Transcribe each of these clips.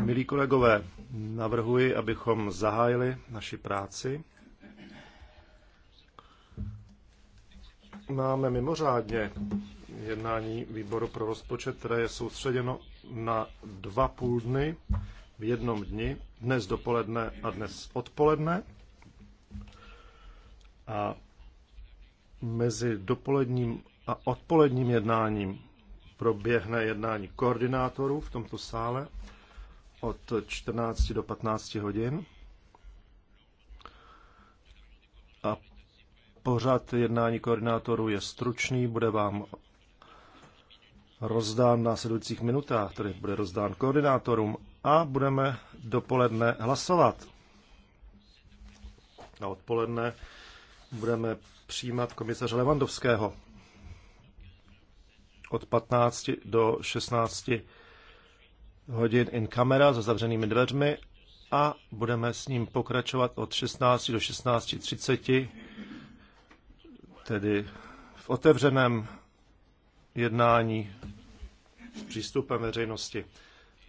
Milí kolegové, navrhuji, abychom zahájili naši práci. Máme mimořádně jednání výboru pro rozpočet, které je soustředěno na dva půl dny v jednom dni, dnes dopoledne a dnes odpoledne. A mezi dopoledním a odpoledním jednáním proběhne jednání koordinátorů v tomto sále od 14 do 15 hodin. A pořad jednání koordinátorů je stručný, bude vám rozdán v následujících minutách, tedy bude rozdán koordinátorům a budeme dopoledne hlasovat. A odpoledne budeme přijímat komisaře Levandovského od 15 do 16 hodin in kamera za zavřenými dveřmi a budeme s ním pokračovat od 16 do 16.30, tedy v otevřeném jednání s přístupem veřejnosti.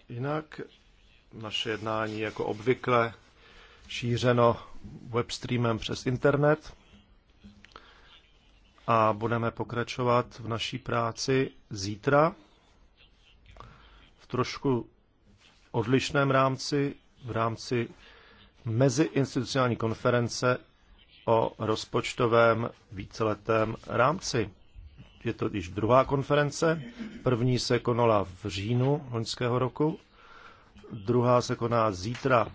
Jinak naše jednání jako obvykle šířeno webstreamem přes internet a budeme pokračovat v naší práci zítra v trošku odlišném rámci, v rámci meziinstitucionální konference o rozpočtovém víceletém rámci. Je to již druhá konference. První se konala v říjnu loňského roku, druhá se koná zítra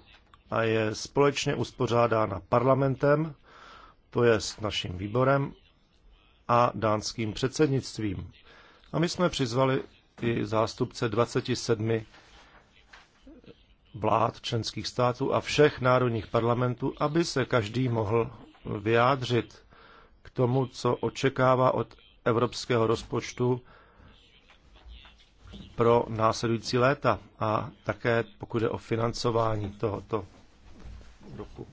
a je společně uspořádána parlamentem, to je s naším výborem a dánským předsednictvím. A my jsme přizvali i zástupce 27 vlád členských států a všech národních parlamentů, aby se každý mohl vyjádřit k tomu, co očekává od evropského rozpočtu pro následující léta a také pokud je o financování tohoto roku.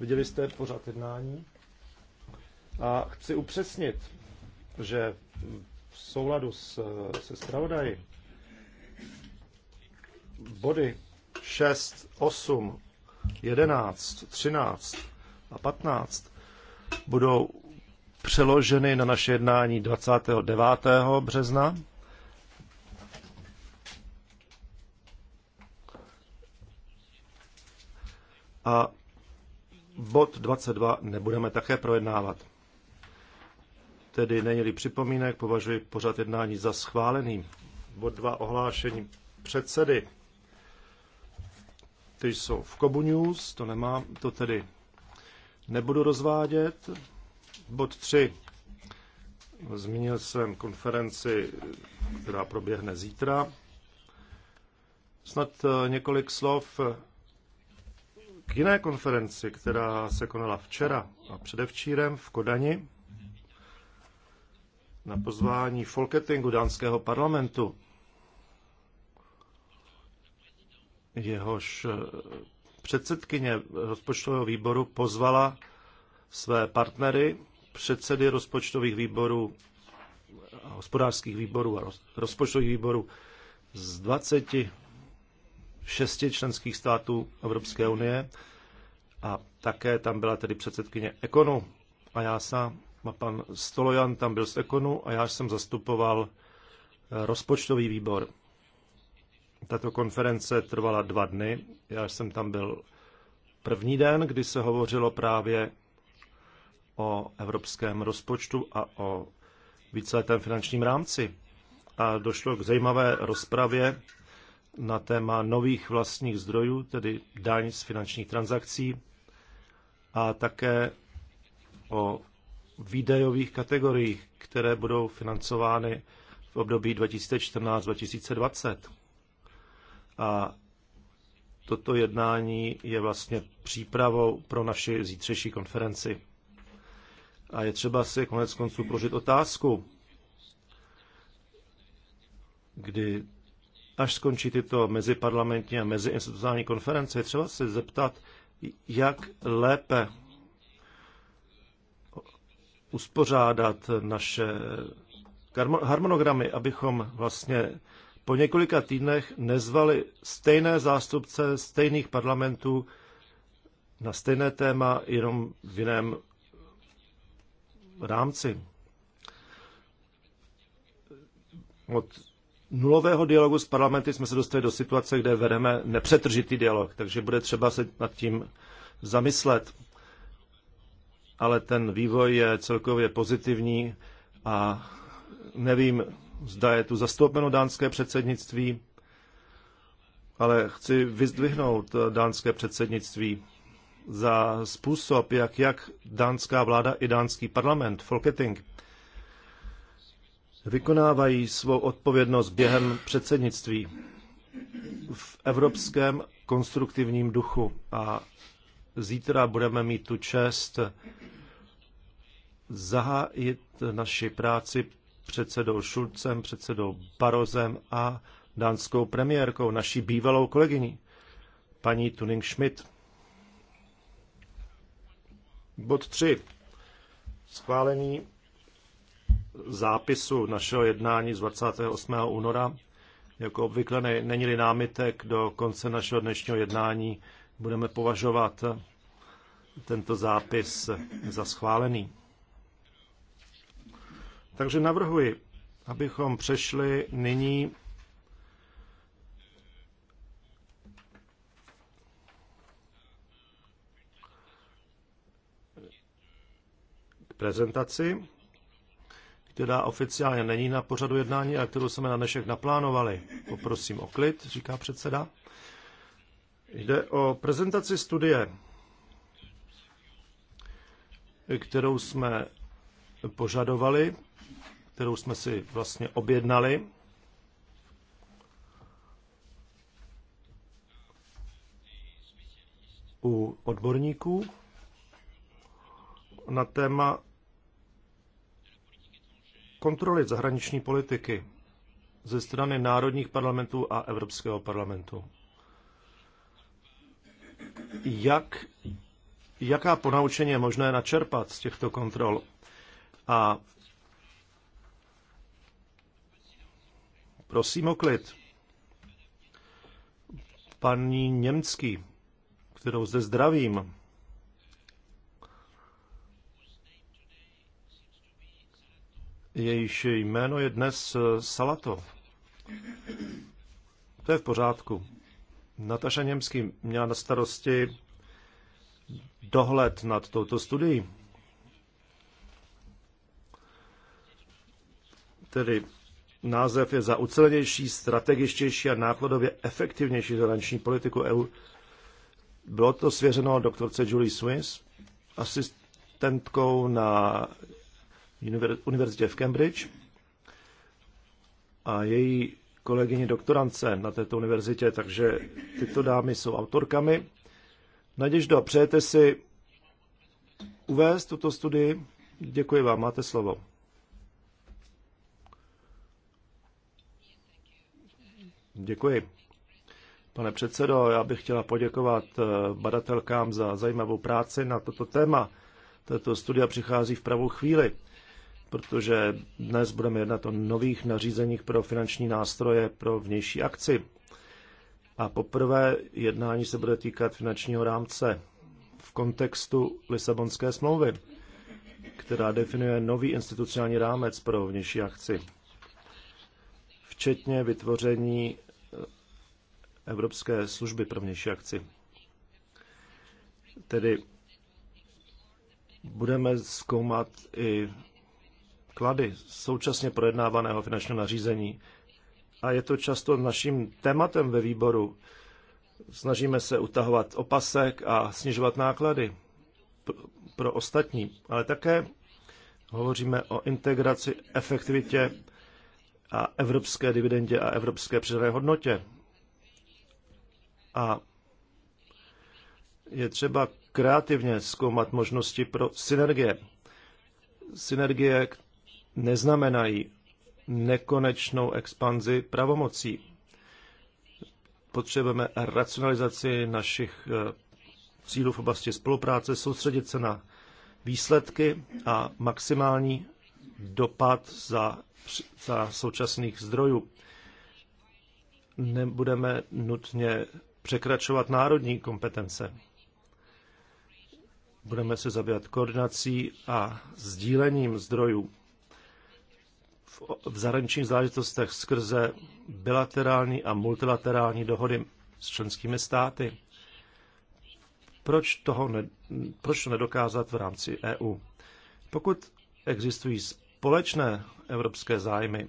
Viděli jste pořád jednání. A chci upřesnit, že v souladu s, se zpravodají body 6, 8, 11, 13 a 15 budou přeloženy na naše jednání 29. března. A bod 22 nebudeme také projednávat. Tedy není-li připomínek, považuji pořad jednání za schválený. Bod 2 ohlášení předsedy. Ty jsou v Kobu News, to nemám, to tedy nebudu rozvádět. Bod 3. Zmínil jsem konferenci, která proběhne zítra. Snad eh, několik slov k jiné konferenci, která se konala včera a předevčírem v Kodani na pozvání Folketingu dánského parlamentu. Jehož eh, předsedkyně rozpočtového výboru pozvala své partnery, předsedy rozpočtových výborů, hospodářských výborů a rozpočtových výborů z 20 šesti členských států Evropské unie a také tam byla tedy předsedkyně Ekonu a já sám a pan Stolojan tam byl z Ekonu a já jsem zastupoval eh, rozpočtový výbor. Tato konference trvala dva dny. Já jsem tam byl první den, kdy se hovořilo právě o evropském rozpočtu a o víceletém finančním rámci. A došlo k zajímavé rozpravě na téma nových vlastních zdrojů, tedy daň z finančních transakcí a také o výdajových kategoriích, které budou financovány v období 2014-2020. A toto jednání je vlastně přípravou pro naši zítřejší konferenci. A je třeba si konec konců položit otázku, kdy až skončí tyto meziparlamentní a meziinstitucionální konference, třeba se zeptat, jak lépe uspořádat naše harmonogramy, abychom vlastně po několika týdnech nezvali stejné zástupce stejných parlamentů na stejné téma, jenom v jiném rámci. Od nulového dialogu s parlamenty jsme se dostali do situace, kde vedeme nepřetržitý dialog, takže bude třeba se nad tím zamyslet. Ale ten vývoj je celkově pozitivní a nevím, zda je tu zastoupeno dánské předsednictví, ale chci vyzdvihnout dánské předsednictví za způsob, jak, jak dánská vláda i dánský parlament, Folketing, vykonávají svou odpovědnost během předsednictví v evropském konstruktivním duchu. A zítra budeme mít tu čest zahájit naši práci předsedou Šulcem, předsedou Barozem a dánskou premiérkou, naší bývalou kolegyní, paní Tuning Schmidt. Bod 3. Schválení zápisu našeho jednání z 28. února. Jako obvykle není-li námitek do konce našeho dnešního jednání, budeme považovat tento zápis za schválený. Takže navrhuji, abychom přešli nyní prezentaci která oficiálně není na pořadu jednání a kterou jsme na dnešek naplánovali. Poprosím o klid, říká předseda. Jde o prezentaci studie, kterou jsme požadovali, kterou jsme si vlastně objednali. u odborníků na téma kontroly zahraniční politiky ze strany národních parlamentů a Evropského parlamentu. Jak, jaká ponaučení je možné načerpat z těchto kontrol? A prosím o klid. Paní Němcký, kterou zde zdravím, jejíž jméno je dnes eh, Salato. To je v pořádku. Nataša Němský měla na starosti dohled nad touto studií. Tedy název je za ucelenější, strategičtější a nákladově efektivnější zahraniční politiku EU. Bylo to svěřeno doktorce Julie Swiss, asistentkou na univerzitě v Cambridge a její kolegyně doktorance na této univerzitě, takže tyto dámy jsou autorkami. Naděždo, přejete si uvést tuto studii? Děkuji vám, máte slovo. Děkuji. Pane předsedo, já bych chtěla poděkovat eh, badatelkám za zajímavou práci na toto téma. Tato studia přichází v pravou chvíli protože dnes budeme jednat o nových nařízeních pro finanční nástroje pro vnější akci. A poprvé jednání se bude týkat finančního rámce v kontextu Lisabonské smlouvy, která definuje nový institucionální rámec pro vnější akci, včetně vytvoření eh, Evropské služby pro vnější akci. Tedy budeme zkoumat i vklady současně projednávaného finančního nařízení. A je to často naším tématem ve výboru. Snažíme se utahovat opasek a snižovat náklady pro ostatní, ale také hovoříme o integraci, efektivitě a evropské dividendě a evropské přidané hodnotě. A je třeba kreativně zkoumat možnosti pro synergie. Synergie, neznamenají nekonečnou expanzi pravomocí. Potřebujeme racionalizaci našich eh, cílů v oblasti spolupráce, soustředit se na výsledky a maximální dopad za, za současných zdrojů. Nebudeme nutně překračovat národní kompetence. Budeme se zabývat koordinací a sdílením zdrojů v zahraničních záležitostech skrze bilaterální a multilaterální dohody s členskými státy. Proč, toho ne, proč to nedokázat v rámci EU? Pokud existují společné evropské zájmy,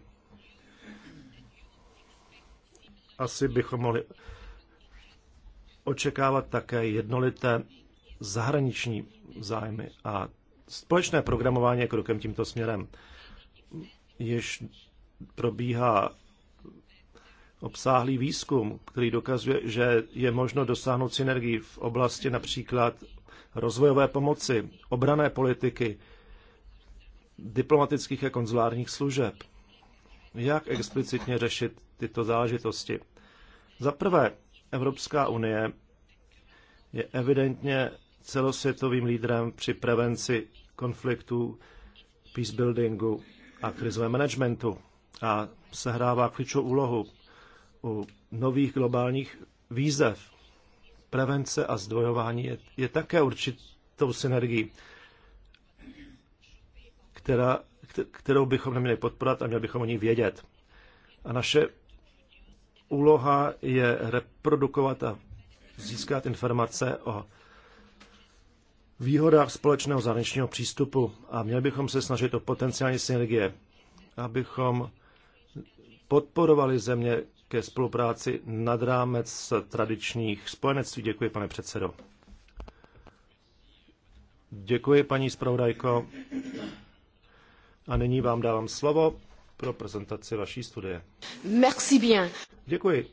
asi bychom mohli očekávat také jednolité zahraniční zájmy a společné programování krokem tímto směrem jež probíhá obsáhlý výzkum, který dokazuje, že je možno dosáhnout synergii v oblasti například rozvojové pomoci, obrané politiky, diplomatických a konzulárních služeb. Jak explicitně řešit tyto záležitosti? Za prvé, Evropská unie je evidentně celosvětovým lídrem při prevenci konfliktů, peacebuildingu a krizovém managementu a sehrává klíčovou úlohu u nových globálních výzev. Prevence a zdvojování je, je také určitou synergií, která, kterou bychom neměli podporovat a měli bychom o ní vědět. A naše úloha je reprodukovat a získat informace o výhodách společného zahraničního přístupu a měli bychom se snažit o potenciální synergie, abychom podporovali země ke spolupráci nad rámec tradičních spojenectví. Děkuji, pane předsedo. Děkuji, paní zpravodajko. A nyní vám dávám slovo pro prezentaci vaší studie. Merci bien. Děkuji.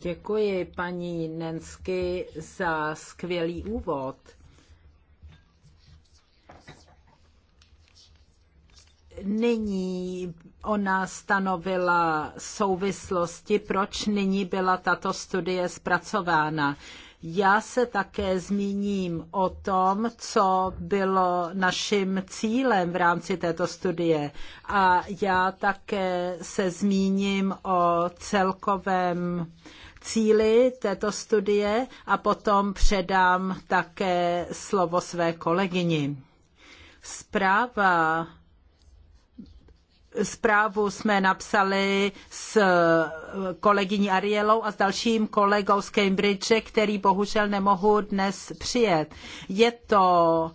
Děkuji paní Nensky za skvělý úvod. nyní ona stanovila souvislosti, proč nyní byla tato studie zpracována. Já se také zmíním o tom, co bylo naším cílem v rámci této studie a já také se zmíním o celkovém cíli této studie a potom předám také slovo své kolegyni. Zpráva Zprávu jsme napsali s eh, kolegyní Arielou a s dalším kolegou z Cambridge, který bohužel nemohu dnes přijet. Je to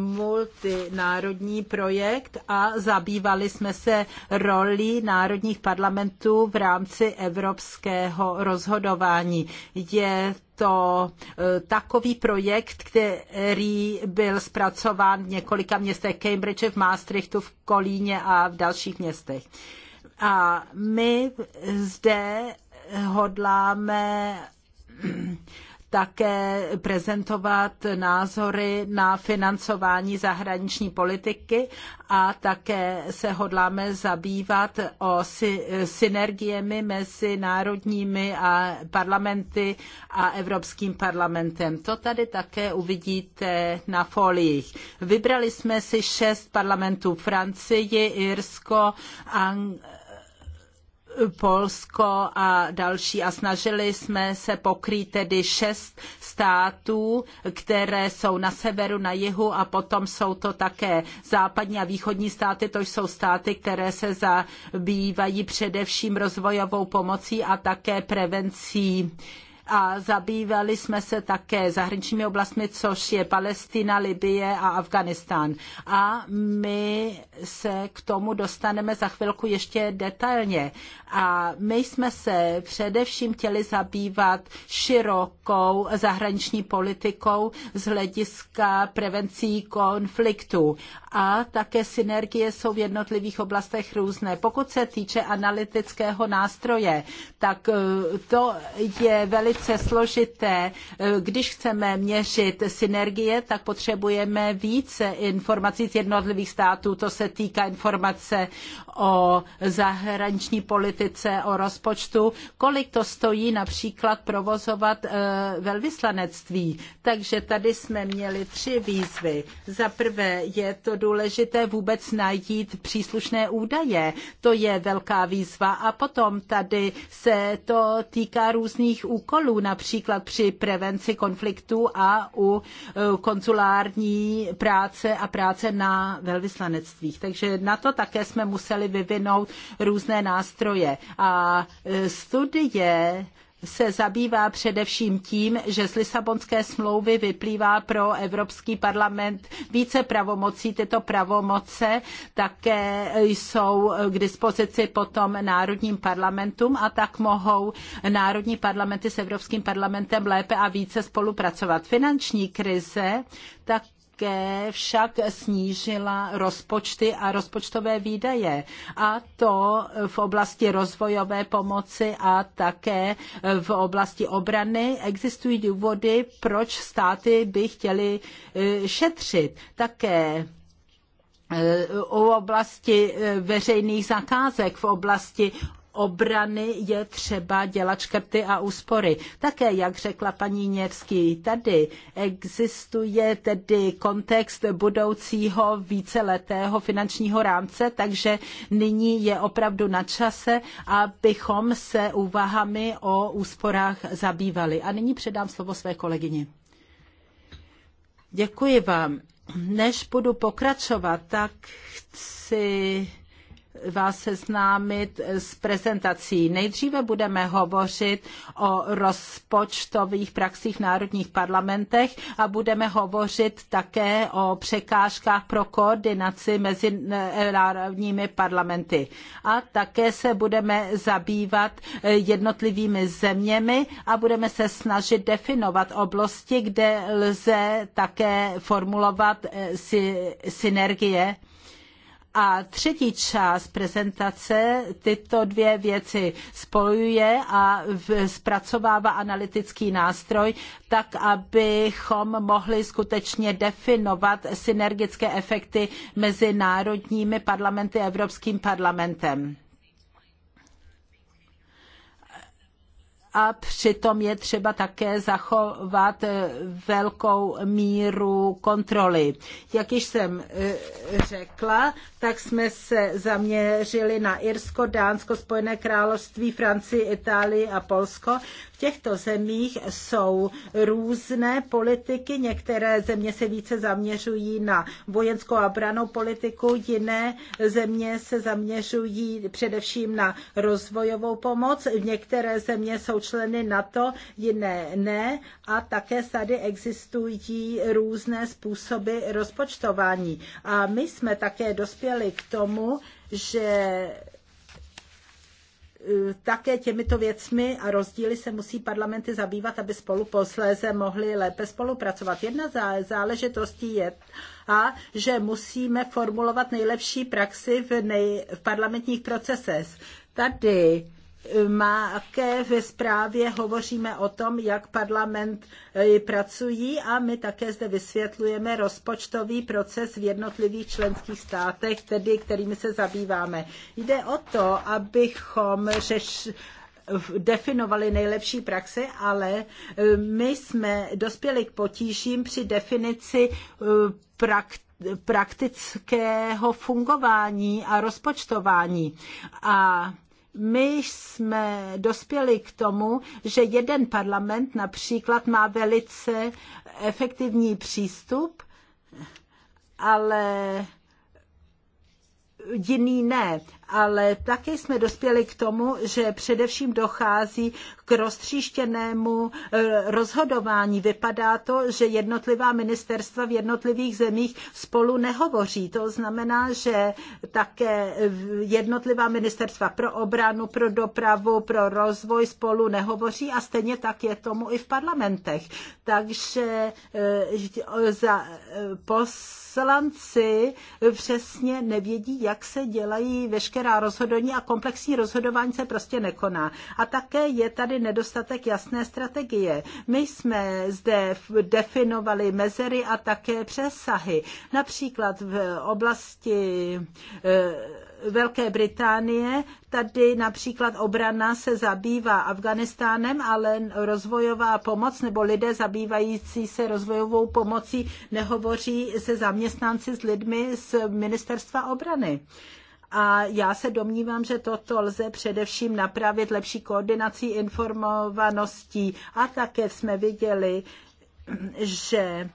multinárodní projekt a zabývali jsme se rolí národních parlamentů v rámci evropského rozhodování. Je to eh, takový projekt, který byl zpracován v několika městech Cambridge, v Maastrichtu, v Kolíně a v dalších městech. A my zde hodláme také prezentovat názory na financování zahraniční politiky a také se hodláme zabývat o sy- synergiemi mezi národními a parlamenty a Evropským parlamentem. To tady také uvidíte na foliích. Vybrali jsme si šest parlamentů Francii, Irsko, Ang- Polsko a další a snažili jsme se pokrýt tedy šest států, které jsou na severu, na jihu a potom jsou to také západní a východní státy, to jsou státy, které se zabývají především rozvojovou pomocí a také prevencí uh, a zabývali jsme se také zahraničními oblastmi, což je Palestina, Libye a Afganistán. A my se k tomu dostaneme za chvilku ještě detailně. A my jsme se především chtěli zabývat širokou zahraniční politikou z hlediska prevencí konfliktů. A také synergie jsou v jednotlivých oblastech různé. Pokud se týče analytického nástroje, tak eh, to je velice velice složité. Když chceme měřit synergie, tak potřebujeme více informací z jednotlivých států. To se týká informace o zahraniční politice, o rozpočtu, kolik to stojí například provozovat e, velvyslanectví. Takže tady jsme měli tři výzvy. Za prvé je to důležité vůbec najít příslušné údaje. To je velká výzva. A potom tady se to týká různých úkolů, například při prevenci konfliktu a u e, konsulární práce a práce na velvyslanectvích. Takže na to také jsme museli museli vyvinout různé nástroje. A e, studie se zabývá především tím, že z Lisabonské smlouvy vyplývá pro Evropský parlament více pravomocí. Tyto pravomoce také jsou k dispozici potom národním parlamentům a tak mohou národní parlamenty s Evropským parlamentem lépe a více spolupracovat. Finanční krize tak také však snížila rozpočty a rozpočtové výdaje. A to v oblasti rozvojové pomoci a také v oblasti obrany existují důvody, proč státy by chtěly e, šetřit. Také e, u oblasti e, veřejných zakázek, v oblasti obrany je třeba dělat škrty a úspory. Také, jak řekla paní Něvský, tady existuje tedy kontext budoucího víceletého finančního rámce, takže nyní je opravdu na čase, abychom se úvahami o úsporách zabývali. A nyní předám slovo své kolegyni. Děkuji vám. Než budu pokračovat, tak chci vás seznámit s prezentací. Nejdříve budeme hovořit o rozpočtových praxích v národních parlamentech a budeme hovořit také o překážkách pro koordinaci mezi národními parlamenty. A také se budeme zabývat eh, jednotlivými zeměmi a budeme se snažit definovat oblasti, kde lze také formulovat eh, synergie a třetí část prezentace tyto dvě věci spojuje a zpracovává analytický nástroj, tak abychom mohli skutečně definovat synergické efekty mezi národními parlamenty a Evropským parlamentem. a přitom je třeba také zachovat velkou míru kontroly. Jak již jsem eh, řekla, tak jsme se zaměřili na Irsko, Dánsko, Spojené království, Francii, Itálii a Polsko. V těchto zemích jsou různé politiky, některé země se více zaměřují na vojenskou a branou politiku, jiné země se zaměřují především na rozvojovou pomoc, V některé země jsou členy NATO, jiné ne a také tady existují různé způsoby rozpočtování. A my jsme také dospěli dospěli k tomu, že e, také těmito věcmi a rozdíly se musí parlamenty zabývat, aby spolu posléze mohly lépe spolupracovat. Jedna záležitostí je a že musíme formulovat nejlepší praxi v, nej, v parlamentních procesech. Tady Máke ve zprávě hovoříme o tom, jak parlament e, pracují a my také zde vysvětlujeme rozpočtový proces v jednotlivých členských státech, tedy kterými se zabýváme. Jde o to, abychom řeš, definovali nejlepší praxe, ale e, my jsme dospěli k potížím při definici e, praktik praktického fungování a rozpočtování. A my jsme dospěli k tomu, že jeden parlament například má velice efektivní přístup, ale jiný ne ale také jsme dospěli k tomu, že především dochází k roztříštěnému eh, rozhodování. Vypadá to, že jednotlivá ministerstva v jednotlivých zemích spolu nehovoří. To znamená, že také eh, jednotlivá ministerstva pro obranu, pro dopravu, pro rozvoj spolu nehovoří a stejně tak je tomu i v parlamentech. Takže eh, za poslanci přesně nevědí, jak se dělají veškeré veškerá rozhodování a komplexní rozhodování se prostě nekoná. A také je tady nedostatek jasné strategie. My jsme zde definovali mezery a také přesahy. Například v oblasti e, Velké Británie. Tady například obrana se zabývá Afganistánem, ale rozvojová pomoc nebo lidé zabývající se rozvojovou pomocí nehovoří se zaměstnanci s lidmi z ministerstva obrany. A já se domnívám, že toto lze především napravit lepší koordinací informovaností. A také jsme viděli, že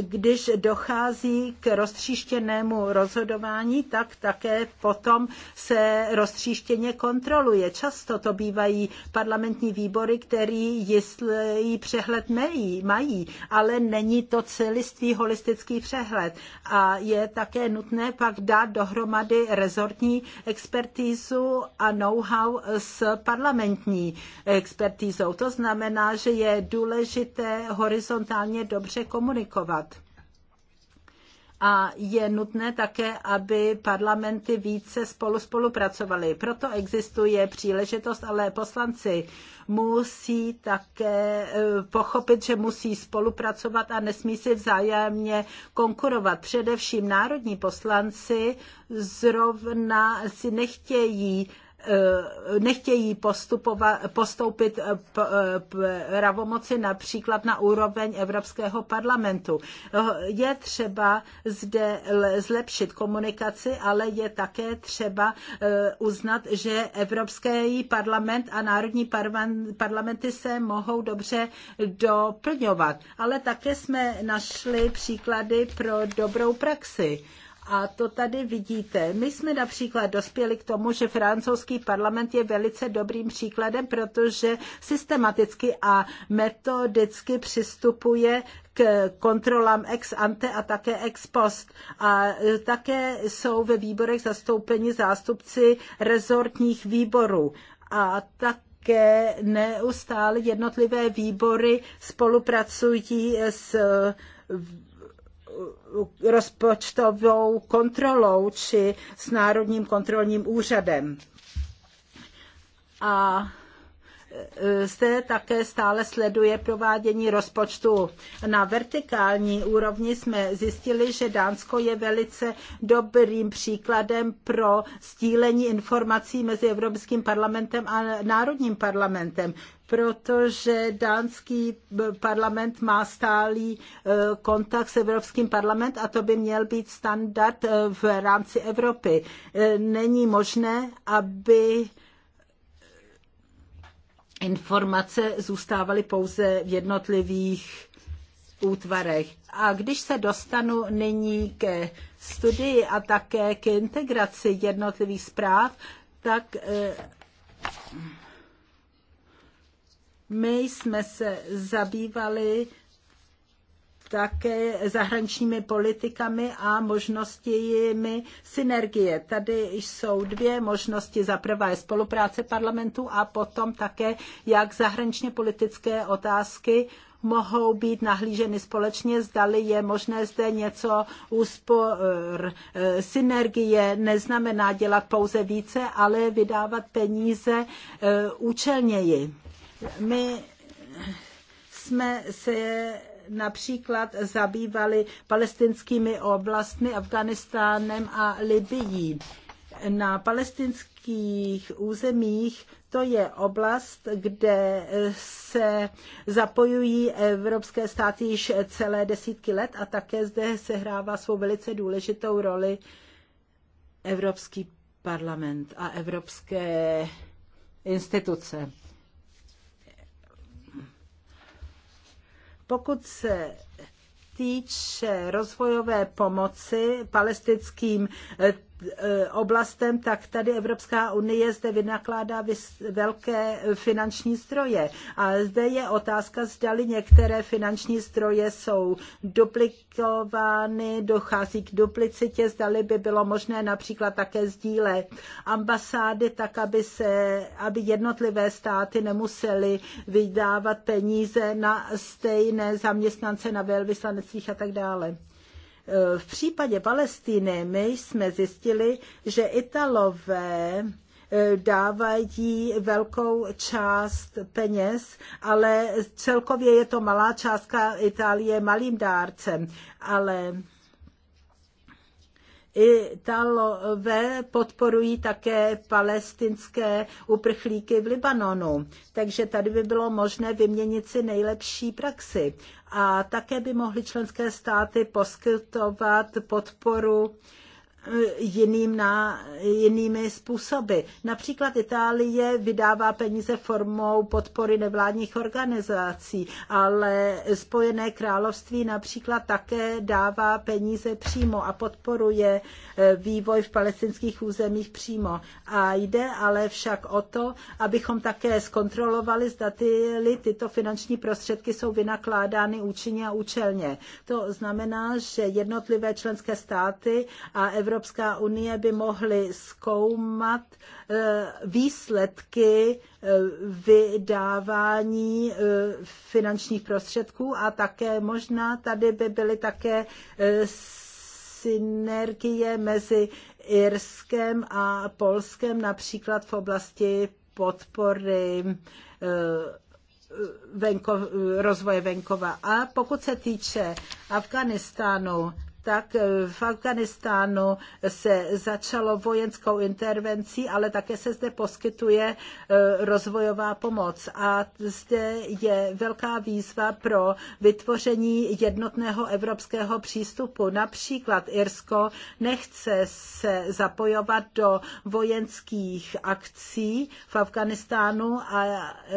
když dochází k roztříštěnému rozhodování, tak také potom se roztříštěně kontroluje. Často to bývají parlamentní výbory, který jistý přehled mají, mají, ale není to celistvý holistický přehled. A je také nutné pak dát dohromady rezortní expertízu a know-how s parlamentní expertízou. To znamená, že je důležité horizontálně dobře komunikovat vyjednávat. A je nutné také, aby parlamenty více spolu spolupracovaly. Proto existuje příležitost, ale poslanci musí také eh, pochopit, že musí spolupracovat a nesmí si vzájemně konkurovat. Především národní poslanci zrovna si nechtějí Eh, nechtějí postoupit eh, eh, pravomoci například na úroveň Evropského parlamentu. Je třeba zde zlepšit komunikaci, ale je také třeba uznat, že Evropský parlament a národní parlamenty se mohou dobře doplňovat. Ale také jsme našli příklady pro dobrou praxi. A to tady vidíte. My jsme například dospěli k tomu, že francouzský parlament je velice dobrým příkladem, protože systematicky a metodicky přistupuje k kontrolám ex ante a také ex post. A také jsou ve výborech zastoupeni zástupci rezortních výborů. A tak také neustále jednotlivé výbory spolupracují s rozpočtovou kontrolou či s Národním kontrolním úřadem. A E, zde také stále sleduje provádění rozpočtu. Na vertikální úrovni jsme zjistili, že Dánsko je velice dobrým příkladem pro stílení informací mezi Evropským parlamentem a Národním parlamentem protože dánský parlament má stálý e, kontakt s Evropským parlament a to by měl být standard e, v rámci Evropy. Není možné, aby informace zůstávaly pouze v jednotlivých útvarech. A když se dostanu nyní ke studii a také k integraci jednotlivých zpráv, tak eh, my jsme se zabývali také zahraničními politikami a jimi synergie. Tady jsou dvě možnosti. Za prvé je spolupráce parlamentu a potom také, jak zahraničně politické otázky mohou být nahlíženy společně, zdali je možné zde něco úspor. Eh, synergie neznamená dělat pouze více, ale vydávat peníze eh, účelněji. My jsme se například zabývali palestinskými oblastmi, Afganistánem a Libyí. Na palestinských územích to je oblast, kde se zapojují evropské státy již celé desítky let a také zde sehrává svou velice důležitou roli Evropský parlament a evropské instituce. Pokud se týče rozvojové pomoci palestinským Eh, oblastem, tak tady Evropská unie zde vynakládá velké finanční stroje. A zde je otázka, zdali některé finanční stroje jsou duplikovány, dochází k duplicitě, zdali by bylo možné například také sdílet ambasády, tak aby, se, aby jednotlivé státy nemusely vydávat peníze na stejné zaměstnance na velvyslanectvích a tak dále. Eh, v případě Palestiny my jsme zjistili, že Italové eh, dávají velkou část peněz, ale celkově je to malá částka Itálie malým dárcem, ale Italové podporují také palestinské uprchlíky v Libanonu, takže tady by bylo možné vyměnit si nejlepší praxi a také by mohly členské státy poskytovat podporu jiným na, jinými způsoby. Například Itálie vydává peníze formou podpory nevládních organizací, ale Spojené království například také dává peníze přímo a podporuje eh, vývoj v palestinských územích přímo. A jde ale však o to, abychom také zkontrolovali, zda ty, tyto finanční prostředky jsou vynakládány účinně a účelně. To znamená, že jednotlivé členské státy a Evropské Evropská unie by mohly zkoumat eh, výsledky eh, vydávání eh, finančních prostředků a také možná tady by byly také synergie mezi Irskem a Polskem, například v oblasti podpory rozvoje venkova. A pokud se týče Afganistánu, tak eh, v Afganistánu se začalo vojenskou intervencí, ale také se zde poskytuje eh, rozvojová pomoc. A zde je velká výzva pro vytvoření jednotného evropského přístupu. Například Irsko nechce se zapojovat do vojenských akcí v Afganistánu a eh,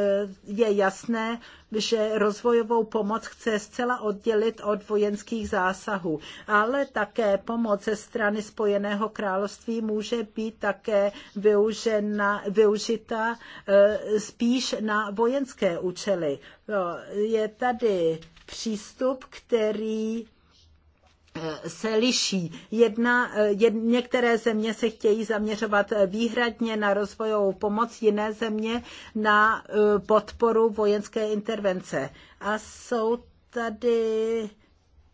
je jasné, že rozvojovou pomoc chce zcela oddělit od vojenských zásahů, ale také pomoc ze strany Spojeného království může být také využena, využita eh, spíš na vojenské účely. No, je tady přístup, který Eh, se liší. Jedna, eh, jed, některé země se chtějí zaměřovat eh, výhradně na rozvojovou pomoc, jiné země na podporu vojenské intervence. A jsou tady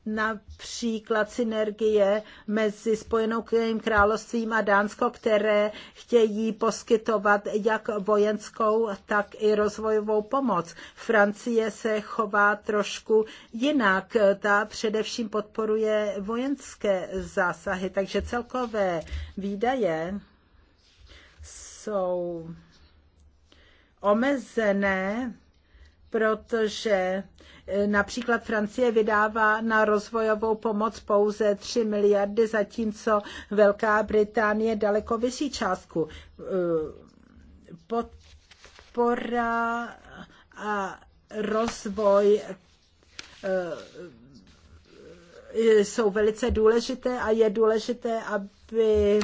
například synergie mezi Spojenou královstvím a Dánsko, které chtějí poskytovat jak vojenskou, tak i rozvojovou pomoc. Francie se chová trošku jinak. Ta především podporuje vojenské zásahy, takže celkové výdaje jsou omezené, protože Například Francie vydává na rozvojovou pomoc pouze 3 miliardy, zatímco Velká Británie daleko vyšší částku. Eh, podpora a rozvoj eh, jsou velice důležité a je důležité, aby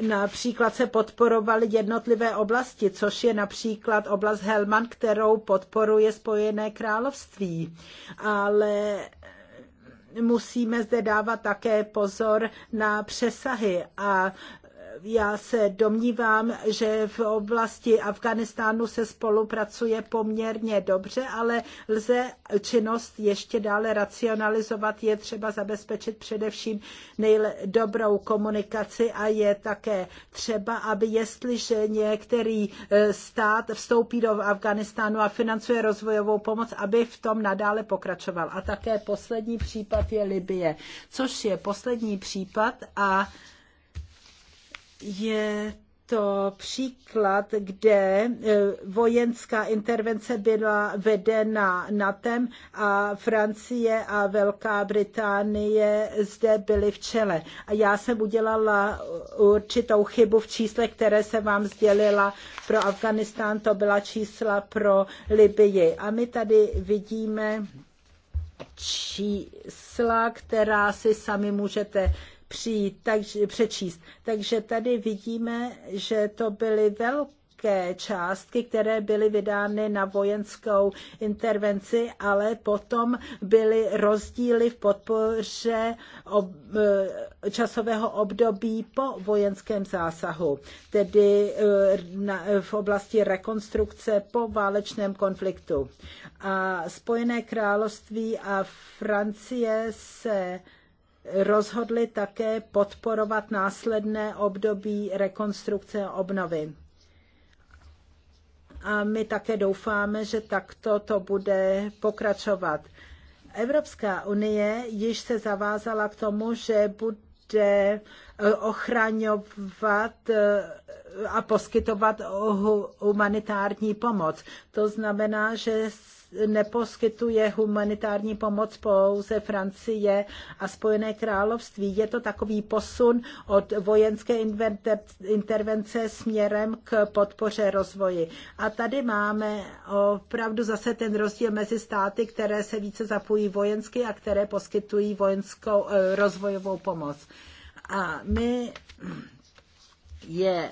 Například se podporovaly jednotlivé oblasti, což je například oblast Helman, kterou podporuje Spojené království. Ale musíme zde dávat také pozor na přesahy a já se domnívám, že v oblasti Afganistánu se spolupracuje poměrně dobře, ale lze činnost ještě dále racionalizovat. Je třeba zabezpečit především nejle- dobrou komunikaci a je také třeba, aby jestliže některý e, stát vstoupí do Afganistánu a financuje rozvojovou pomoc, aby v tom nadále pokračoval. A také poslední případ je Libye, což je poslední případ a je to příklad, kde e, vojenská intervence byla vedena na tem a Francie a Velká Británie zde byly v čele. A já jsem udělala určitou chybu v čísle, které se vám sdělila pro Afganistán, to byla čísla pro Libii. A my tady vidíme čísla, která si sami můžete přijít, takže, přečíst. Takže tady vidíme, že to byly velké velké částky, které byly vydány na vojenskou intervenci, ale potom byly rozdíly v podpoře ob, eh, časového období po vojenském zásahu, tedy eh, na, v oblasti rekonstrukce po válečném konfliktu. A Spojené království a Francie se rozhodli také podporovat následné období rekonstrukce a obnovy. A my také doufáme, že takto to bude pokračovat. Evropská unie již se zavázala k tomu, že bude eh, ochraňovat eh, a poskytovat humanitární pomoc. To znamená, že neposkytuje humanitární pomoc pouze Francie a Spojené království. Je to takový posun od vojenské intervence směrem k podpoře rozvoji. A tady máme opravdu zase ten rozdíl mezi státy, které se více zapojí vojensky a které poskytují vojenskou eh, rozvojovou pomoc. A my je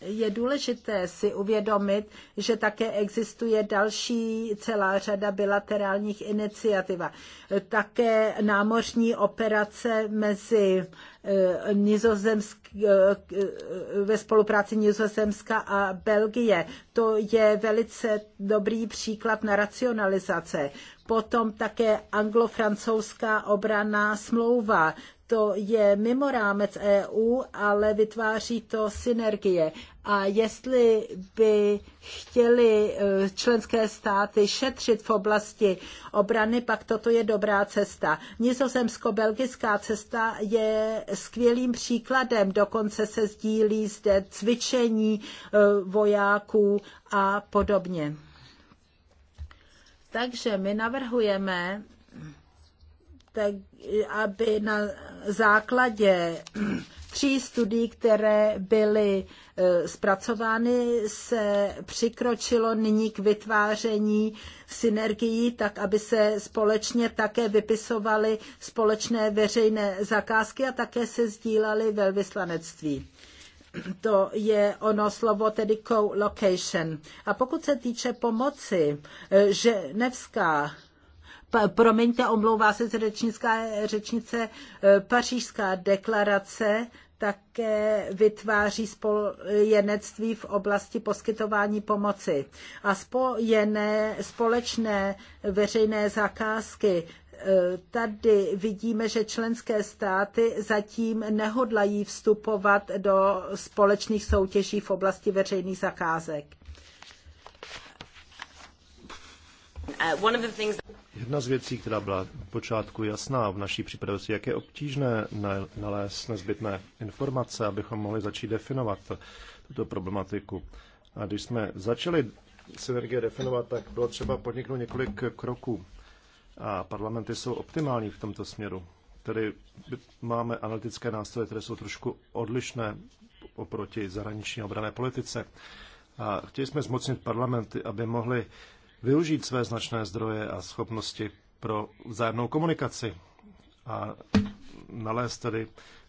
je důležité si uvědomit, že také existuje další celá řada bilaterálních iniciativ. Také námořní operace mezi eh, eh, ve spolupráci Nizozemska a Belgie. To je velice dobrý příklad na racionalizace. Potom také anglo-francouzská obraná smlouva to je mimo rámec EU, ale vytváří to synergie. A jestli by chtěli eh, členské státy šetřit v oblasti obrany, pak toto je dobrá cesta. Nizozemsko-belgická cesta je skvělým příkladem, dokonce se sdílí zde cvičení eh, vojáků a podobně. Takže my navrhujeme, tak, aby na základě tří studií, které byly eh, zpracovány, se přikročilo nyní k vytváření synergií, tak aby se společně také vypisovaly společné veřejné zakázky a také se sdílaly velvyslanectví. To je ono slovo tedy co-location. A pokud se týče pomoci, eh, že nevská promiňte, omlouvá se řečnická, řečnice, e, pařížská deklarace také vytváří spojenectví v oblasti poskytování pomoci. A spojené společné veřejné zakázky e, tady vidíme, že členské státy zatím nehodlají vstupovat do společných soutěží v oblasti veřejných zakázek. Eh, Jedna z věcí, která byla v počátku jasná v naší připravenosti, jak je obtížné nalézt nezbytné informace, abychom mohli začít definovat tuto problematiku. A když jsme začali synergie definovat, tak bylo třeba podniknout několik kroků. A parlamenty jsou optimální v tomto směru. Tedy máme analytické nástroje, které jsou trošku odlišné oproti zahraniční obrané politice. A chtěli jsme zmocnit parlamenty, aby mohli využít své značné zdroje a schopnosti pro vzájemnou komunikaci a nalézt tedy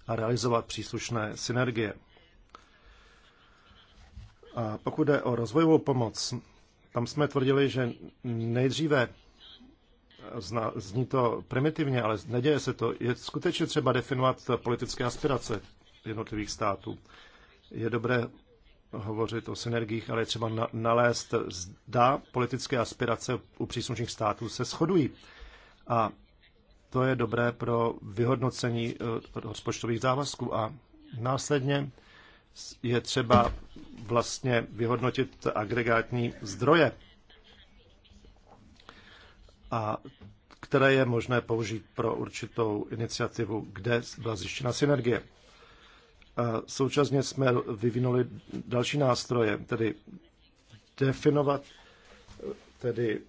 a realizovat příslušné synergie. A pokud jde o rozvojovou pomoc, tam jsme tvrdili, že nejdříve zna, zní to primitivně, ale neděje se to. Je skutečně třeba definovat politické aspirace jednotlivých států. Je dobré hovořit o synergiích, ale je třeba na, nalézt, zda politické aspirace u příslušných států se shodují. A to je dobré pro vyhodnocení eh, rozpočtových závazků a následně je třeba vlastně vyhodnotit agregátní zdroje, a které je možné použít pro určitou iniciativu, kde byla zjištěna synergie současně jsme vyvinuli další nástroje, tedy definovat tedy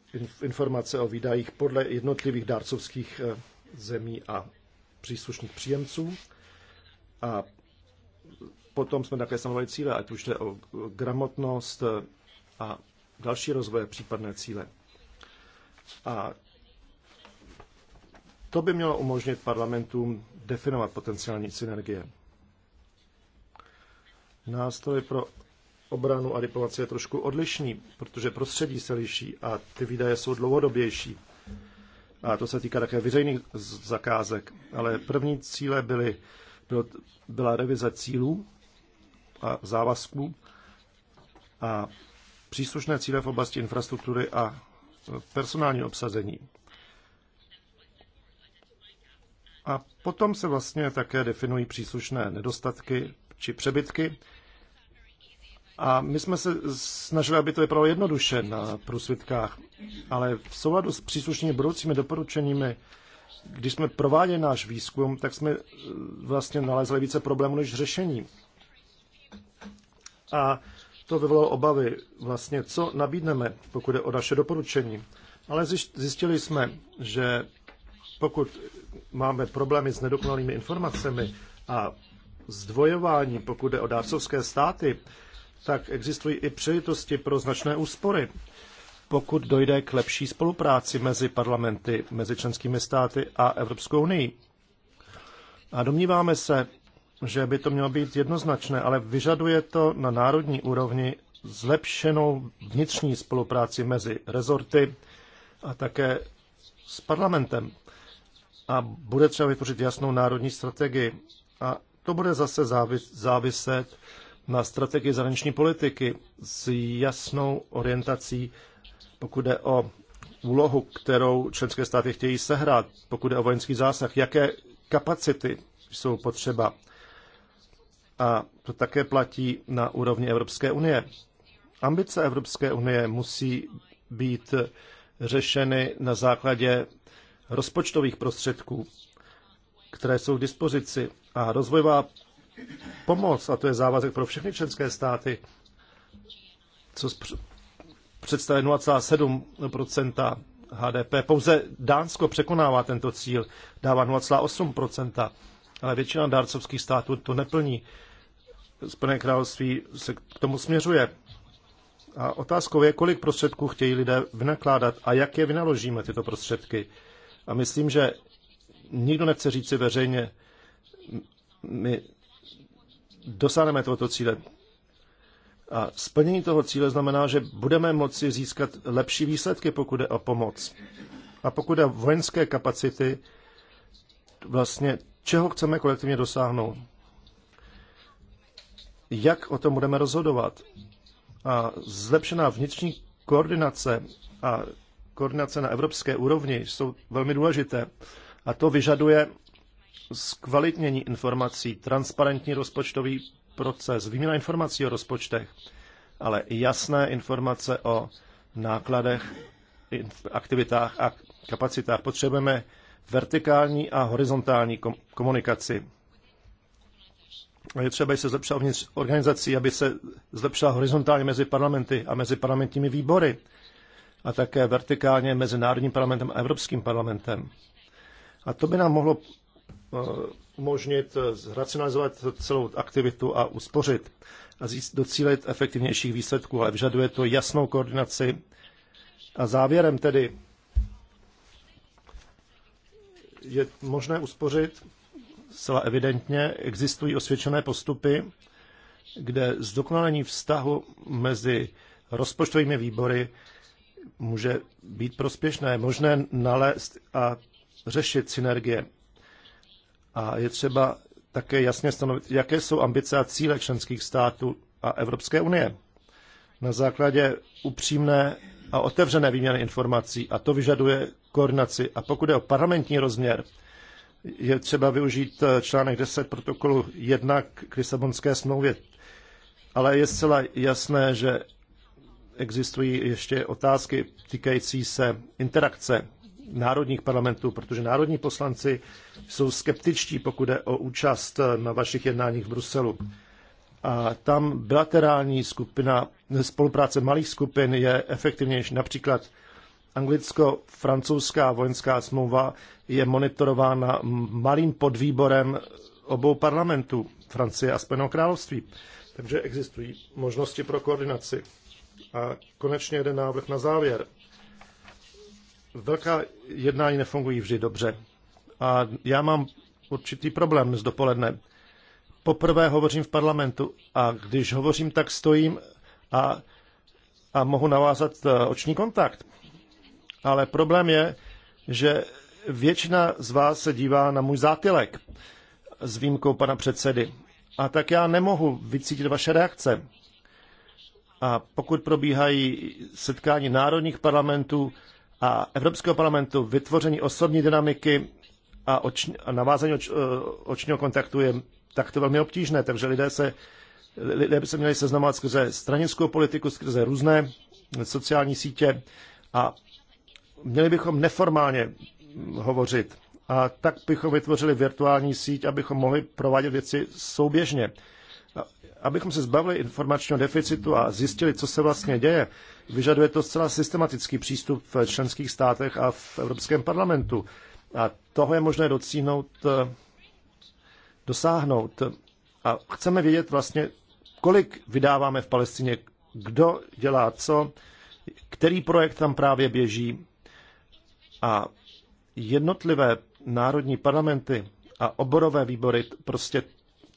informace o výdajích podle jednotlivých dárcovských eh, zemí a příslušných příjemců. A potom jsme také stanovili cíle, ať už jde o gramotnost eh, a další rozvoje případné cíle. A to by mělo umožnit parlamentům definovat potenciální synergie nástroj pro obranu a diplomaci je trošku odlišný, protože prostředí se liší a ty výdaje jsou dlouhodobější. A to se týká také veřejných zakázek. Ale první cíle byly, bylo, byla revize cílů a závazků a příslušné cíle v oblasti infrastruktury a personální obsazení. A potom se vlastně také definují příslušné nedostatky či přebytky. A my jsme se snažili, aby to vypadalo jednoduše na průsvitkách, ale v souladu s příslušnými budoucími doporučeními, když jsme prováděli náš výzkum, tak jsme eh, vlastně nalezli více problémů než řešení. A to vyvolalo obavy, vlastně co nabídneme, pokud je o naše doporučení. Ale zjistili jsme, že pokud máme problémy s nedokonalými informacemi a zdvojování, pokud jde o dárcovské státy, tak existují i přejitosti pro značné úspory, pokud dojde k lepší spolupráci mezi parlamenty, mezi členskými státy a Evropskou unii. A domníváme se, že by to mělo být jednoznačné, ale vyžaduje to na národní úrovni zlepšenou vnitřní spolupráci mezi rezorty a také s parlamentem. A bude třeba vytvořit jasnou národní strategii. A to bude zase závis, záviset na strategii zahraniční politiky s jasnou orientací, pokud jde o úlohu, kterou členské státy chtějí sehrát, pokud je o vojenský zásah, jaké kapacity jsou potřeba. A to také platí na úrovni Evropské unie. Ambice Evropské unie musí být řešeny na základě rozpočtových prostředků, které jsou k dispozici a rozvojová pomoc, a to je závazek pro všechny členské státy, co představuje 0,7 HDP. Pouze Dánsko překonává tento cíl, dává 0,8 ale většina dárcovských států to neplní. Spojené království se k tomu směřuje. A otázkou je, kolik prostředků chtějí lidé vynakládat a jak je vynaložíme tyto prostředky. A myslím, že nikdo nechce říct si veřejně, my dosáhneme tohoto cíle. A splnění toho cíle znamená, že budeme moci získat lepší výsledky, pokud jde o pomoc. A pokud jde o vojenské kapacity, vlastně čeho chceme kolektivně dosáhnout. Jak o tom budeme rozhodovat? A zlepšená vnitřní koordinace a koordinace na evropské úrovni jsou velmi důležité. A to vyžaduje zkvalitnění informací, transparentní rozpočtový proces, výměna informací o rozpočtech, ale i jasné informace o nákladech, aktivitách a kapacitách. Potřebujeme vertikální a horizontální komunikaci. Je třeba, se zlepšila uvnitř organizací, aby se zlepšila horizontálně mezi parlamenty a mezi parlamentními výbory a také vertikálně mezi Národním parlamentem a Evropským parlamentem. A to by nám mohlo Eh, umožnit eh, zracionalizovat celou aktivitu a uspořit a docílit efektivnějších výsledků, ale vyžaduje to jasnou koordinaci. A závěrem tedy je možné uspořit zcela evidentně. Existují osvědčené postupy, kde zdokonalení vztahu mezi rozpočtovými výbory může být prospěšné. Možné nalézt a řešit synergie a je třeba také jasně stanovit, jaké jsou ambice a cíle členských států a Evropské unie. Na základě upřímné a otevřené výměny informací a to vyžaduje koordinaci. A pokud je o parlamentní rozměr, je třeba využít eh, článek 10 protokolu 1 k Lisabonské smlouvě. Ale je zcela jasné, že existují ještě otázky týkající se interakce národních parlamentů, protože národní poslanci jsou skeptičtí, pokud jde o účast na vašich jednáních v Bruselu. A tam bilaterální skupina, spolupráce malých skupin je efektivnější. Například anglicko-francouzská vojenská smlouva je monitorována malým podvýborem obou parlamentů, Francie a Spojeného království. Takže existují možnosti pro koordinaci. A konečně jeden návrh na závěr velká jednání nefungují vždy dobře. A já mám určitý problém z dopoledne. Poprvé hovořím v parlamentu a když hovořím, tak stojím a, a mohu navázat e, oční kontakt. Ale problém je, že většina z vás se dívá na můj zátylek s výjimkou pana předsedy. A tak já nemohu vycítit vaše reakce. A pokud probíhají setkání národních parlamentů, a Evropského parlamentu vytvoření osobní dynamiky a, oč, a navázání oč, eh, očního kontaktu je takto velmi obtížné, takže lidé se lidé by se měli seznamovat skrze stranickou politiku, skrze různé sociální sítě a měli bychom neformálně hovořit. A tak bychom vytvořili virtuální síť, abychom mohli provádět věci souběžně. Abychom se zbavili informačního deficitu a zjistili, co se vlastně děje, Vyžaduje to zcela systematický přístup v členských státech a v Evropském parlamentu. A toho je možné docíhnout, eh, dosáhnout. A chceme vědět vlastně, kolik vydáváme v Palestině, kdo dělá co, který projekt tam právě běží. A jednotlivé národní parlamenty a oborové výbory prostě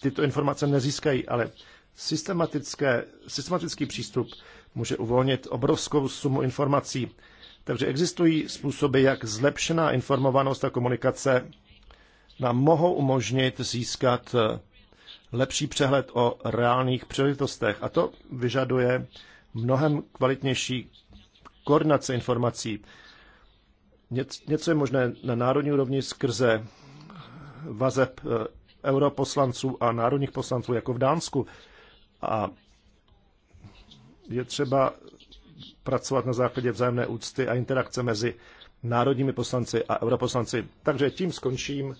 tyto informace nezískají, ale systematické, systematický přístup může uvolnit obrovskou sumu informací. Takže existují způsoby, jak zlepšená informovanost a komunikace nám mohou umožnit získat eh, lepší přehled o reálných příležitostech. A to vyžaduje mnohem kvalitnější koordinace informací. Něco je možné na národní úrovni skrze vazeb eh, europoslanců a národních poslanců, jako v Dánsku. A je třeba pracovat na základě vzájemné úcty a interakce mezi národními poslanci a europoslanci. Takže tím skončím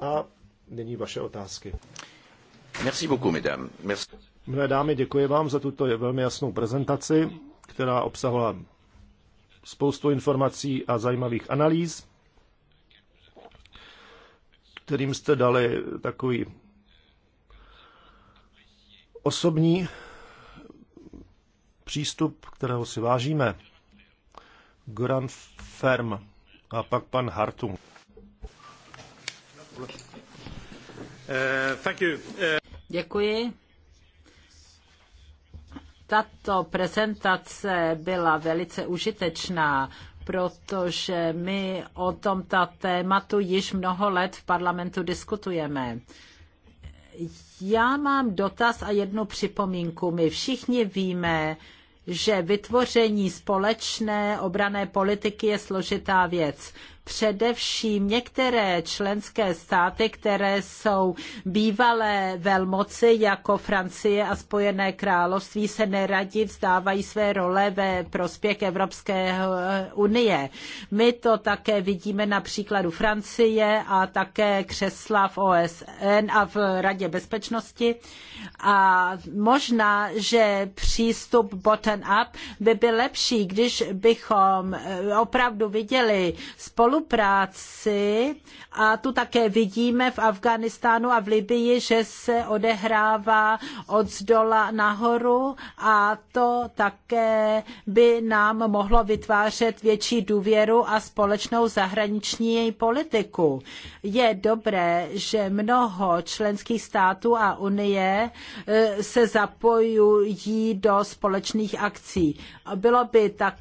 a nyní vaše otázky. Merci beaucoup, mesdames. Merci. Milé dámy, děkuji vám za tuto velmi jasnou prezentaci, která obsahovala spoustu informací a zajímavých analýz, kterým jste dali takový osobní přístup, kterého si vážíme. Goran Ferm a pak pan Hartung. Eh, eh. Děkuji. Tato prezentace byla velice užitečná, protože my o tomto tématu již mnoho let v parlamentu diskutujeme. Já mám dotaz a jednu připomínku. My všichni víme, že vytvoření společné obrané politiky je složitá věc především některé členské státy, které jsou bývalé velmoci jako Francie a Spojené království, se neradi vzdávají své role ve prospěch Evropské unie. My to také vidíme na příkladu Francie a také křesla v OSN a v Radě bezpečnosti. A možná, že přístup bottom-up by byl lepší, když bychom eh, opravdu viděli spolu spolupráci a tu také vidíme v Afghánistánu a v Libyi, že se odehrává od zdola nahoru a to také by nám mohlo vytvářet větší důvěru a společnou zahraniční politiku. Je dobré, že mnoho členských států a Unie eh, se zapojují do společných akcí. Bylo by tak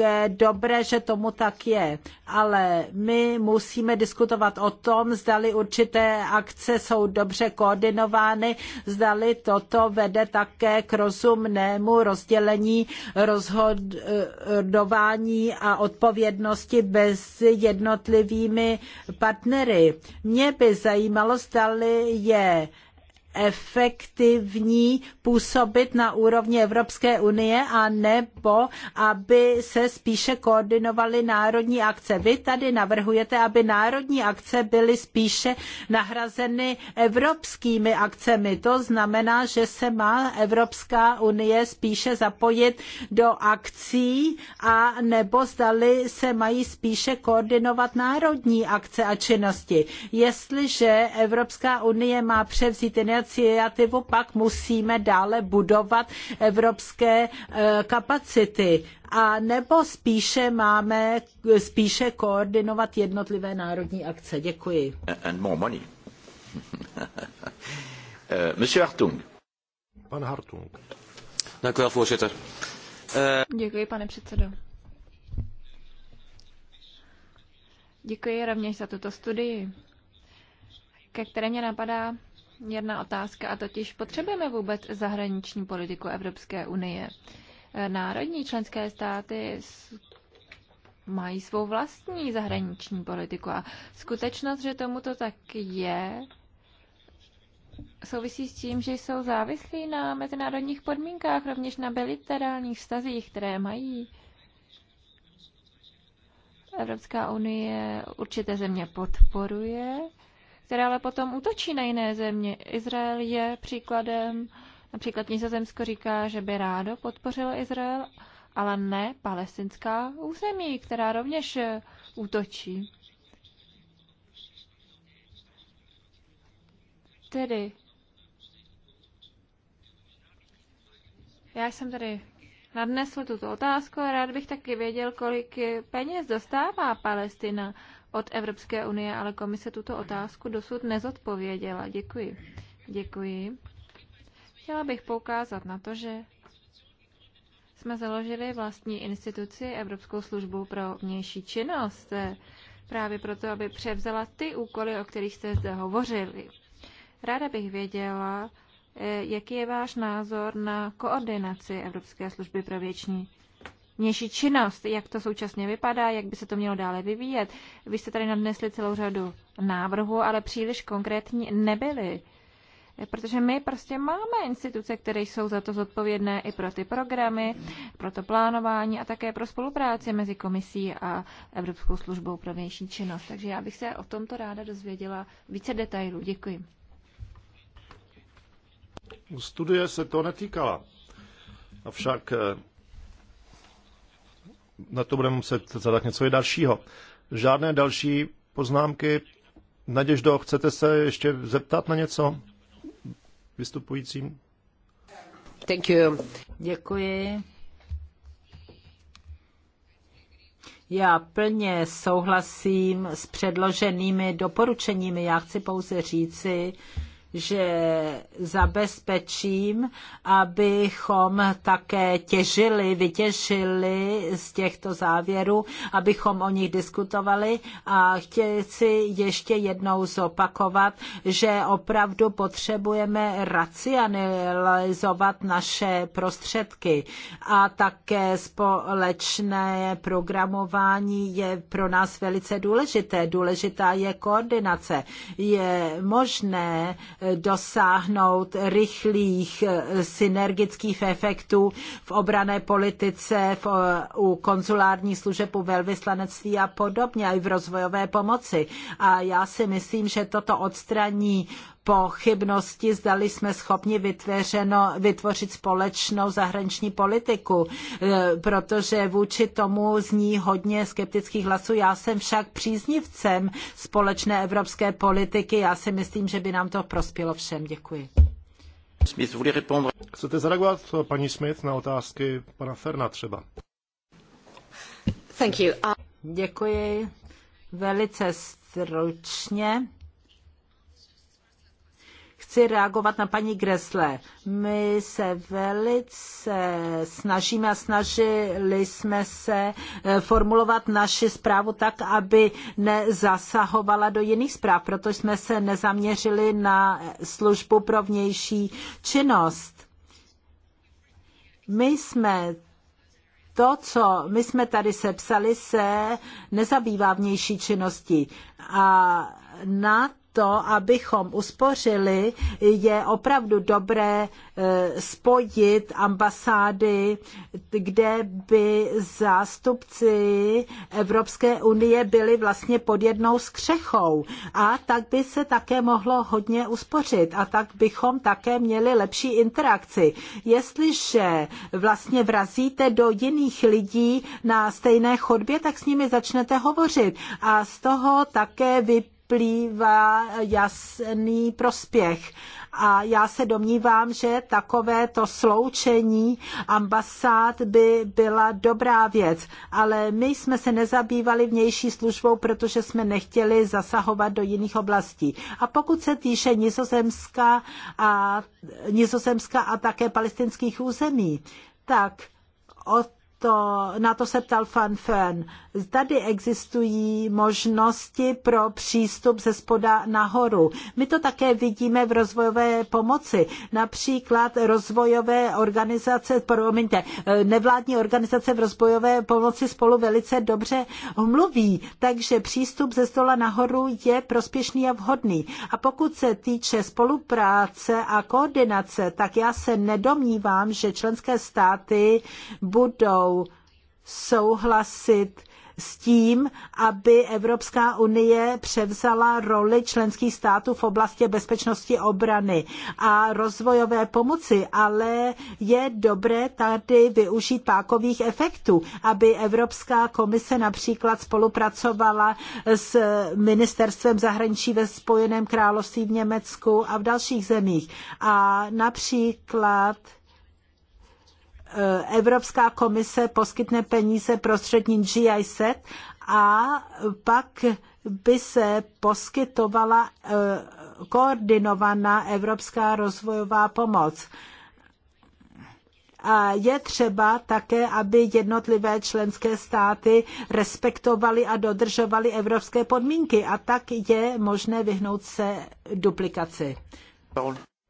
je dobré, že tomu tak je, ale my musíme diskutovat o tom, zdali určité akce jsou dobře koordinovány, zdali toto vede také k rozumnému rozdělení rozhodování a odpovědnosti mezi jednotlivými partnery. Mě by zajímalo, zdali je efektivní působit na úrovni Evropské unie a nebo aby se spíše koordinovaly národní akce. Vy tady navrhujete, aby národní akce byly spíše nahrazeny evropskými akcemi. To znamená, že se má Evropská unie spíše zapojit do akcí a nebo zdali se mají spíše koordinovat národní akce a činnosti. Jestliže Evropská unie má převzít iniciativu, iniciativu, pak musíme dále budovat evropské eh, kapacity. A nebo spíše máme spíše koordinovat jednotlivé národní akce. Děkuji. And more money. Eh, Monsieur Hartung. Pan Hartung. Eh, Děkuji, pane předsedo. Děkuji rovněž za tuto studii, ke které mě napadá jedna otázka, a totiž potřebujeme vůbec zahraniční politiku Evropské unie. Národní členské státy mají svou vlastní zahraniční politiku a skutečnost, že tomuto tak je, souvisí s tím, že jsou závislí na mezinárodních podmínkách, rovněž na bilaterálních vztazích, které mají. Evropská unie určité země podporuje, které ale potom útočí na jiné země. Izrael je příkladem, například Nizozemsko říká, že by rádo podpořilo Izrael, ale ne palestinská území, která rovněž eh, útočí. Tedy Já jsem tady nadnesl tuto otázku a rád bych taky věděl, kolik eh, peněz dostává Palestina od Evropské unie, ale komise tuto otázku dosud nezodpověděla. Děkuji. Děkuji. Chtěla bych poukázat na to, že jsme založili vlastní instituci Evropskou službu pro vnější činnost, právě proto, aby převzala ty úkoly, o kterých jste zde hovořili. Ráda bych věděla, eh, jaký je váš názor na koordinaci Evropské služby pro věční vnější činnost, jak to současně vypadá, jak by se to mělo dále vyvíjet. Vy jste tady nadnesli celou řadu návrhů, ale příliš konkrétní nebyly. Protože my prostě máme instituce, které jsou za to zodpovědné i pro ty programy, pro to plánování a také pro spolupráci mezi komisí a Evropskou službou pro vnější činnost. Takže já bych se o tomto ráda dozvěděla více detailů. Děkuji. Studie se to netýkala. Avšak eh, na to budeme muset zadat něco dalšího. Žádné další poznámky. Naděždo, chcete se ještě zeptat na něco vystupujícím? Thank you. Děkuji. Já plně souhlasím s předloženými doporučeními. Já chci pouze říci, že zabezpečím, abychom také těžili, vytěžili z těchto závěrů, abychom o nich diskutovali a chci ještě jednou zopakovat, že opravdu potřebujeme racionalizovat naše prostředky a také společné programování je pro nás velice důležité. Důležitá je koordinace. Je možné dosáhnout rychlých eh, synergických efektů v obrané politice, v, eh, u konzulární služeb, u velvyslanectví a podobně, a i v rozvojové pomoci. A já si myslím, že toto odstraní pochybnosti, zdali jsme schopni vytvořeno, vytvořit společnou zahraniční politiku, e, protože vůči tomu zní hodně skeptických hlasů. Já jsem však příznivcem společné evropské politiky. Já si myslím, že by nám to prospělo všem. Děkuji. Smith, Chcete zareagovat, paní Smith, na otázky pana Ferna třeba? Thank you. Děkuji. Velice stručně chci reagovat na paní Gresle. My se velice snažíme a snažili jsme se eh, formulovat naši zprávu tak, aby nezasahovala do jiných zpráv, proto jsme se nezaměřili na službu pro vnější činnost. My jsme to, co my jsme tady sepsali, se nezabývá vnější činností. A na to, abychom uspořili, je opravdu dobré e, spojit ambasády, kde by zástupci Evropské unie byli vlastně pod jednou střechou. A tak by se také mohlo hodně uspořit a tak bychom také měli lepší interakci. Jestliže vlastně vrazíte do jiných lidí na stejné chodbě, tak s nimi začnete hovořit. A z toho také vyplývá vyplývá jasný prospěch. A já se domnívám, že takové to sloučení ambasád by byla dobrá věc. Ale my jsme se nezabývali vnější službou, protože jsme nechtěli zasahovat do jiných oblastí. A pokud se týče Nizozemska a, Nizozemska a také palestinských území, tak od to, na to se ptal Fan Fern. Tady existují možnosti pro přístup ze spoda nahoru. My to také vidíme v rozvojové pomoci. Například rozvojové organizace, promiňte, nevládní organizace v rozvojové pomoci spolu velice dobře mluví, takže přístup ze stola nahoru je prospěšný a vhodný. A pokud se týče spolupráce a koordinace, tak já se nedomnívám, že členské státy budou budou souhlasit s tím, aby Evropská unie převzala roli členských států v oblasti bezpečnosti obrany a rozvojové pomoci, ale je dobré tady využít pákových efektů, aby Evropská komise například spolupracovala s ministerstvem zahraničí ve Spojeném království v Německu a v dalších zemích. A například Eh, evropská komise poskytne peníze prostřední GI set a pak by se poskytovala eh, koordinovaná evropská rozvojová pomoc. A je třeba také, aby jednotlivé členské státy respektovaly a dodržovaly evropské podmínky a tak je možné vyhnout se duplikaci.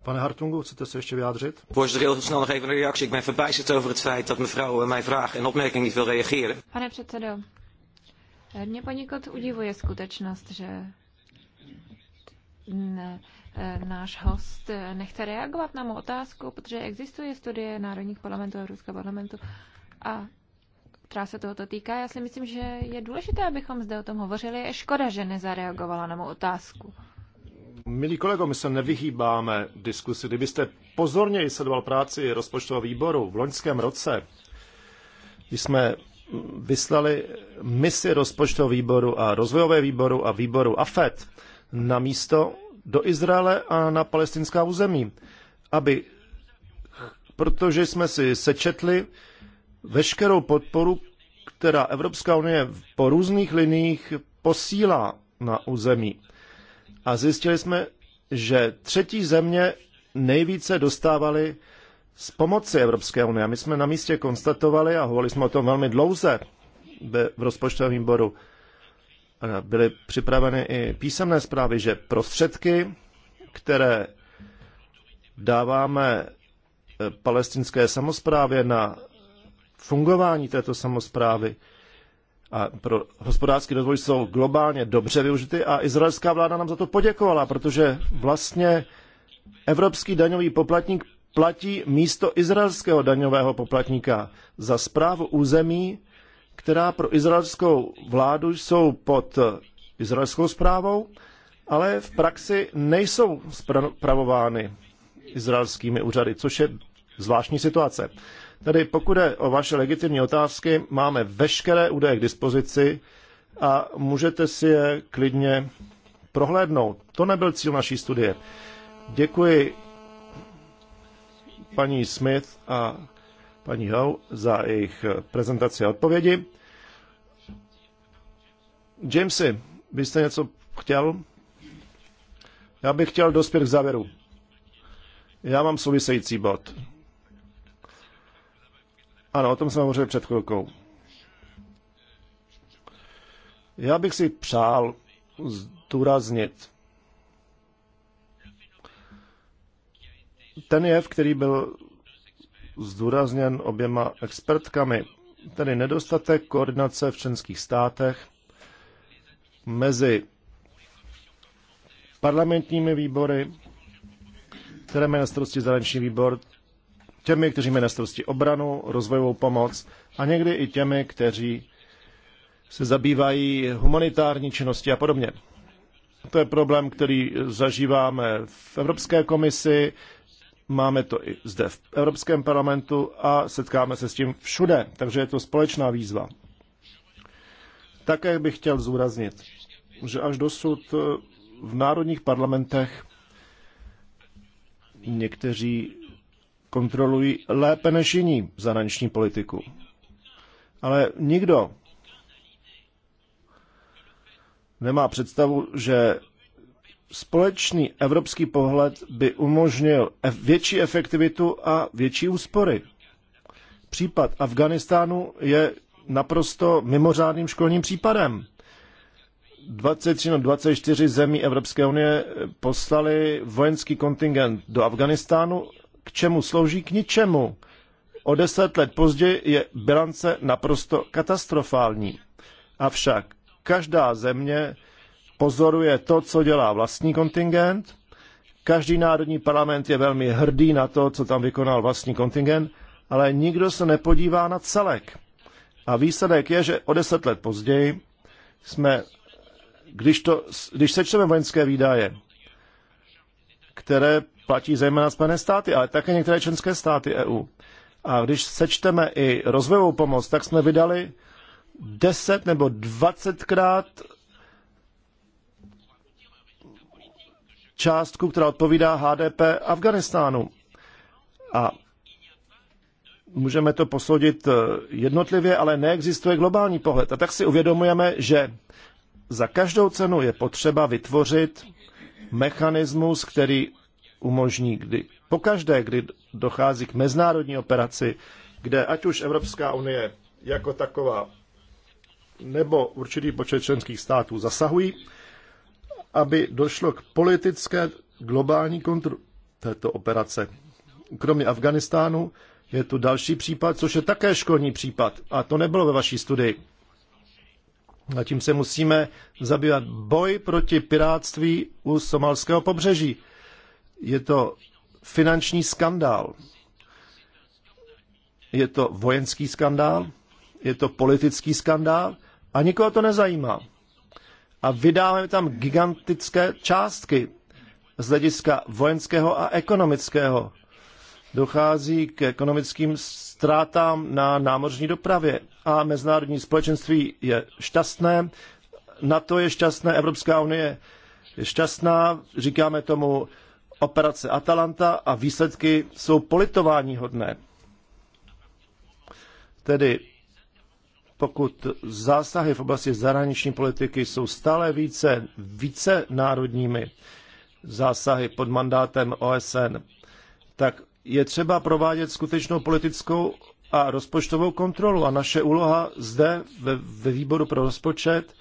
Pane Hartungu, chcete se ještě vyjádřit? Voorzitter, heel snel nog even een reactie. Ik ben verbijsterd over het feit dat mevrouw eh, mijn vraag en opmerking niet wil reageren. Pane předsedo, eh, mě poněkud udivuje skutečnost, že ne, mm, eh, náš host nechce reagovat na mou otázku, protože existuje studie Národních parlamentů a Ruského parlamentu, a která se tohoto týká. Já si myslím, že je důležité, abychom zde o tom hovořili. Je škoda, že nezareagovala na mou otázku. Milí kolego, my se nevyhýbáme diskusi. Kdybyste pozorněji sledoval práci rozpočtového výboru v loňském roce, když jsme vyslali misi rozpočtového výboru a rozvojové výboru a výboru AFET na místo do Izraele a na palestinská území, aby, protože jsme si sečetli veškerou podporu, která Evropská unie po různých liních posílá na území a zjistili jsme, že třetí země nejvíce dostávaly z pomoci Evropské unie. A my jsme na místě konstatovali a hovorili jsme o tom velmi dlouze v rozpočtovém výboru. Byly připraveny i písemné zprávy, že prostředky, které dáváme e, palestinské samozprávě na fungování této samozprávy, a pro hospodářský rozvoj jsou globálně dobře využity a izraelská vláda nám za to poděkovala, protože vlastně evropský daňový poplatník platí místo izraelského daňového poplatníka za zprávu území, která pro izraelskou vládu jsou pod izraelskou zprávou, ale v praxi nejsou spravovány izraelskými úřady, což je zvláštní situace. Tedy pokud je o vaše legitimní otázky, máme veškeré údaje k dispozici a můžete si je klidně prohlédnout. To nebyl cíl naší studie. Děkuji paní Smith a paní Howe za jejich prezentaci a odpovědi. Jamesy, vy jste něco chtěl? Já bych chtěl dospět k závěru. Já mám související bod. Ano, o tom jsme hovořili před chvilkou. Já bych si přál zdůraznit ten jev, který byl zdůrazněn oběma expertkami, tedy nedostatek koordinace v členských státech mezi parlamentními výbory, které mají na starosti zahraniční výbor, těmi, kteří mají na starosti obranu, rozvojovou pomoc a někdy i těmi, kteří se zabývají humanitární činnosti a podobně. To je problém, který zažíváme v Evropské komisi, máme to i zde v Evropském parlamentu a setkáme se s tím všude, takže je to společná výzva. Také bych chtěl zúraznit, že až dosud v národních parlamentech někteří kontrolují lépe než jiní zahraniční politiku. Ale nikdo nemá představu, že společný evropský pohled by umožnil větší efektivitu a větší úspory. Případ Afganistánu je naprosto mimořádným školním případem. 23 na 24 zemí Evropské unie poslali vojenský kontingent do Afganistánu k čemu slouží, k ničemu. O deset let později je bilance naprosto katastrofální. Avšak každá země pozoruje to, co dělá vlastní kontingent, každý národní parlament je velmi hrdý na to, co tam vykonal vlastní kontingent, ale nikdo se nepodívá na celek. A výsledek je, že o deset let později jsme, když, to, když sečteme vojenské výdaje, které platí zejména Spojené státy, ale také některé členské státy EU. A když sečteme i rozvojovou pomoc, tak jsme vydali 10 nebo 20 krát částku, která odpovídá HDP Afganistánu. A můžeme to posoudit eh, jednotlivě, ale neexistuje globální pohled. A tak si uvědomujeme, že za každou cenu je potřeba vytvořit mechanismus, který umožní, kdy pokaždé, kdy dochází k mezinárodní operaci, kde ať už Evropská unie jako taková nebo určitý počet členských států zasahují, aby došlo k politické globální kontrole této operace. Kromě Afganistánu je tu další případ, což je také školní případ. A to nebylo ve vaší studii. A tím se musíme zabývat boj proti pirátství u somalského pobřeží. Je to finanční skandál. Je to vojenský skandál, je to politický skandál a nikoho to nezajímá. A vydáme tam gigantické částky z hlediska vojenského a ekonomického. Dochází k ekonomickým ztrátám na námořní dopravě a mezinárodní společenství je šťastné, Na to je šťastné, Evropská unie je šťastná, říkáme tomu operace Atalanta a výsledky jsou politování hodné. Tedy pokud zásahy v oblasti zahraniční politiky jsou stále více, více národními zásahy pod mandátem OSN, tak je třeba provádět skutečnou politickou a rozpočtovou kontrolu. A naše úloha zde ve, ve výboru pro rozpočet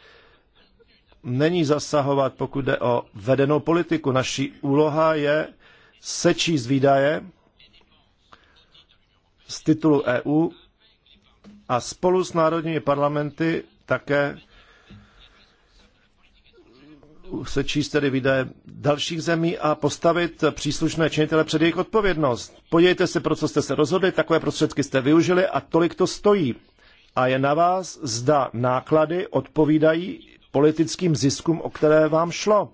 není zasahovat, pokud jde o vedenou politiku. Naší úloha je sečíst výdaje z titulu EU a spolu s národními parlamenty také sečíst tedy výdaje dalších zemí a postavit příslušné činitele před jejich odpovědnost. Podívejte se, pro co jste se rozhodli, takové prostředky jste využili a tolik to stojí. A je na vás, zda náklady odpovídají politickým ziskům, o které vám šlo.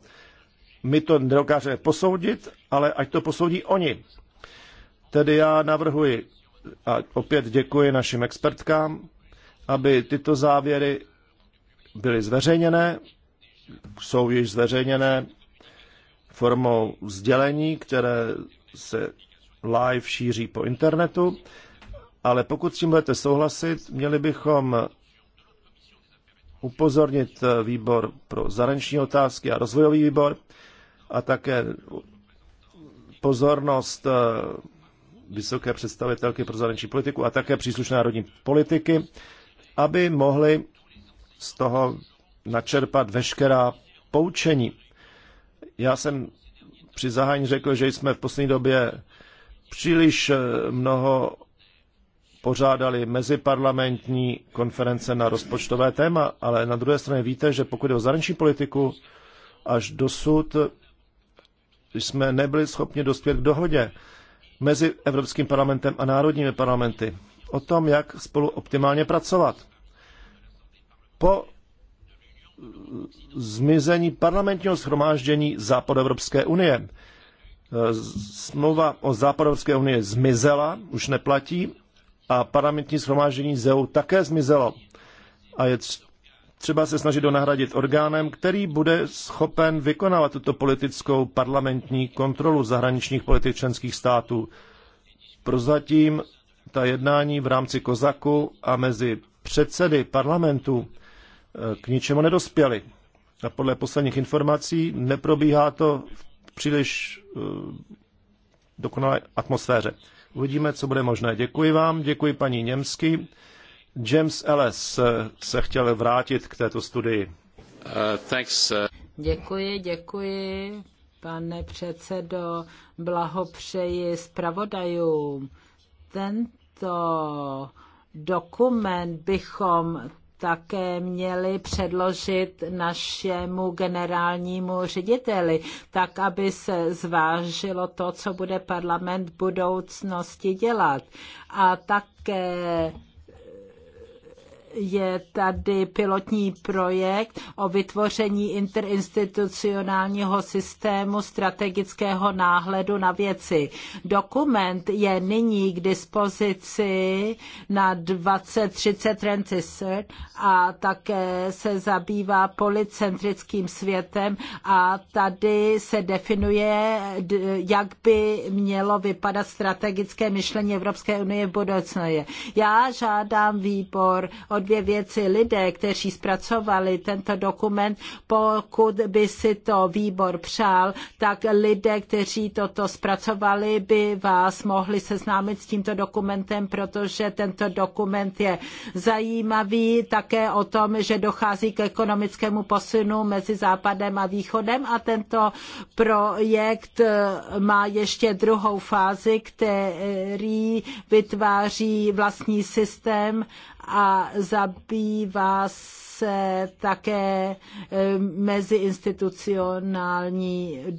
My to nedokážeme posoudit, ale ať to posoudí oni. Tedy já navrhuji, a opět děkuji našim expertkám, aby tyto závěry byly zveřejněné, jsou již zveřejněné formou sdělení, které se live šíří po internetu, ale pokud s tím budete souhlasit, měli bychom upozornit eh, výbor pro zahraniční otázky a rozvojový výbor a také pozornost eh, vysoké představitelky pro zahraniční politiku a také příslušné národní politiky, aby mohli z toho načerpat veškerá poučení. Já jsem při zahájení řekl, že jsme v poslední době příliš eh, mnoho pořádali meziparlamentní konference na rozpočtové téma, ale na druhé straně víte, že pokud je o zahraniční politiku, až dosud jsme nebyli schopni dospět k dohodě mezi Evropským parlamentem a národními parlamenty o tom, jak spolu optimálně pracovat. Po zmizení parlamentního schromáždění Západoevropské unie. E, smlouva o Západoevropské unii zmizela, už neplatí a parlamentní shromáždění ZEU také zmizelo. A je třeba se snažit nahradit orgánem, který bude schopen vykonávat tuto politickou parlamentní kontrolu zahraničních politik členských států. Prozatím ta jednání v rámci Kozaku a mezi předsedy parlamentu e, k ničemu nedospěly. A podle posledních informací neprobíhá to v příliš e, dokonalé atmosféře. Uvidíme, co bude možné. Děkuji vám, děkuji paní Němsky. James Ellis se chtěl vrátit k této studii. Uh, thanks, uh... Děkuji, děkuji, pane předsedo. Blahopřeji zpravodajům. Tento dokument bychom také měli předložit našemu generálnímu řediteli, tak aby se zvážilo to, co bude parlament v budoucnosti dělat. A také je tady pilotní projekt o vytvoření interinstitucionálního systému strategického náhledu na věci. Dokument je nyní k dispozici na 2030 a také se zabývá policentrickým světem a tady se definuje, jak by mělo vypadat strategické myšlení Evropské unie v budoucnosti. Já žádám výbor o dvě věci. Lidé, kteří zpracovali tento dokument, pokud by si to výbor přál, tak lidé, kteří toto zpracovali, by vás mohli seznámit s tímto dokumentem, protože tento dokument je zajímavý také o tom, že dochází k ekonomickému posunu mezi Západem a Východem a tento projekt má ještě druhou fázi, který vytváří vlastní systém a zabývá se také eh, meziinstitucionální eh,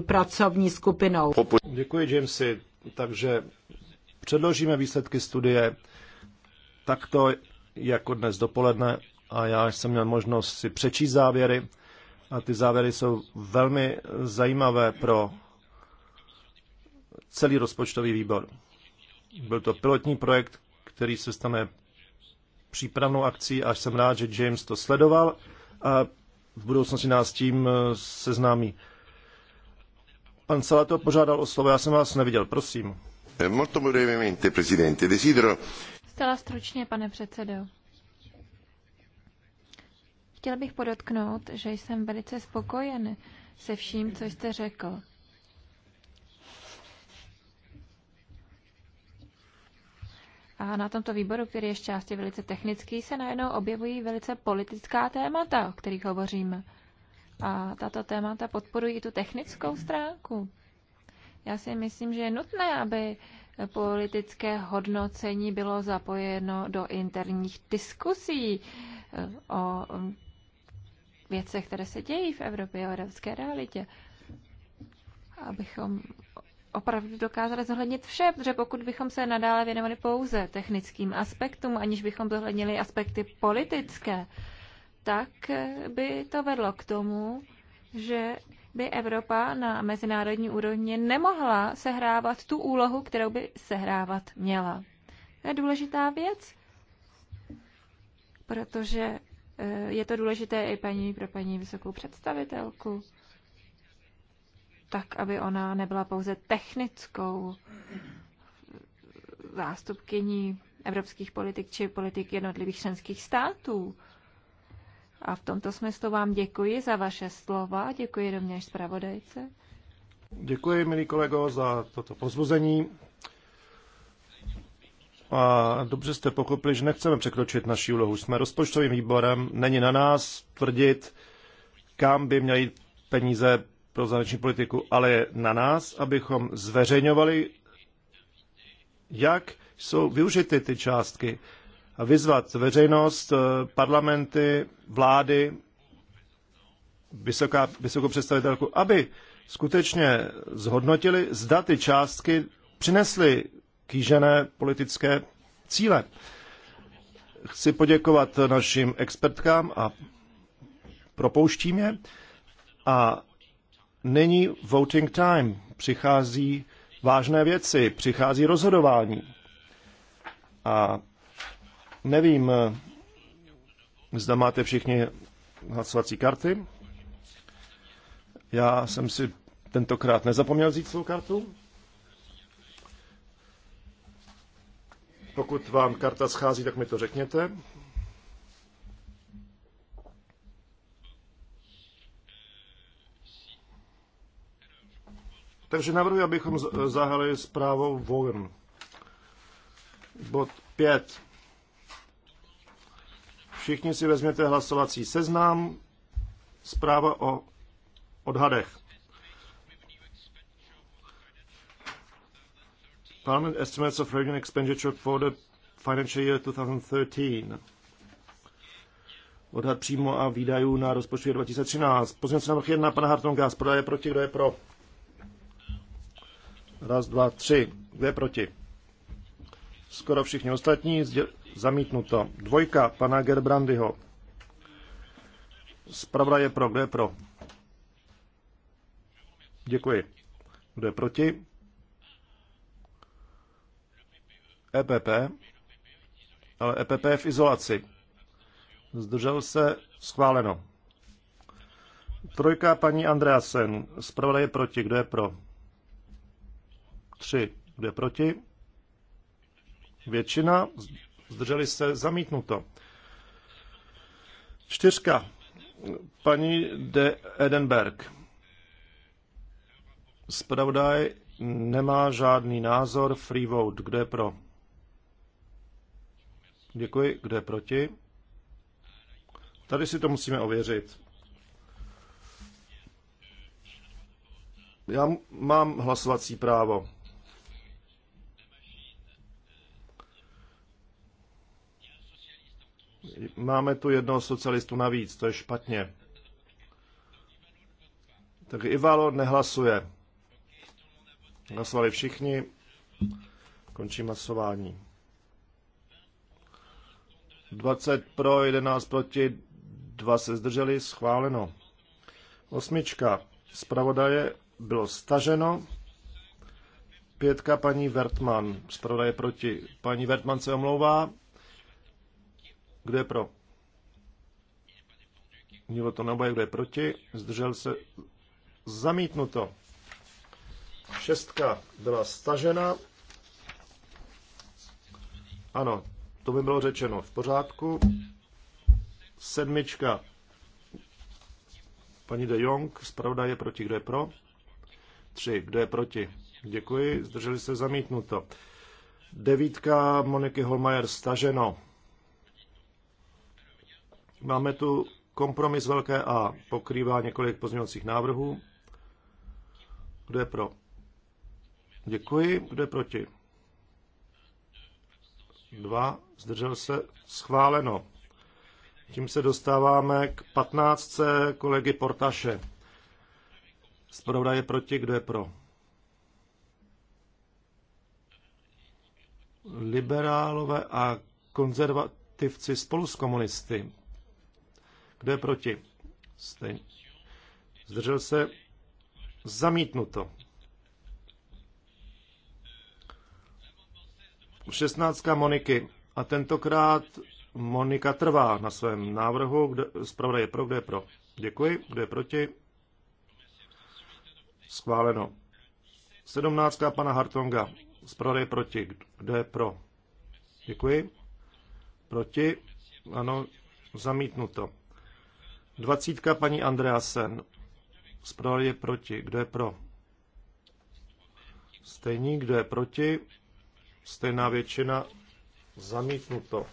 pracovní skupinou. Děkuji, Jamesy. Takže předložíme výsledky studie takto jako dnes dopoledne a já jsem měl možnost si přečíst závěry a ty závěry jsou velmi zajímavé pro celý rozpočtový výbor. Byl to pilotní projekt, který se stane přípravnou akcí a jsem rád, že James to sledoval a v budoucnosti nás tím eh, seznámí. Pan Salato požádal o slovo, já jsem vás neviděl, prosím. Eh, molto brevemente, presidente. Desidero... Stala stručně, pane předsedo. Chtěl bych podotknout, že jsem velice spokojen se vším, co jste řekl. A na tomto výboru, který je části velice technický, se najednou objevují velice politická témata, o kterých hovoříme. A tato témata podporují i tu technickou stránku. Já si myslím, že je nutné, aby politické hodnocení bylo zapojeno do interních diskusí eh, o mm, věcech, které se dějí v Evropě, o evropské realitě. Abychom opravdu dokázali zohlednit vše, protože pokud bychom se nadále věnovali pouze technickým aspektům, aniž bychom zohlednili aspekty politické, tak by to vedlo k tomu, že by Evropa na mezinárodní úrovni nemohla sehrávat tu úlohu, kterou by sehrávat měla. To je důležitá věc, protože eh, je to důležité i paní pro paní vysokou představitelku tak, aby ona nebyla pouze technickou zástupkyní evropských politik či politik jednotlivých členských států. A v tomto smyslu vám děkuji za vaše slova, děkuji rovněž zpravodajce. Děkuji, milí kolego, za toto pozbuzení. A dobře jste pochopili, že nechceme překročit naši úlohu. Jsme rozpočtovým výborem, není na nás tvrdit, kam by měly peníze pro zahraniční politiku, ale je na nás, abychom zveřejňovali, jak jsou využity ty částky a vyzvat veřejnost, eh, parlamenty, vlády, vysoká, vysokou představitelku, aby skutečně zhodnotili, zda ty částky přinesly kýžené politické cíle. Chci poděkovat našim expertkám a propouštím je. A není voting time, přichází vážné věci, přichází rozhodování. A nevím, zda máte všichni hlasovací karty. Já jsem si tentokrát nezapomněl vzít svou kartu. Pokud vám karta schází, tak mi to řekněte. Takže navrhuji, abychom zahájili zprávou Vaughan. Bod 5. Všichni si vezměte hlasovací seznam. Zpráva o odhadech. Parliament estimates of regional expenditure for the financial year 2013. Odhad přímo a výdajů na rozpočtu 2013. Pozměnce návrh 1 pana Hartonga z prodaje proti, kdo je pro. Raz, dva, tři. Kdo je proti? Skoro všichni ostatní. Zamítnuto. Dvojka pana Gerbrandyho. Zpravda je pro. Kdo je pro? Děkuji. Kdo je proti? EPP. Ale EPP je v izolaci. Zdržel se. Schváleno. Trojka paní Andreasen. Zpravda je proti. Kdo je pro? 3, kde proti, většina, zdrželi se, zamítnuto. Čtyřka, paní de Edenberg. Spravodaj nemá žádný názor, free vote, kde je pro? Děkuji, kde je proti? Tady si to musíme ověřit. Já mám hlasovací právo. Máme tu jednoho socialistu navíc, to je špatně. Tak Ivalo nehlasuje. Hlasovali všichni. Končí hlasování. 20 pro, 11 proti, 2 se zdrželi, schváleno. Osmička zpravodaje bylo staženo. Pětka paní Vertman, zpravodaje proti. Paní Vertman se omlouvá, kdo je pro? Nikdo to neboje, kdo je proti? Zdržel se zamítnuto. Šestka byla stažena. Ano, to by bylo řečeno v pořádku. Sedmička. Paní de Jong, zpravda je proti, kdo je pro? Tři, kdo je proti? Děkuji, zdrželi se zamítnuto. Devítka Moniky Holmajer staženo. Máme tu kompromis velké A, pokrývá několik pozměňovacích návrhů. Kdo je pro? Děkuji. Kdo je proti? Dva. Zdržel se. Schváleno. Tím se dostáváme k patnáctce kolegy Portaše. Zpravodaj je proti, kdo je pro? Liberálové a konzervativci spolu s komunisty. Kdo je proti? Stejně. Zdržel se? Zamítnuto. Šestnáctka Moniky. A tentokrát Monika trvá na svém návrhu. Kde, zpravodaj je pro, kde je pro. Děkuji. Kdo je proti? Schváleno. Sedmnáctka pana Hartonga. Zpravodaj je proti. Kdo je pro? Děkuji. Proti? Ano, zamítnuto. Dvacítka paní Andreasen. Zpravodaj je proti. Kdo je pro? Stejný, kdo je proti? Stejná většina. Zamítnuto.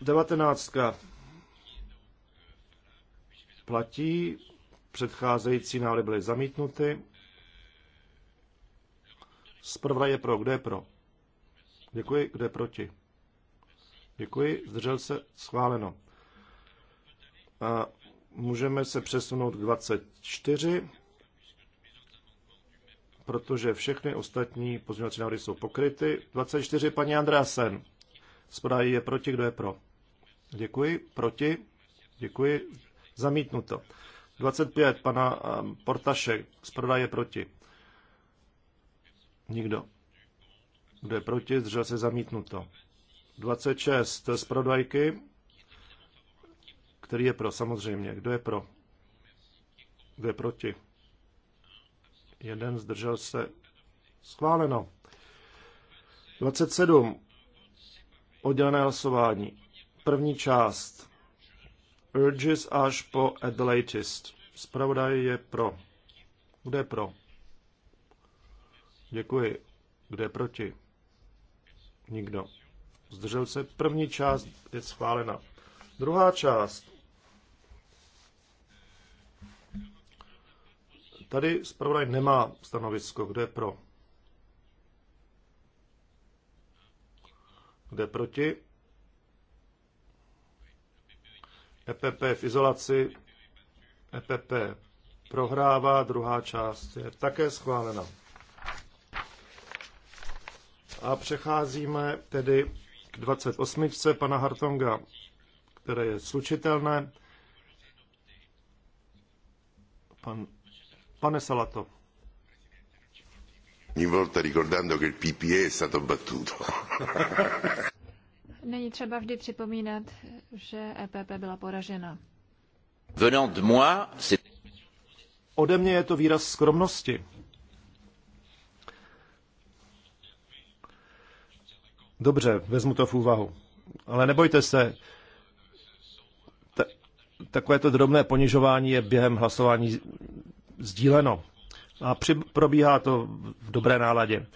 Devatenáctka. Platí. Předcházející návrhy byly zamítnuty. Zprva je pro. Kdo je pro? Děkuji. Kdo je proti? Děkuji. Zdržel se. Schváleno. A můžeme se přesunout k 24, protože všechny ostatní pozměňovací návrhy jsou pokryty. 24 paní Andrásen. Spodají je proti, kdo je pro? Děkuji. Proti? Děkuji. Zamítnuto. 25 pana eh, Portaše. Spodaj je proti. Nikdo. Kdo je proti? Zdržel se zamítnuto. 26 z který je pro? Samozřejmě. Kdo je pro? Kdo je proti? Jeden zdržel se. Schváleno. 27. Oddělené hlasování. První část. Urges až po at the latest. Spravodaj je pro. Kde je pro? Děkuji. Kde je proti? Nikdo. Zdržel se. První část je schválena. Druhá část. Tady zpravodaj nemá stanovisko. Kdo je pro? Kdo je proti? EPP v izolaci. EPP prohrává, druhá část je také schválena. A přecházíme tedy k 28. pana Hartonga, které je slučitelné. Pan, pane Salato. Ogni volta ricordando che il PPE è stato battuto. Není třeba vždy připomínat, že EPP byla poražena. Venant de moi, c'est... Ode mě je to výraz skromnosti. Dobře, vezmu to v úvahu. Ale nebojte se, takovéto drobné ponižování je během hlasování sdíleno. A při, probíhá to v dobré náladě.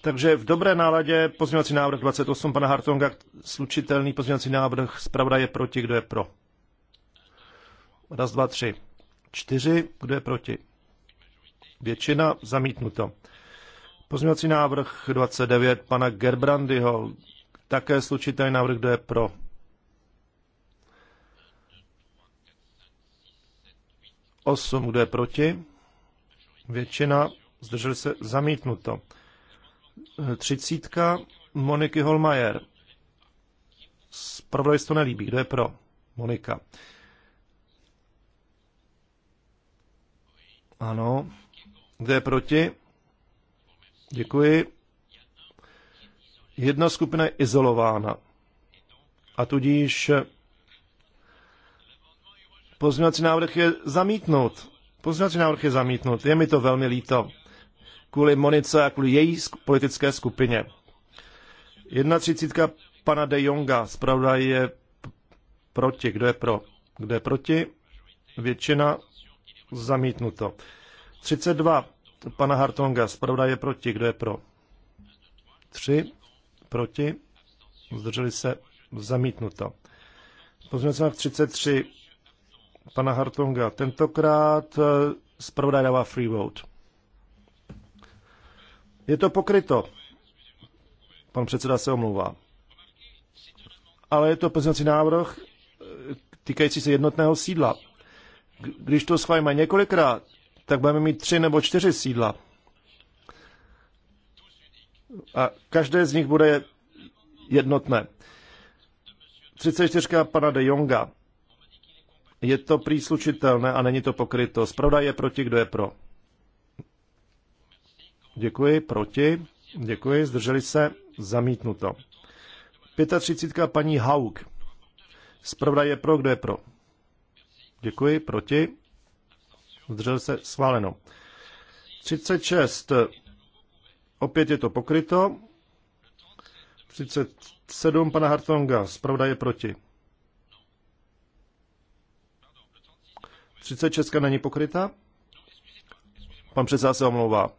Takže v dobré náladě pozměňovací návrh 28 pana Hartonga, slučitelný pozměňovací návrh, zpravda je proti, kdo je pro. Raz, dva, tři. Čtyři, kdo je proti. Většina zamítnuto. Pozměňovací návrh 29 pana Gerbrandyho, také slučitelný návrh, kdo je pro. 8, kdo je proti? Většina, zdrželi se, zamítnuto. Třicítka Moniky Holmajer. Zpravodaj to nelíbí. Kdo je pro? Monika. Ano. Kdo je proti? Děkuji. Jedna skupina je izolována. A tudíž Pozměňovací návrh je zamítnut. Pozměňovací návrh je zamítnut. Je mi to velmi líto. Kvůli Monice a kvůli její politické skupině. 31. pana de Jonga. Zpravda je proti. Kdo je pro? Kdo je proti? Většina zamítnuto. 32. Pana Hartonga. Zpravda je proti. Kdo je pro? 3. Proti. Zdrželi se zamítnuto. Pozměňovací návrh 33 pana Hartonga. Tentokrát eh, zpravodaj dává free vote. Je to pokryto. Pan předseda se omlouvá. Ale je to pozměňovací návrh eh, týkající se jednotného sídla. Když to schválíme několikrát, tak budeme mít tři nebo čtyři sídla. A každé z nich bude jednotné. 34. pana de Jonga je to příslučitelné a není to pokryto. Zpravda je proti, kdo je pro. Děkuji, proti. Děkuji, zdrželi se, zamítnuto. 35. paní Haug. Zpravda je pro, kdo je pro. Děkuji, proti. Zdržel se, schváleno. 36. Opět je to pokryto. 37. Pana Hartonga. Zpravda je proti. 36 není pokryta? Pan předseda se omlouvá.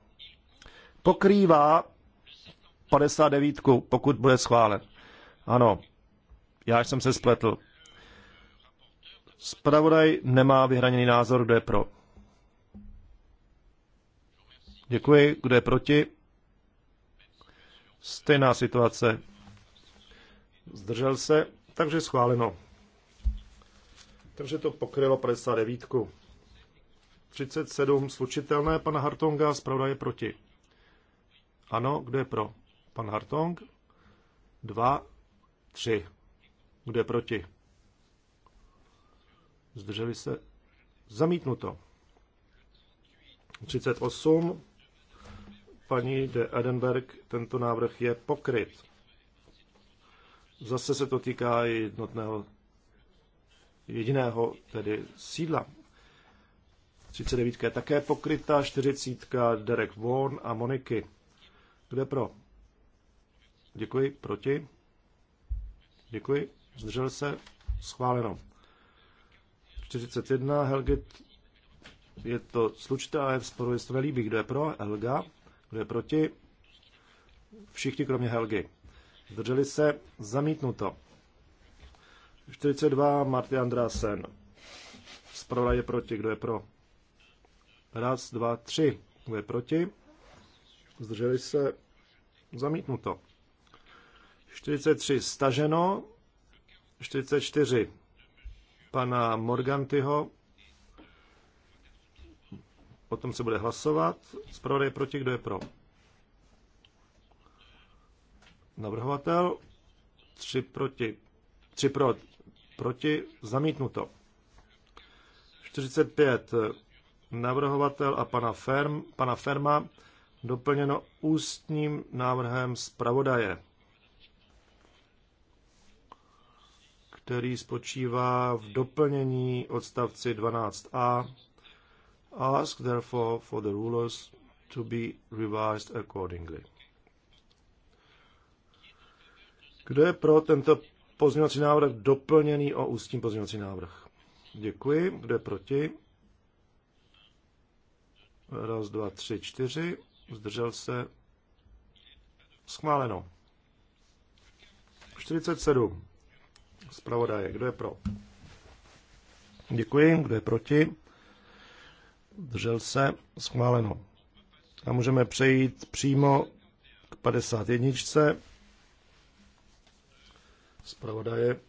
Pokrývá 59, pokud bude schválen. Ano, já jsem se spletl. Spravodaj nemá vyhraněný názor, kdo je pro. Děkuji, kdo je proti. Stejná situace. Zdržel se, takže schváleno. Takže to pokrylo 59. 37 slučitelné pana Hartonga, zpravda je proti. Ano, kdo je pro? Pan Hartong? 2, 3. Kdo je proti? Zdrželi se? Zamítnuto. 38. Paní de Edenberg, tento návrh je pokryt. Zase se to týká jednotného jediného tedy sídla. 39 je také pokryta, 40 Derek Vaughan a Moniky. Kde pro? Děkuji. Proti? Děkuji. Zdržel se? Schváleno. 41 Helgit je to slučte, ale sporu se to nelíbí. Kdo je pro? Helga. Kdo je proti? Všichni kromě Helgy. Zdrželi se? Zamítnuto. 42 Marty Andrásen. Zprava je proti. Kdo je pro? Raz, dva, tři. Kdo je proti? Zdrželi se. Zamítnuto. 43 staženo. 44 pana Morgantyho. O tom se bude hlasovat. Zprava je proti. Kdo je pro? Navrhovatel. 3 proti. 3 pro, proti, zamítnuto. 45 navrhovatel a pana, Ferm, pana Ferma doplněno ústním návrhem zpravodaje, který spočívá v doplnění odstavci 12a Ask therefore for the rulers to be revised accordingly. Kdo je pro tento pozměňovací návrh doplněný o ústní pozměňovací návrh. Děkuji. Kdo je proti? Raz, dva, tři, čtyři. Zdržel se. Schváleno. 47. Zpravodaje. Kdo je pro? Děkuji. Kdo je proti? Držel se. Schváleno. A můžeme přejít přímo k 51 zpravodaje.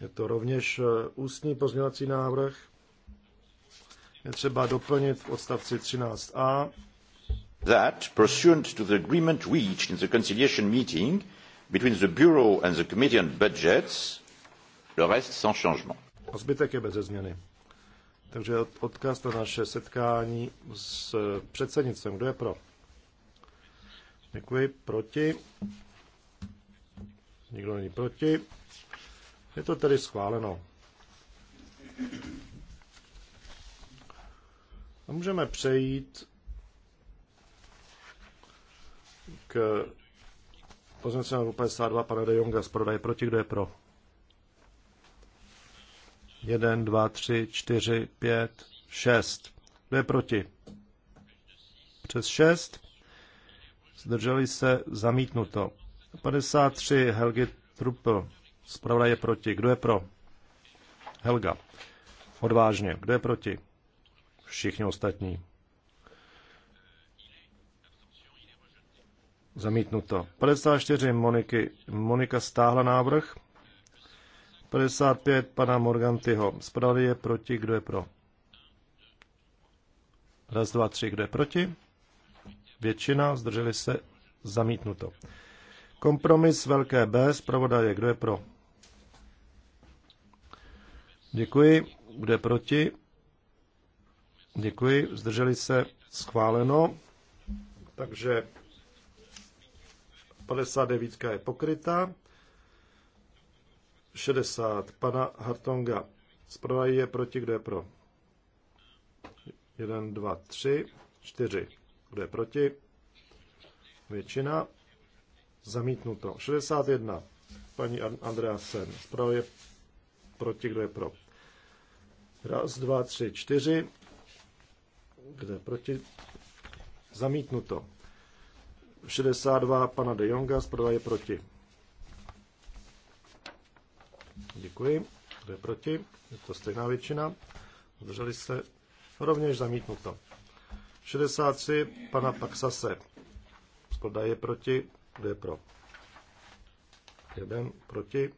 Je to rovněž eh, ústní pozměňovací návrh. Je třeba doplnit v odstavci 13a. That, pursuant to the agreement reached in the conciliation meeting between the Bureau and the Committee on Budgets, le reste sans changement. A zbytek je bez změny. Takže odkaz na naše setkání s předsednicem. Kdo je pro? Děkuji. Proti? Nikdo není proti. Je to tedy schváleno. A můžeme přejít k pozměnce na 52 pana de Jonga z prodaje proti, kdo je pro. 1, 2, 3, 4, 5, 6. Kdo je proti? Přes 6. Zdrželi se zamítnuto. 53 Helgi Truppel. Zpravda je proti. Kdo je pro? Helga. Odvážně. Kdo je proti? Všichni ostatní. Zamítnuto. 54 Moniky. Monika stáhla návrh. 55 pana Morgantyho. Zpravda je proti. Kdo je pro? Raz, dva, tři. Kdo je proti? Většina. Zdrželi se. Zamítnuto. Kompromis velké B, zpravodaje, kdo je pro? Děkuji, kdo je proti? Děkuji, zdrželi se, schváleno. Takže 59 je pokryta. 60 pana Hartonga. Zpravodaj je proti, kdo je pro? 1, 2, 3, 4. Kdo je proti? Většina. Zamítnuto. 61. Paní Sen. Zpravo je proti, kdo je pro. Raz, dva, tři, čtyři. Kde je proti? Zamítnuto. 62 pana de Jonga, zprava je proti. Děkuji. Kdo je proti? Je to stejná většina. Zdrželi se. Rovněž zamítnuto. 63 pana Paxase. Zpravodaj je proti. Kdo je pro? Jeden proti.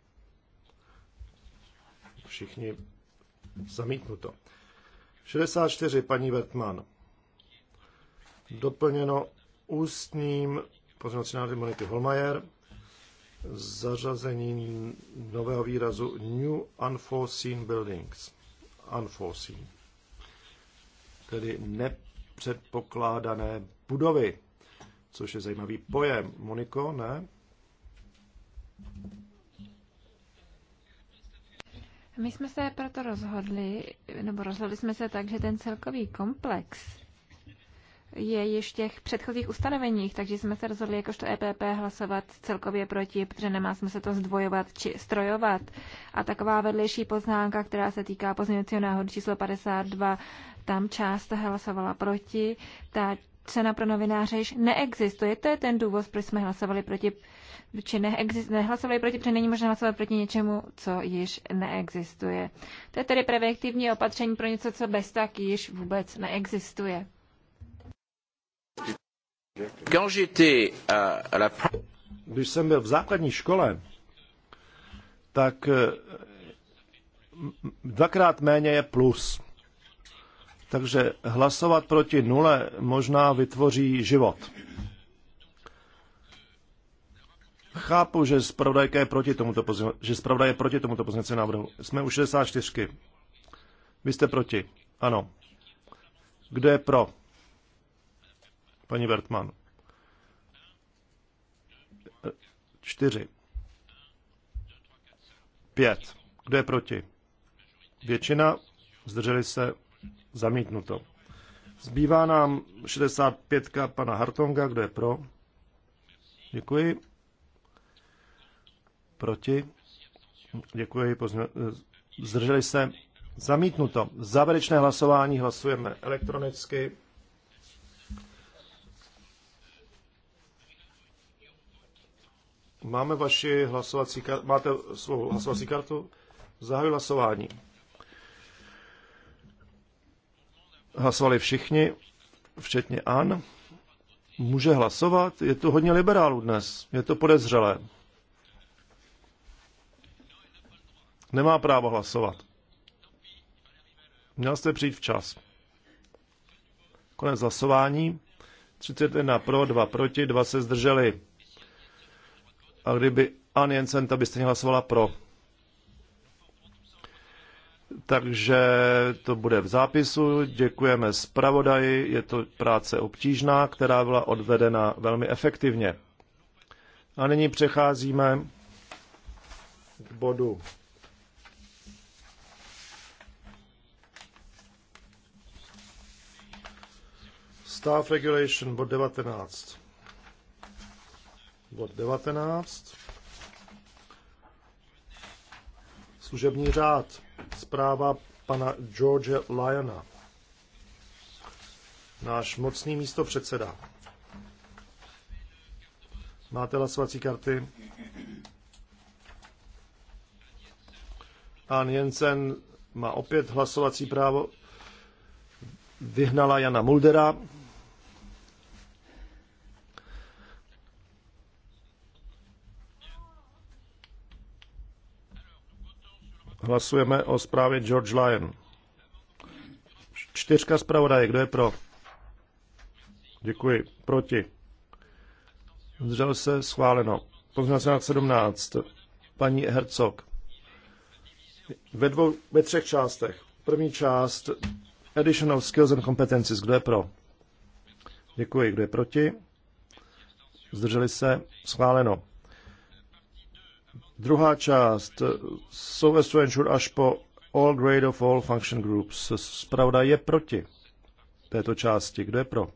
Všichni zamítnuto. 64 paní Vertman. Doplněno ústním pozornosti návrhem Moniky Holmajer zařazení nového výrazu New Unforeseen Buildings. Unforeseen. Tedy nepředpokládané budovy což je zajímavý pojem. Moniko, ne? My jsme se proto rozhodli, nebo rozhodli jsme se tak, že ten celkový komplex je již v těch předchozích ustanoveních, takže jsme se rozhodli jakožto EPP hlasovat celkově proti, protože nemá smysl to zdvojovat či strojovat. A taková vedlejší poznámka, která se týká pozměňovacího náhodu číslo 52, tam část hlasovala proti, ta cena pro novináře již neexistuje. To je ten důvod, proč jsme hlasovali proti, či neexist, nehlasovali proti, protože není možné hlasovat proti něčemu, co již neexistuje. To je tedy preventivní opatření pro něco, co bez tak již vůbec neexistuje. Když jsem byl v základní škole, tak eh, dvakrát méně je plus. Takže hlasovat proti nule možná vytvoří život. Chápu, že zpravodajka je proti tomuto, pozně, že je proti tomuto pozměňovacímu návrhu. Jsme u 64. Vy jste proti. Ano. Kdo je pro? Paní Bertman. Čtyři. Pět. Kdo je proti? Většina. Zdrželi se. Zamítnuto. Zbývá nám 65 pana Hartonga, kdo je pro. Děkuji. Proti. Děkuji. Pozna- zdrželi se. Zamítnuto. Závěrečné hlasování hlasujeme elektronicky. Máme vaši hlasovací kartu. Máte svou hlasovací kartu? Zahajuji hlasování. Hlasovali všichni, včetně An. Může hlasovat? Je tu hodně liberálů dnes. Je to podezřelé. Nemá právo hlasovat. Měl jste přijít včas. Konec hlasování. 31 pro, 2 proti, 2 se zdrželi. A kdyby Ann Jensen, ta byste hlasovala pro takže to bude v zápisu. Děkujeme zpravodaji, je to práce obtížná, která byla odvedena velmi efektivně. A nyní přecházíme k bodu Staff Regulation, bod 19. Bod 19. Služební řád zpráva pana George Lyona, náš mocný místo předseda. Máte hlasovací karty? Pán Jensen má opět hlasovací právo. Vyhnala Jana Muldera. Hlasujeme o zprávě George Lyon. Čtyřka zpravodaje, kdo je pro? Děkuji. Proti. Zdržel se schváleno. Pozměňovací 17. Paní Hercog. Ve, dvou, ve třech částech. První část Addition of Skills and Competencies. Kdo je pro? Děkuji. Kdo je proti? Zdrželi se? Schváleno. Druhá část souvisí to až po all grade of all function groups. Spravda je proti této části. Kdo je pro?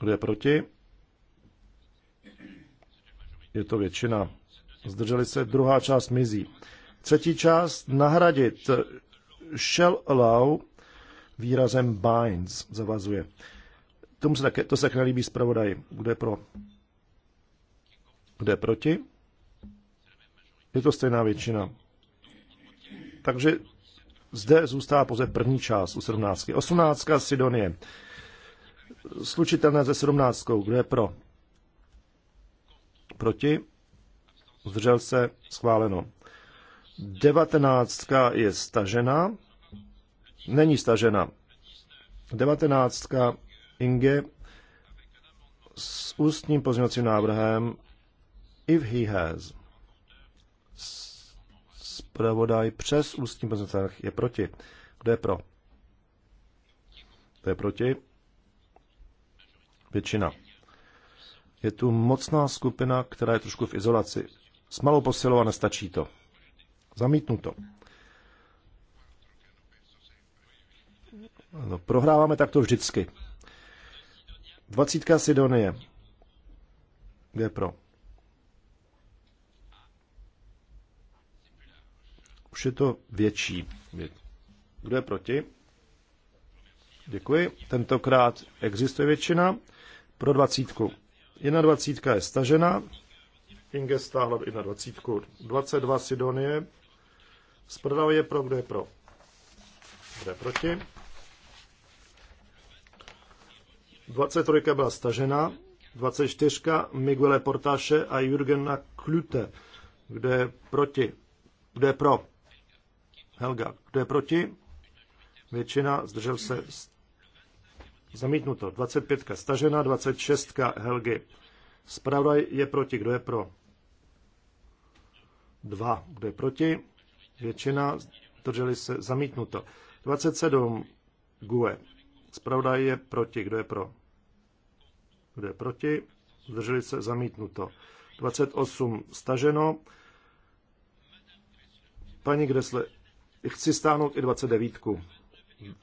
Kdo je proti? Je to většina. Zdrželi se, druhá část mizí. Třetí část nahradit shall allow výrazem binds, zavazuje. Tomu se také, to se nelíbí zpravodaji. Kdo je pro? Kdo je proti? Je to stejná většina. Takže zde zůstává pouze první část u 17. 18. Sidonie. Slučitelné se 17. Kdo je pro? Proti? Zdržel se? Schváleno. 19. je stažena. Není stažena. 19. Inge s ústním pozměňovacím návrhem if he has. Spravodaj přes ústní pozici je proti. Kdo je pro? Kdo je proti? Většina. Je tu mocná skupina, která je trošku v izolaci. S malou posilou a nestačí to. Zamítnu to. No, prohráváme takto vždycky. Dvacítka Sidonie. Kde pro? Už je to větší. Kdo je proti? Děkuji. Tentokrát existuje většina. Pro dvacítku. Jedna dvacítka je stažena. Inge stáhla jedna dvacítku. 22 Sidonie. Zprdal je pro, kdo je pro. Kdo je proti? 23 byla stažena. 24 Miguel Portáše a Jurgena Klute. Kdo je proti? Kdo je pro? Helga. Kdo je proti? Většina. Zdržel se. Zamítnuto. 25. Stažena. 26. Helgy. Spravodaj je proti. Kdo je pro? Dva. Kdo je proti? Většina. Zdrželi se. Zamítnuto. 27. GUE. Spravodaj je proti. Kdo je pro? Kdo je proti? Zdrželi se. Zamítnuto. 28. Staženo. Paní Gresle, Chci stáhnout i 29.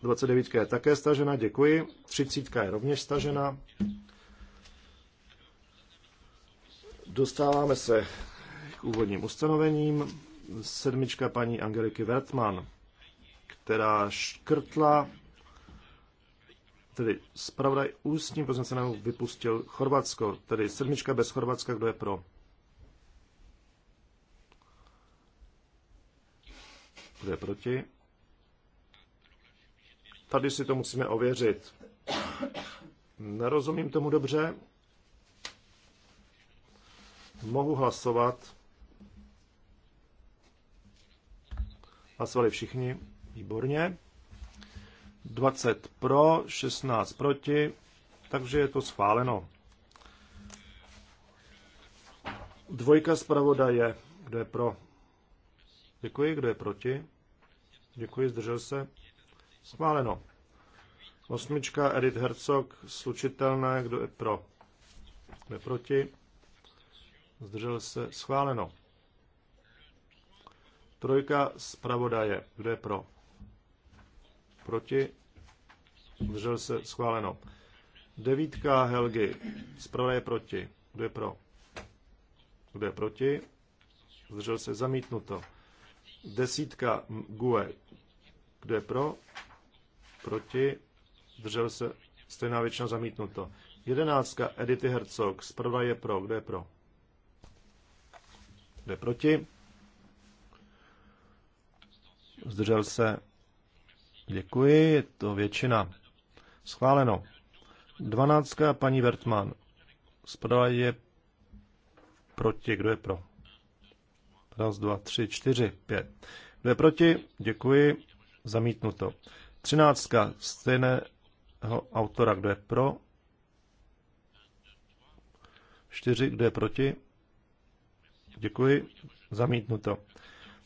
29 je také stažena, děkuji. 30 je rovněž stažena. Dostáváme se k úvodním ustanovením. Sedmička paní Angeliky Wertmann, která škrtla, tedy zpravodaj ústním pozměcenému vypustil Chorvatsko, tedy sedmička bez Chorvatska, kdo je pro? Kdo je proti? Tady si to musíme ověřit. Nerozumím tomu dobře. Mohu hlasovat. Hlasovali všichni. Výborně. 20 pro, 16 proti, takže je to schváleno. Dvojka zpravodaje. Kdo je pro? Děkuji, kdo je proti? Děkuji, zdržel se. Schváleno. Osmička Edith Herzog, slučitelné, kdo je pro? Kdo je proti? Zdržel se. Schváleno. Trojka zpravodaje, kdo je pro? Proti? Zdržel se. Schváleno. Devítka Helgy, zpravodaje proti, kdo je pro? Kdo je proti? Zdržel se. Zamítnuto. Desítka GUE. Kdo je pro? Proti? Držel se stejná většina zamítnuto. Jedenáctka Edity Herzog. Zprva je pro. Kdo je pro? Kdo je proti? Zdržel se. Děkuji, je to většina. Schváleno. Dvanáctka paní Vertman. Zprava je proti. Kdo je pro? Raz, dva, tři, čtyři, pět. Kdo je proti? Děkuji. Zamítnuto. Třináctka stejného autora. Kdo je pro? Čtyři. Kdo je proti? Děkuji. Zamítnuto.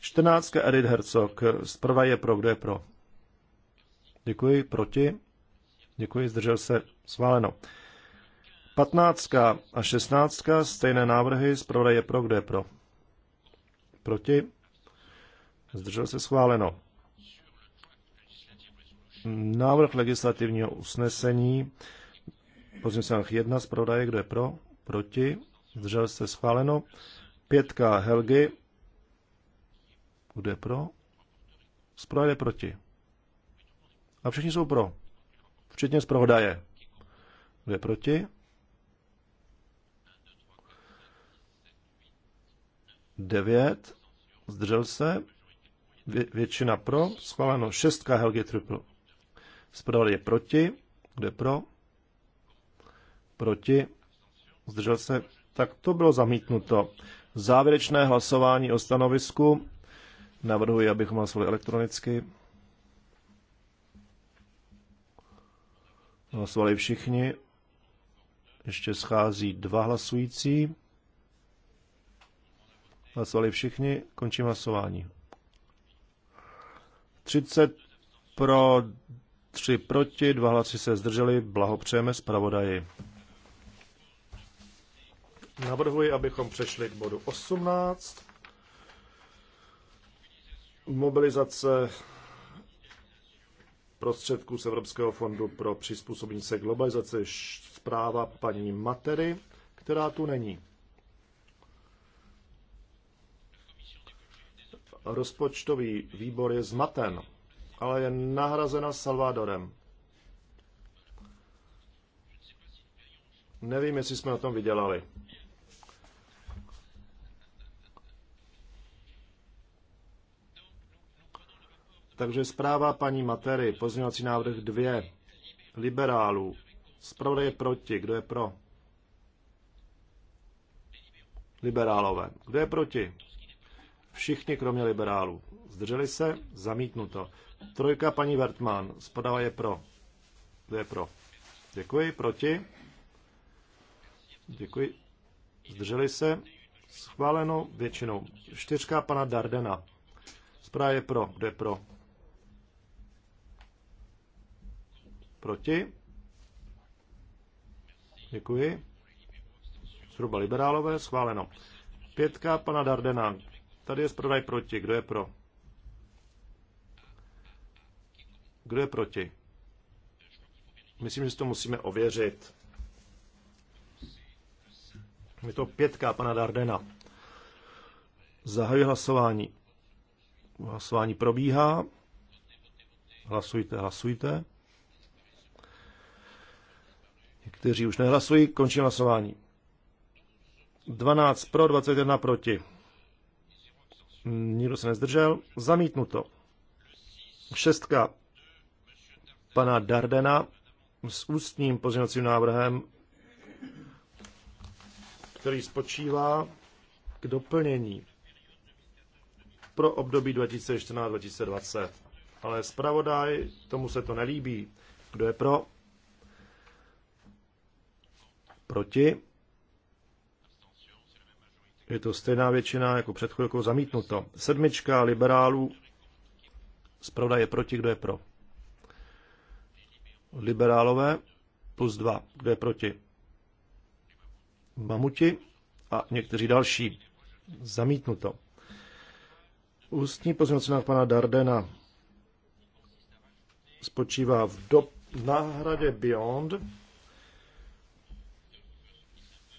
Čtrnáctka Edith Herzog. Zprva je pro. Kdo je pro? Děkuji. Proti? Děkuji. Zdržel se. Sváleno. Patnáctka a šestnáctka stejné návrhy, Zprva je pro, kdo je pro. Proti? Zdržel se schváleno. Návrh legislativního usnesení. Pozměňovací návrh Jedna z prodaje, kdo je pro? Proti? Zdržel se schváleno. Pětka Helgy. Kdo je pro? Zpravodaj je proti. A všichni jsou pro. Včetně zpravodaje. Kdo je proti? 9, zdržel se, vě, většina pro, schváleno 6 Helge Triple. Zpravodaj je proti, kde pro, proti, zdržel se, tak to bylo zamítnuto. Závěrečné hlasování o stanovisku navrhuji, abychom hlasovali elektronicky. Hlasovali všichni. Ještě schází dva hlasující. Hlasovali všichni, končím hlasování. 30 pro, 3 proti, 2 hlasy se zdrželi, blahopřejeme zpravodaji. Navrhuji, abychom přešli k bodu 18. Mobilizace prostředků z Evropského fondu pro přizpůsobení se globalizaci zpráva paní Matery, která tu není. rozpočtový výbor je zmaten, ale je nahrazena Salvadorem. Nevím, jestli jsme o tom vydělali. Takže zpráva paní Matery, pozměňovací návrh 2, liberálů. Zpravodaj je proti, kdo je pro? Liberálové. Kdo je proti? Všichni, kromě liberálů. Zdrželi se? Zamítnuto. Trojka paní Wertmann. Spadala je pro. Kdo je pro? Děkuji. Proti? Děkuji. Zdrželi se? Schváleno většinou. Čtyřka pana Dardena. Zpráva je pro. Kdo je pro? Proti? Děkuji. Zhruba liberálové, schváleno. Pětka pana Dardena. Tady je zpravodaj proti. Kdo je pro? Kdo je proti? Myslím, že to musíme ověřit. Je to pětka pana Dardena. Zahajuji hlasování. Hlasování probíhá. Hlasujte, hlasujte. Někteří už nehlasují, končí hlasování. 12 pro, 21 proti. Nikdo se nezdržel. Zamítnuto. Šestka pana Dardena s ústním pozměňovacím návrhem, který spočívá k doplnění pro období 2014-2020. Ale zpravodaj, tomu se to nelíbí. Kdo je pro? Proti? Je to stejná většina jako před chvilkou zamítnuto. Sedmička liberálů. Zpravda je proti, kdo je pro. Liberálové plus dva, kdo je proti. Mamuti a někteří další. Zamítnuto. Ústní pozměnovací na pana Dardena spočívá v do, náhradě Beyond,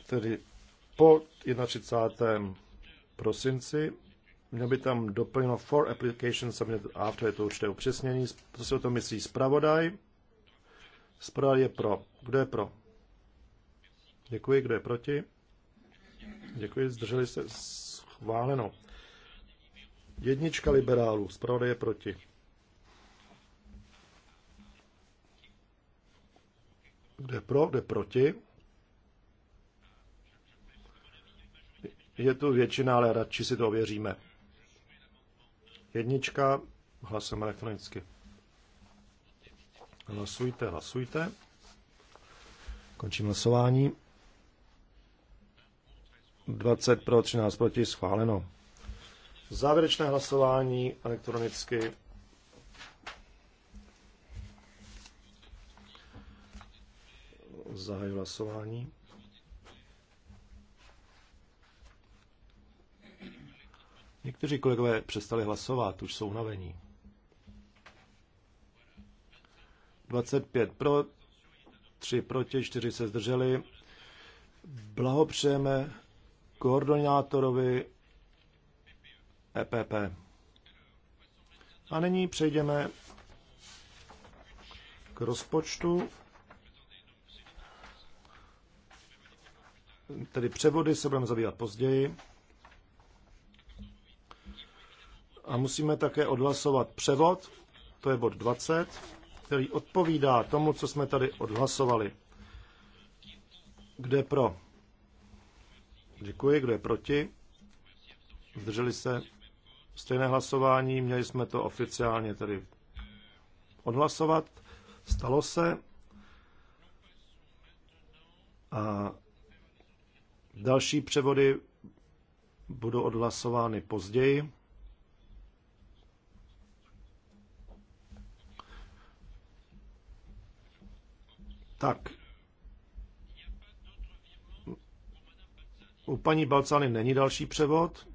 tedy po 31. prosinci. Měl by tam doplněno for application submit after, je to určité upřesnění. Co si o tom myslí zpravodaj? Zpravodaj je pro. Kdo je pro? Děkuji, kdo je proti? Děkuji, zdrželi se schváleno. Jednička liberálů, zpravodaj je proti. Kde pro, kde proti? Je tu většina, ale radši si to ověříme. Jednička, hlasem elektronicky. Hlasujte, hlasujte. Končím hlasování. 20 pro, 13 proti, schváleno. Závěrečné hlasování elektronicky. Zahajuji hlasování. Někteří kolegové přestali hlasovat, už jsou unavení. 25 pro, 3 proti, 4 se zdrželi. Blahopřejeme koordinátorovi EPP. A nyní přejdeme k rozpočtu. Tedy převody se budeme zabývat později. A musíme také odhlasovat převod, to je bod 20, který odpovídá tomu, co jsme tady odhlasovali. Kde pro? Děkuji. Kdo je proti? Zdrželi se? Stejné hlasování, měli jsme to oficiálně tedy odhlasovat. Stalo se. A další převody budou odhlasovány později. Tak. U paní Balcany není další převod.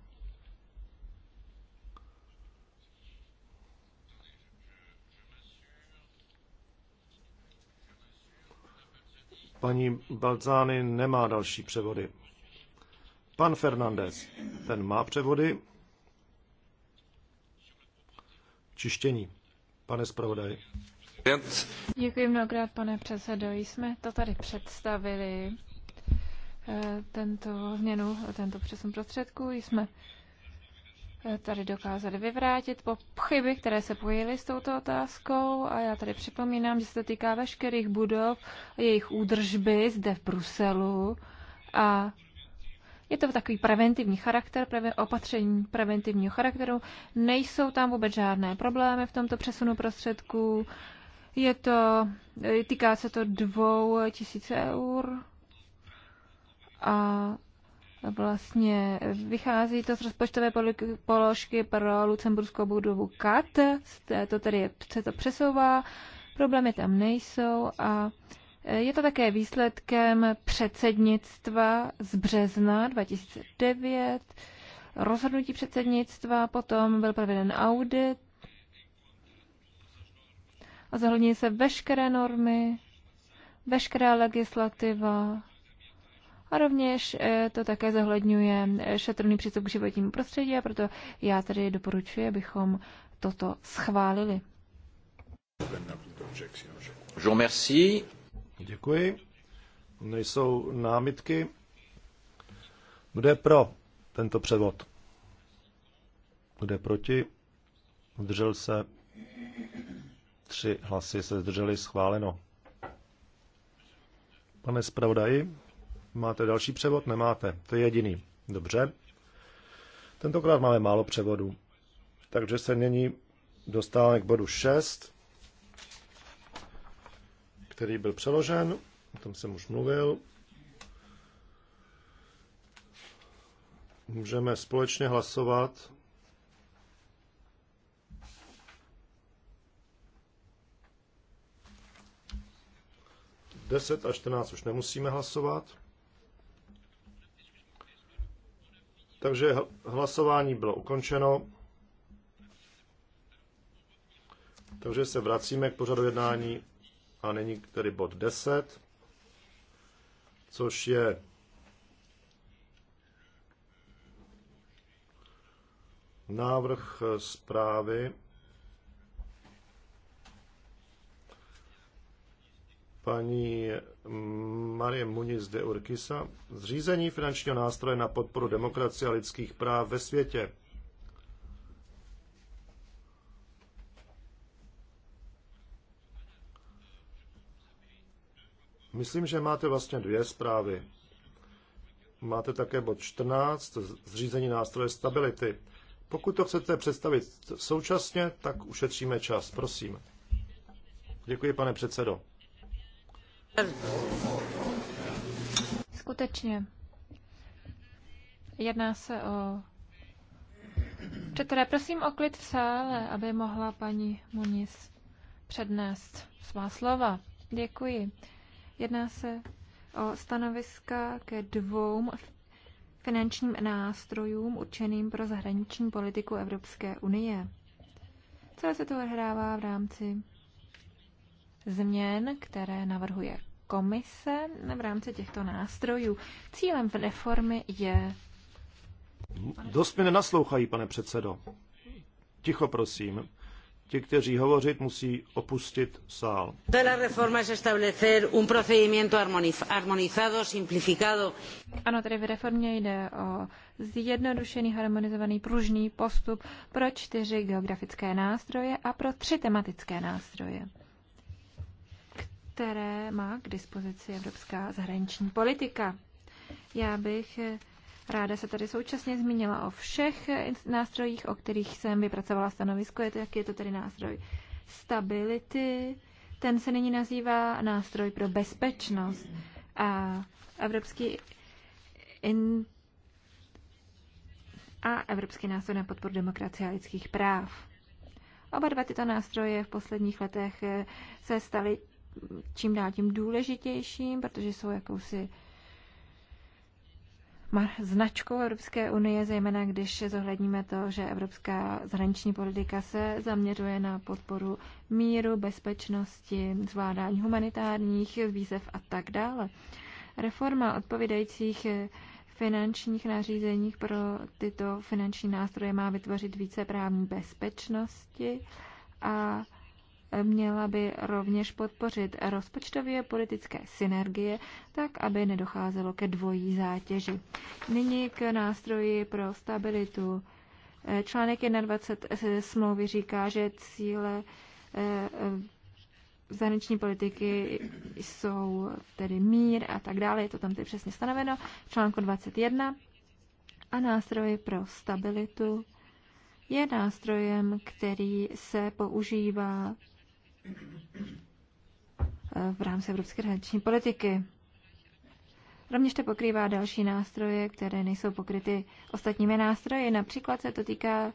Paní Balcány nemá další převody. Pan Fernandez, ten má převody. Čištění, pane zpravodaj. Děkuji mnohokrát, pane předsedo. Jsme to tady představili, eh, tento změnu, tento přesun prostředků. Jsme eh, tady dokázali vyvrátit po chyby, které se pojily s touto otázkou a já tady připomínám, že se to týká veškerých budov a jejich údržby zde v Bruselu a je to takový preventivní charakter, opatření preventivního charakteru. Nejsou tam vůbec žádné problémy v tomto přesunu prostředků. Je to, týká se to dvou tisíc eur a vlastně vychází to z rozpočtové položky pro lucemburskou budovu KAT, to tedy se to přesouvá, problémy tam nejsou a je to také výsledkem předsednictva z března 2009, rozhodnutí předsednictva, potom byl proveden audit a zohlední se veškeré normy, veškerá legislativa a rovněž eh, to také zohledňuje eh, šetrný přístup k životnímu prostředí a proto já tady doporučuji, abychom toto schválili. Děkuji. Nejsou námitky. Kdo je pro tento převod? Kdo je proti? Zdržel se? Tři hlasy se zdrželi schváleno. Pane zpravodaji, máte další převod? Nemáte. To je jediný. Dobře. Tentokrát máme málo převodů. Takže se nyní dostáváme k bodu 6, který byl přeložen. O tom jsem už mluvil. Můžeme společně hlasovat 10 a 14 už nemusíme hlasovat. Takže hlasování bylo ukončeno. Takže se vracíme k pořadu jednání a není tedy bod 10, což je návrh zprávy paní Marie Muniz de Urkisa, zřízení finančního nástroje na podporu demokracie a lidských práv ve světě. Myslím, že máte vlastně dvě zprávy. Máte také bod 14, zřízení nástroje stability. Pokud to chcete představit současně, tak ušetříme čas. Prosím. Děkuji, pane předsedo. Skutečně. Jedná se o... Četré, prosím o klid v sále, aby mohla paní Muniz přednést svá slova. Děkuji. Jedná se o stanoviska ke dvou finančním nástrojům určeným pro zahraniční politiku Evropské unie. Celé se to odhrává v rámci změn, které navrhuje komise v rámci těchto nástrojů. Cílem reformy je... Dost mi nenaslouchají, pane předsedo. Ticho, prosím. Ti, kteří hovořit, musí opustit sál. la reforma es establecer un procedimiento armonizado, simplificado. Ano, tedy v reformě jde o zjednodušený, harmonizovaný, pružný postup pro čtyři geografické nástroje a pro tři tematické nástroje které má k dispozici evropská zahraniční politika. Já bych ráda se tady současně zmínila o všech nástrojích, o kterých jsem vypracovala stanovisko. Je to, jak je to tedy nástroj stability, ten se nyní nazývá nástroj pro bezpečnost a evropský in, a Evropský nástroj na podporu demokracie a lidských práv. Oba dva tyto nástroje v posledních letech se staly čím dál tím důležitějším, protože jsou jakousi značkou Evropské unie, zejména když zohledníme to, že evropská zahraniční politika se zaměřuje na podporu míru, bezpečnosti, zvládání humanitárních výzev a tak dále. Reforma odpovídajících finančních nařízeních pro tyto finanční nástroje má vytvořit více právní bezpečnosti a měla by rovněž podpořit rozpočtově politické synergie, tak aby nedocházelo ke dvojí zátěži. Nyní k nástroji pro stabilitu. Eh, článek 21 eh, smlouvy říká, že cíle eh, zahraniční politiky jsou tedy mír a tak dále, je to tam tedy přesně stanoveno článku 21. A nástroje pro stabilitu je nástrojem, který se používá Eh, v rámci evropské hraniční politiky. Rovněž to pokrývá další nástroje, které nejsou pokryty ostatními nástroji. Například se to týká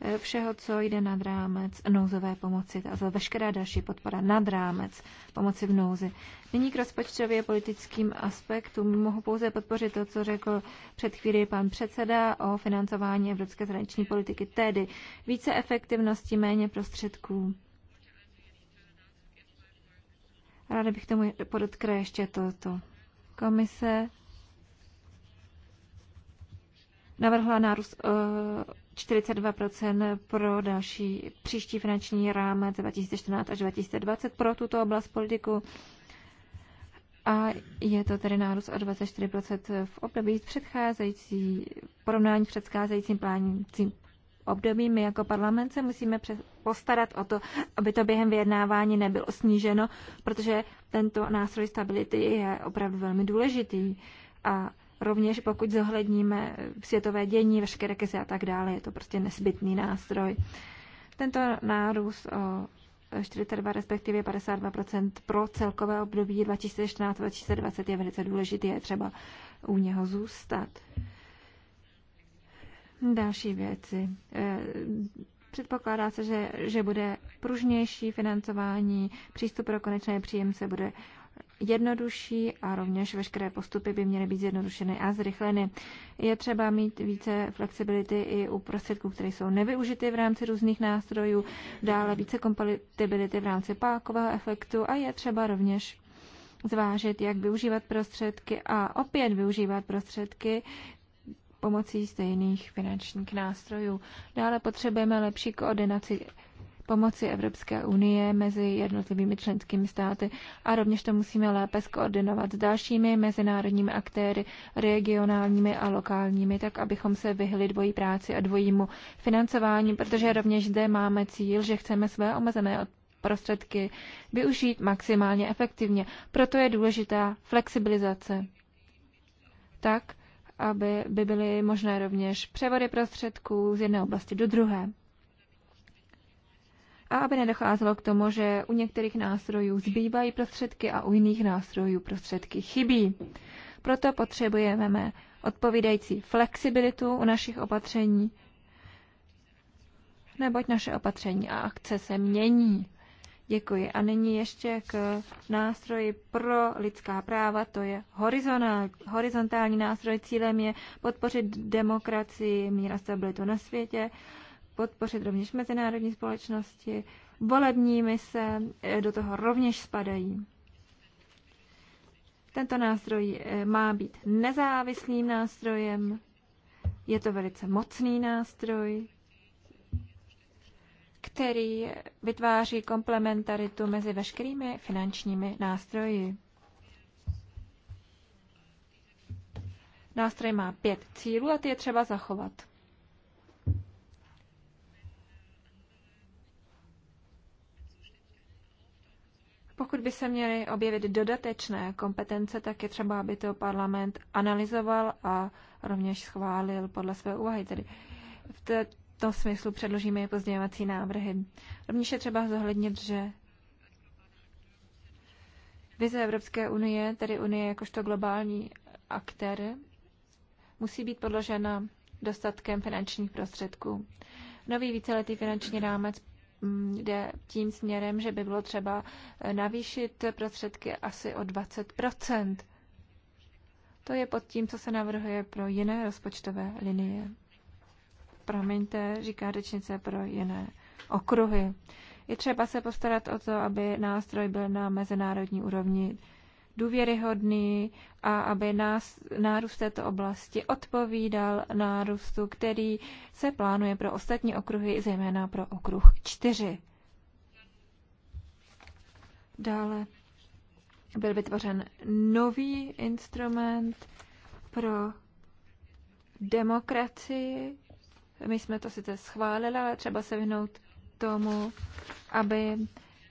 eh, všeho, co jde nad rámec nouzové pomoci, a za veškerá další podpora nad rámec pomoci v nouzi. Nyní k rozpočtově politickým aspektům mohu pouze podpořit to, co řekl před chvíli pan předseda o financování evropské zraniční politiky, tedy více efektivnosti, méně prostředků. Ráda bych tomu podotkla ještě toto. Komise navrhla nárůst eh, 42 pro další příští finanční rámec 2014 až 2020 pro tuto oblast politiku. A je to tedy nárůst o 24 v období předcházející, porovnání s předcházejícím plánícím období my jako parlament se musíme postarat o to, aby to během vyjednávání nebylo sníženo, protože tento nástroj stability je opravdu velmi důležitý. A rovněž pokud zohledníme světové dění, veškeré krize a tak dále, je to prostě nezbytný nástroj. Tento nárůst o 42, respektive 52 pro celkové období 2014-2020 je velice důležitý, je třeba u něho zůstat. Další věci. Eh, předpokládá se, že, že bude pružnější financování, přístup pro konečné příjemce bude jednodušší a rovněž veškeré postupy by měly být zjednodušeny a zrychleny. Je třeba mít více flexibility i u prostředků, které jsou nevyužity v rámci různých nástrojů, dále více kompatibility v rámci pákového efektu a je třeba rovněž zvážit, jak využívat prostředky a opět využívat prostředky, pomocí stejných finančních nástrojů. Dále potřebujeme lepší koordinaci pomoci Evropské unie mezi jednotlivými členskými státy a rovněž to musíme lépe skoordinovat s dalšími mezinárodními aktéry, regionálními a lokálními, tak abychom se vyhli dvojí práci a dvojímu financování, protože rovněž zde máme cíl, že chceme své omezené prostředky využít maximálně efektivně. Proto je důležitá flexibilizace tak, aby by byly možné rovněž převody prostředků z jedné oblasti do druhé. A aby nedocházelo k tomu, že u některých nástrojů zbývají prostředky a u jiných nástrojů prostředky chybí. Proto potřebujeme odpovídající flexibilitu u našich opatření, neboť naše opatření a akce se mění. Děkuji. A nyní ještě k nástroji pro lidská práva. To je horizontální nástroj. Cílem je podpořit demokracii, míra stabilitu na světě, podpořit rovněž mezinárodní společnosti. Volební mise eh, do toho rovněž spadají. Tento nástroj eh, má být nezávislým nástrojem, je to velice mocný nástroj, který vytváří komplementaritu mezi veškerými finančními nástroji. Nástroj má pět cílů a ty je třeba zachovat. Pokud by se měly objevit dodatečné kompetence, tak je třeba, aby to parlament analyzoval a rovněž schválil podle své úvahy. Tedy v tomto smyslu předložíme i pozdějovací návrhy. Rovněž je třeba zohlednit, že vize Evropské unie, tedy unie jakožto globální aktér, musí být podložena dostatkem finančních prostředků. Nový víceletý finanční rámec mm, jde tím směrem, že by bylo třeba eh, navýšit prostředky asi o 20 To je pod tím, co se navrhuje pro jiné rozpočtové linie promiňte, říká řečnice pro jiné okruhy. Je třeba se postarat o to, aby nástroj byl na mezinárodní úrovni důvěryhodný a aby nás, nárůst této oblasti odpovídal nárůstu, který se plánuje pro ostatní okruhy, zejména pro okruh 4. Dále byl vytvořen nový instrument pro demokracii my jsme to sice schválili, ale třeba se vyhnout tomu, aby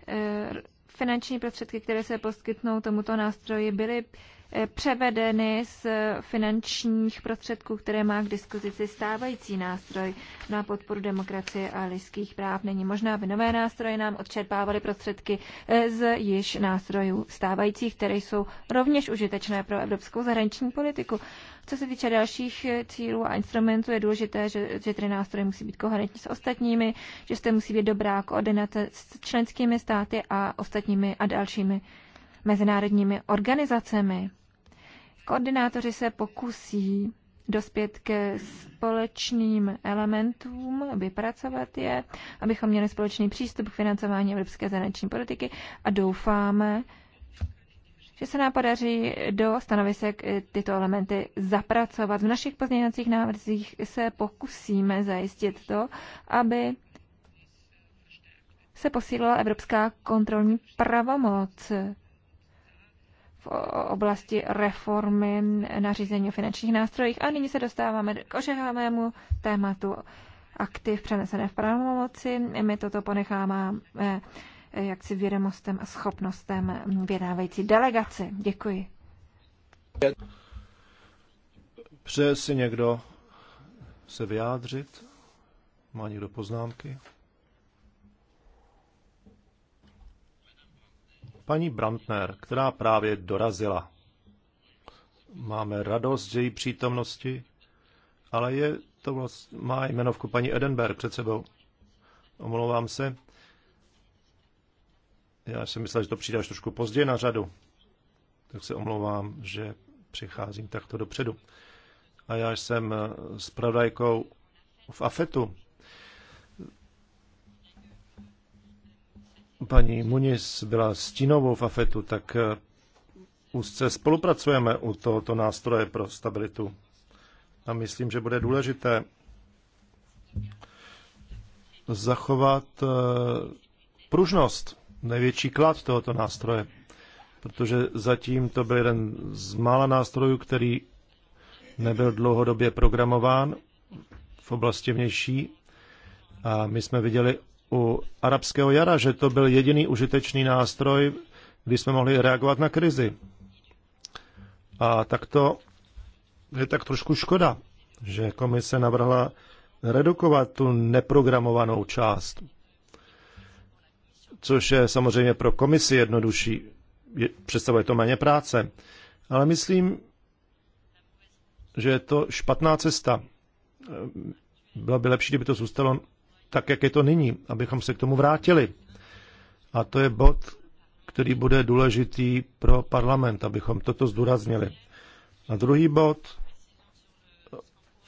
eh, finanční prostředky, které se poskytnou tomuto nástroji, byly eh, převedeny z finančních prostředků, které má k dispozici stávající nástroj na podporu demokracie a lidských práv. Není možné, aby nové nástroje nám odčerpávaly prostředky eh, z již nástrojů stávajících, které jsou rovněž užitečné pro evropskou zahraniční politiku. Co se týče dalších cílů a instrumentů, je důležité, že, že ty nástroje musí být koherentní s ostatními, že se musí být dobrá koordinace s členskými státy a ostatními a dalšími mezinárodními organizacemi. Koordinátoři se pokusí dospět ke společným elementům, vypracovat je, abychom měli společný přístup k financování evropské zahraniční politiky a doufáme, že se nám podaří do stanovisek eh, tyto elementy zapracovat. V našich pozměňovacích návrzích se pokusíme zajistit to, aby se posílila evropská kontrolní pravomoc v oblasti reformy nařízení o finančních nástrojích. A nyní se dostáváme k ožehavému tématu aktiv přenesené v pravomoci. My toto ponecháme Eh, jaksi vědomostem a schopnostem vydávající delegaci. Děkuji. Přeje si někdo se vyjádřit? Má někdo poznámky? Paní Brantner, která právě dorazila. Máme radost z její přítomnosti, ale je to vlastně, má jmenovku paní Edenberg před sebou. Omlouvám se. Já jsem myslel, že to přijde až trošku později na řadu, tak se omlouvám, že přicházím takto dopředu. A já jsem s pravdajkou v AFETu. Paní Muniz byla stínovou v AFETu, tak eh, úzce spolupracujeme u tohoto nástroje pro stabilitu. A myslím, že bude důležité zachovat eh, pružnost největší klad tohoto nástroje, protože zatím to byl jeden z mála nástrojů, který nebyl dlouhodobě programován v oblasti vnější. A my jsme viděli u arabského jara, že to byl jediný užitečný nástroj, kdy jsme mohli reagovat na krizi. A tak to je tak trošku škoda, že komise navrhla redukovat tu neprogramovanou část což je samozřejmě pro komisi jednodušší, je, představuje to méně práce. Ale myslím, že je to špatná cesta. Ehm, bylo by lepší, kdyby to zůstalo tak, jak je to nyní, abychom se k tomu vrátili. A to je bod, který bude důležitý pro parlament, abychom toto zdůraznili. A druhý bod,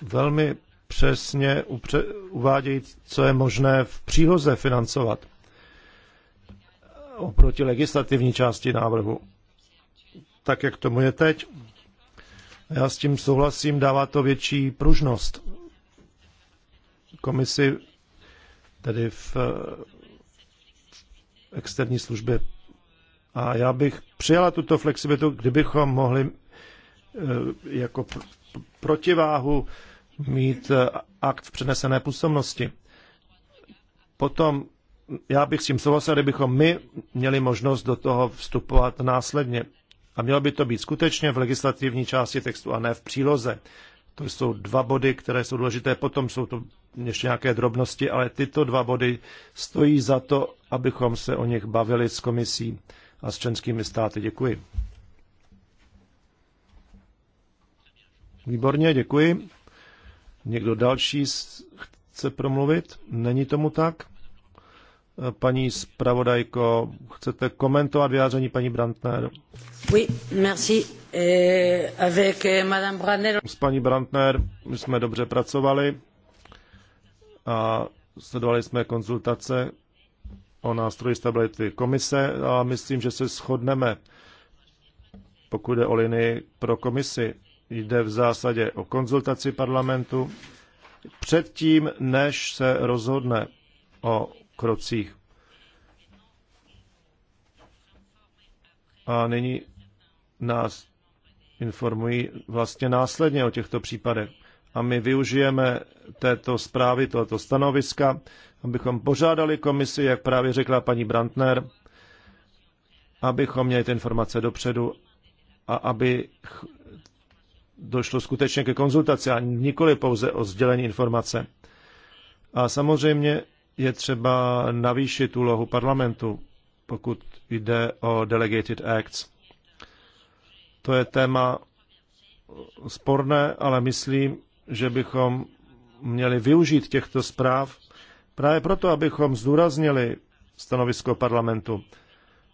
velmi přesně upře- uvádějí, co je možné v příhoze financovat oproti legislativní části návrhu, tak jak tomu je teď. Já s tím souhlasím, dává to větší pružnost komisi, tedy v, eh, externí službě. A já bych přijala tuto flexibilitu, kdybychom mohli eh, jako protiváhu mít eh, akt v přenesené působnosti. Potom já bych s tím souhlasil, kdybychom my měli možnost do toho vstupovat následně. A mělo by to být skutečně v legislativní části textu a ne v příloze. To jsou dva body, které jsou důležité, potom jsou to ještě nějaké drobnosti, ale tyto dva body stojí za to, abychom se o nich bavili s komisí a s členskými státy. Děkuji. Výborně, děkuji. Někdo další chce promluvit? Není tomu tak? Paní zpravodajko, chcete komentovat vyjádření paní Brantner? Oui, merci. Eh, avec eh, Madame Brandner. S paní Brantner my jsme dobře pracovali a sledovali jsme konzultace o nástroji stability komise a myslím, že se shodneme, pokud jde o linii pro komisi. Jde v zásadě o konzultaci parlamentu předtím, než se rozhodne o krocích. A nyní nás informují vlastně následně o těchto případech. A my využijeme této zprávy, tohoto stanoviska, abychom požádali komisi, jak právě řekla paní Brantner, abychom měli ty informace dopředu a aby došlo skutečně ke konzultaci a nikoli pouze o sdělení informace. A samozřejmě je třeba navýšit úlohu parlamentu, pokud jde o Delegated Acts. To je téma sporné, ale myslím, že bychom měli využít těchto zpráv právě proto, abychom zdůraznili stanovisko parlamentu.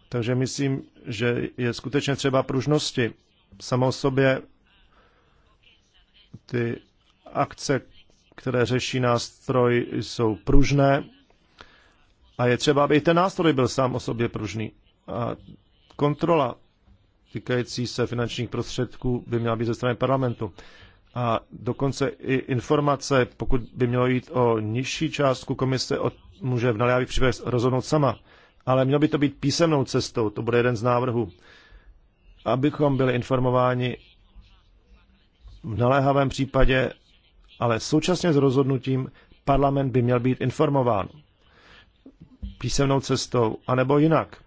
Takže myslím, že je skutečně třeba pružnosti. Samo sobě ty akce, které řeší nástroj, jsou pružné a je třeba, aby i ten nástroj byl sám o sobě pružný. A kontrola týkající se finančních prostředků by měla být ze strany parlamentu. A dokonce i informace, pokud by mělo jít o nižší částku, komise od, může v naléhavých případech rozhodnout sama. Ale mělo by to být písemnou cestou, to bude jeden z návrhů. Abychom byli informováni v naléhavém případě ale současně s rozhodnutím parlament by měl být informován písemnou cestou, anebo jinak,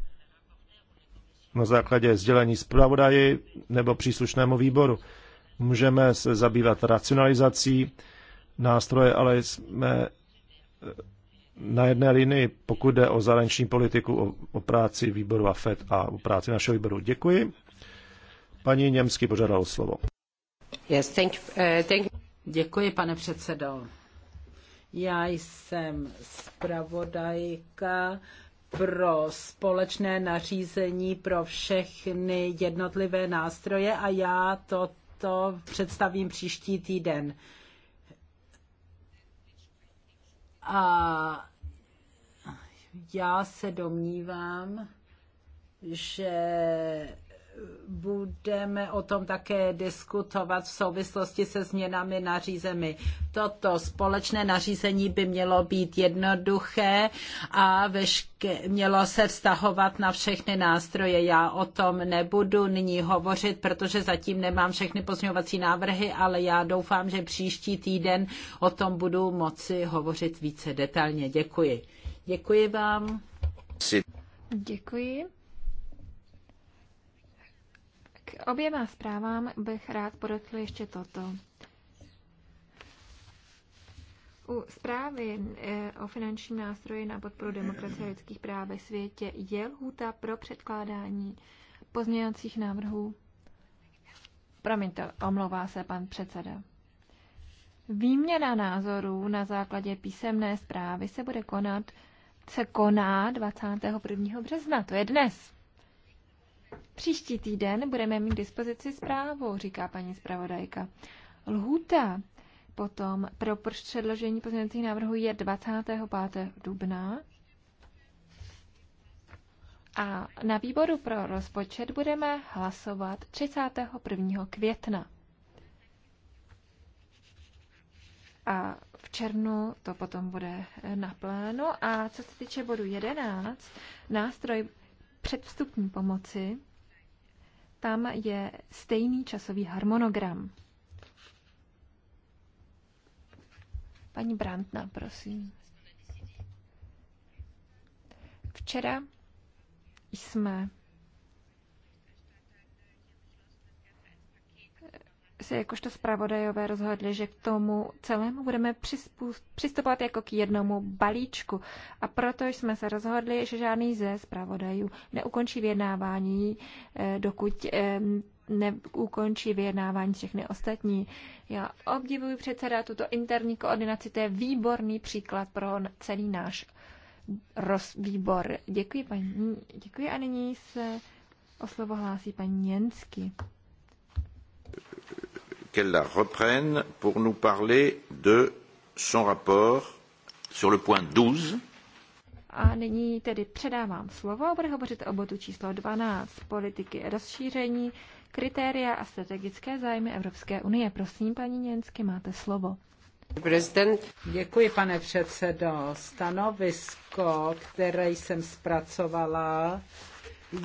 na základě sdělení zpravodaji nebo příslušnému výboru. Můžeme se zabývat racionalizací nástroje, ale jsme eh, na jedné linii, pokud jde o zahraniční politiku, o, o práci výboru a FED a o práci našeho výboru. Děkuji. Paní Němsky požádala slovo. Yes, thank you. Uh, thank you. Děkuji, pane předsedo. Já jsem zpravodajka pro společné nařízení pro všechny jednotlivé nástroje a já toto představím příští týden. A já se domnívám, že budeme o tom také diskutovat v souvislosti se změnami nařízemi. Toto společné nařízení by mělo být jednoduché a veške, mělo se vztahovat na všechny nástroje. Já o tom nebudu nyní hovořit, protože zatím nemám všechny pozměňovací návrhy, ale já doufám, že příští týden o tom budu moci hovořit více detailně. Děkuji. Děkuji vám. Děkuji oběma zprávám bych rád podotkl ještě toto. U zprávy eh, o finančním nástroji na podporu demokracie a lidských práv ve světě je lhůta pro předkládání pozměňovacích návrhů. Promiňte, omlouvá se pan předseda. Výměna názorů na základě písemné zprávy se bude konat, se koná 21. března, to je dnes. Příští týden budeme mít k dispozici zprávu, říká paní zpravodajka. Lhuta potom pro předložení pozměňovacích návrhů je 25. dubna a na výboru pro rozpočet budeme hlasovat 31. května. A v červnu to potom bude na plénu. A co se týče bodu 11, nástroj předvstupní pomoci, tam je stejný časový harmonogram. Paní Brantna, prosím. Včera jsme se jakožto zpravodajové rozhodli, že k tomu celému budeme přistupovat jako k jednomu balíčku. A proto jsme se rozhodli, že žádný ze zpravodajů neukončí vyjednávání, eh, dokud neukončí vyjednávání všechny ostatní. Já obdivuji předseda tuto interní koordinaci, to je výborný příklad pro celý náš výbor. Děkuji paní, děkuji a nyní se o slovo hlásí paní Jensky qu'elle la reprenne pour nous parler de son rapport sur le point 12. A nyní tedy předávám slovo, bude hovořit o bodu číslo 12, politiky rozšíření, kritéria a strategické zájmy Evropské unie. Prosím, paní Něnsky, máte slovo. Prezident. Děkuji, pane předsedo. Stanovisko, které jsem zpracovala,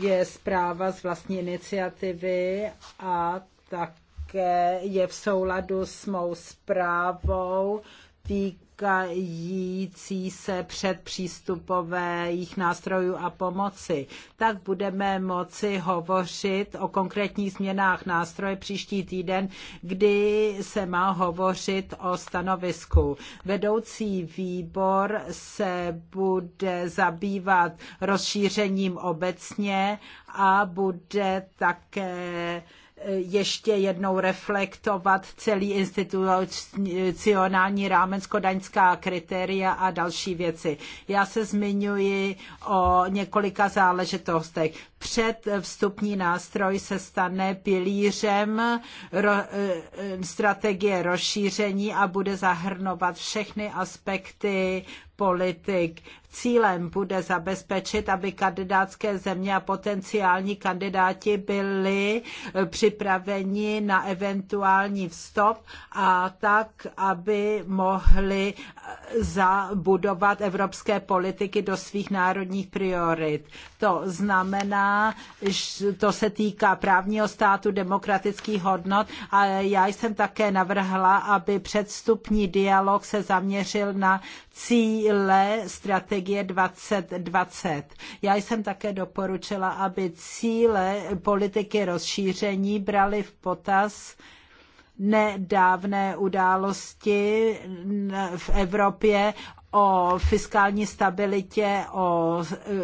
je zpráva z vlastní iniciativy a tak také je v souladu s mou zprávou týkající se předpřístupových nástrojů a pomoci. Tak budeme moci hovořit o konkrétních změnách nástroje příští týden, kdy se má hovořit o stanovisku. Vedoucí výbor se bude zabývat rozšířením obecně a bude také ještě jednou reflektovat celý institucionální rámec kodaňská kritéria a další věci. Já se zmiňuji o několika záležitostech předvstupní nástroj se stane pilířem ro, eh, strategie rozšíření a bude zahrnovat všechny aspekty politik. Cílem bude zabezpečit, aby kandidátské země a potenciální kandidáti byli eh, připraveni na eventuální vstup a tak, aby mohli eh, zabudovat evropské politiky do svých národních priorit. To znamená, že to se týká právního státu, demokratických hodnot a já jsem také navrhla, aby předstupní dialog se zaměřil na cíle strategie 2020. Já jsem také doporučila, aby cíle politiky rozšíření brali v potaz nedávné události v Evropě o fiskální stabilitě, o e,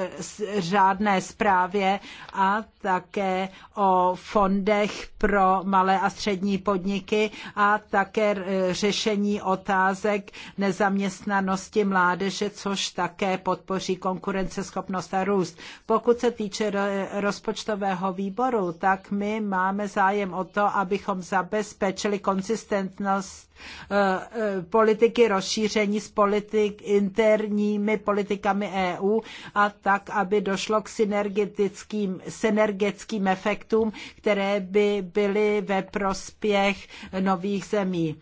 e, řádné správě a také o fondech pro malé a střední podniky a také e, řešení otázek nezaměstnanosti mládeže, což také podpoří konkurenceschopnost a růst. Pokud se týče rozpočtového výboru, tak my máme zájem o to, abychom zabezpečili konzistentnost politiky rozšíření společnosti politik interními politikami EU a tak, aby došlo k synergetickým, synergetickým efektům, které by byly ve prospěch nových zemí.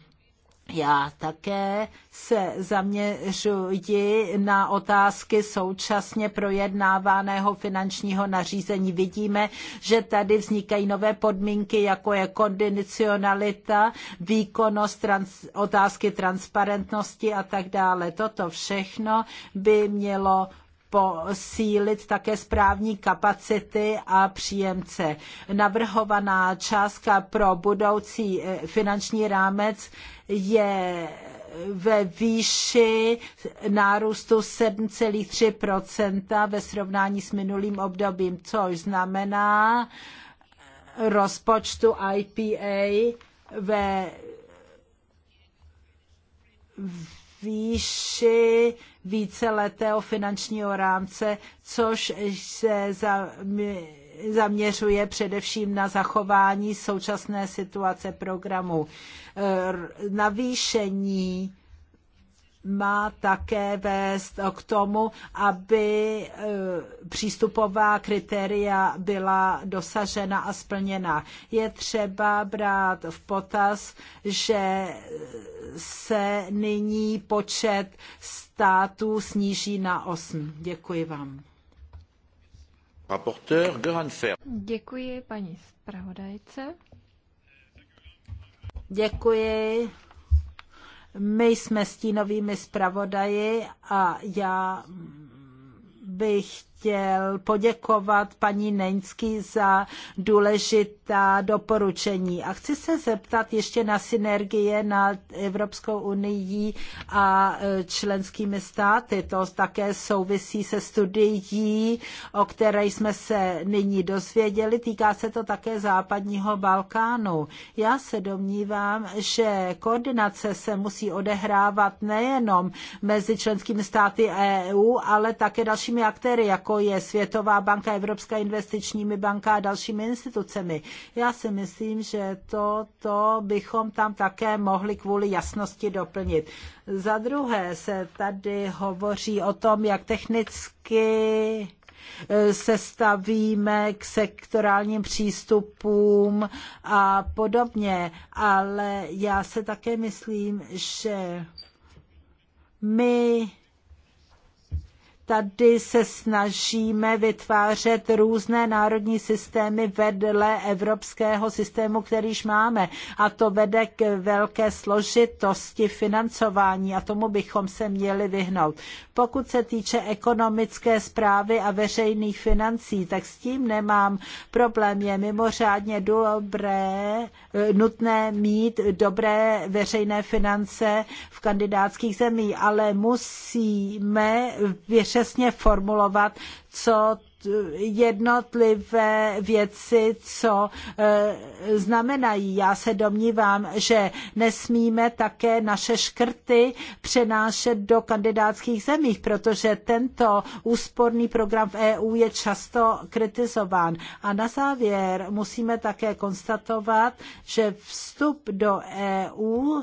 Já také se zaměřuji na otázky současně projednávaného finančního nařízení. Vidíme, že tady vznikají nové podmínky, jako je kondicionalita, výkonnost, trans, otázky transparentnosti a tak dále. Toto všechno by mělo posílit také správní kapacity a příjemce. Navrhovaná částka pro budoucí eh, finanční rámec je ve výši nárůstu 7,3 ve srovnání s minulým obdobím, což znamená rozpočtu IPA ve výši víceletého finančního rámce, což se zaměřuje především na zachování současné situace programu. Eh, navýšení má také vést k tomu, aby e, přístupová kritéria byla dosažena a splněna. Je třeba brát v potaz, že se nyní počet států sníží na 8. Děkuji vám. Děkuji paní zpravodajce. Děkuji. My jsme stínovými zpravodaji a já bych chtěl poděkovat paní Neňský za důležitá doporučení. A chci se zeptat ještě na synergie na Evropskou unii a e, členskými státy. To také souvisí se studií, o které jsme se nyní dozvěděli. Týká se to také západního Balkánu. Já se domnívám, že koordinace se musí odehrávat nejenom mezi členskými státy EU, ale také dalšími aktéry, jako jako je Světová banka, Evropská investiční banka a dalšími institucemi. Já si myslím, že to, to bychom tam také mohli kvůli jasnosti doplnit. Za druhé se tady hovoří o tom, jak technicky e, se stavíme k sektorálním přístupům a podobně, ale já se také myslím, že my tady se snažíme vytvářet různé národní systémy vedle evropského systému, kterýž máme. A to vede k velké složitosti financování a tomu bychom se měli vyhnout. Pokud se týče ekonomické zprávy a veřejných financí, tak s tím nemám problém. Je mimořádně dobré, eh, nutné mít dobré veřejné finance v kandidátských zemích, ale musíme vyřešit přesně formulovat, co jednotlivé věci, co e, znamenají. Já se domnívám, že nesmíme také naše škrty přenášet do kandidátských zemí, protože tento úsporný program v EU je často kritizován. A na závěr musíme také konstatovat, že vstup do EU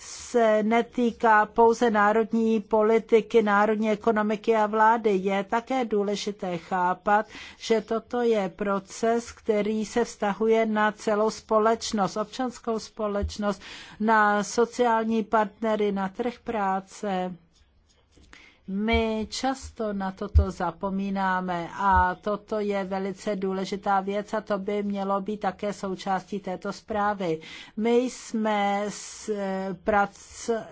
se netýká pouze národní politiky, národní ekonomiky a vlády. Je také důležité chápat, že toto je proces, který se vztahuje na celou společnost, občanskou společnost, na sociální partnery, na trh práce my často na toto zapomínáme a toto je velice důležitá věc a to by mělo být také součástí této zprávy. My jsme prac,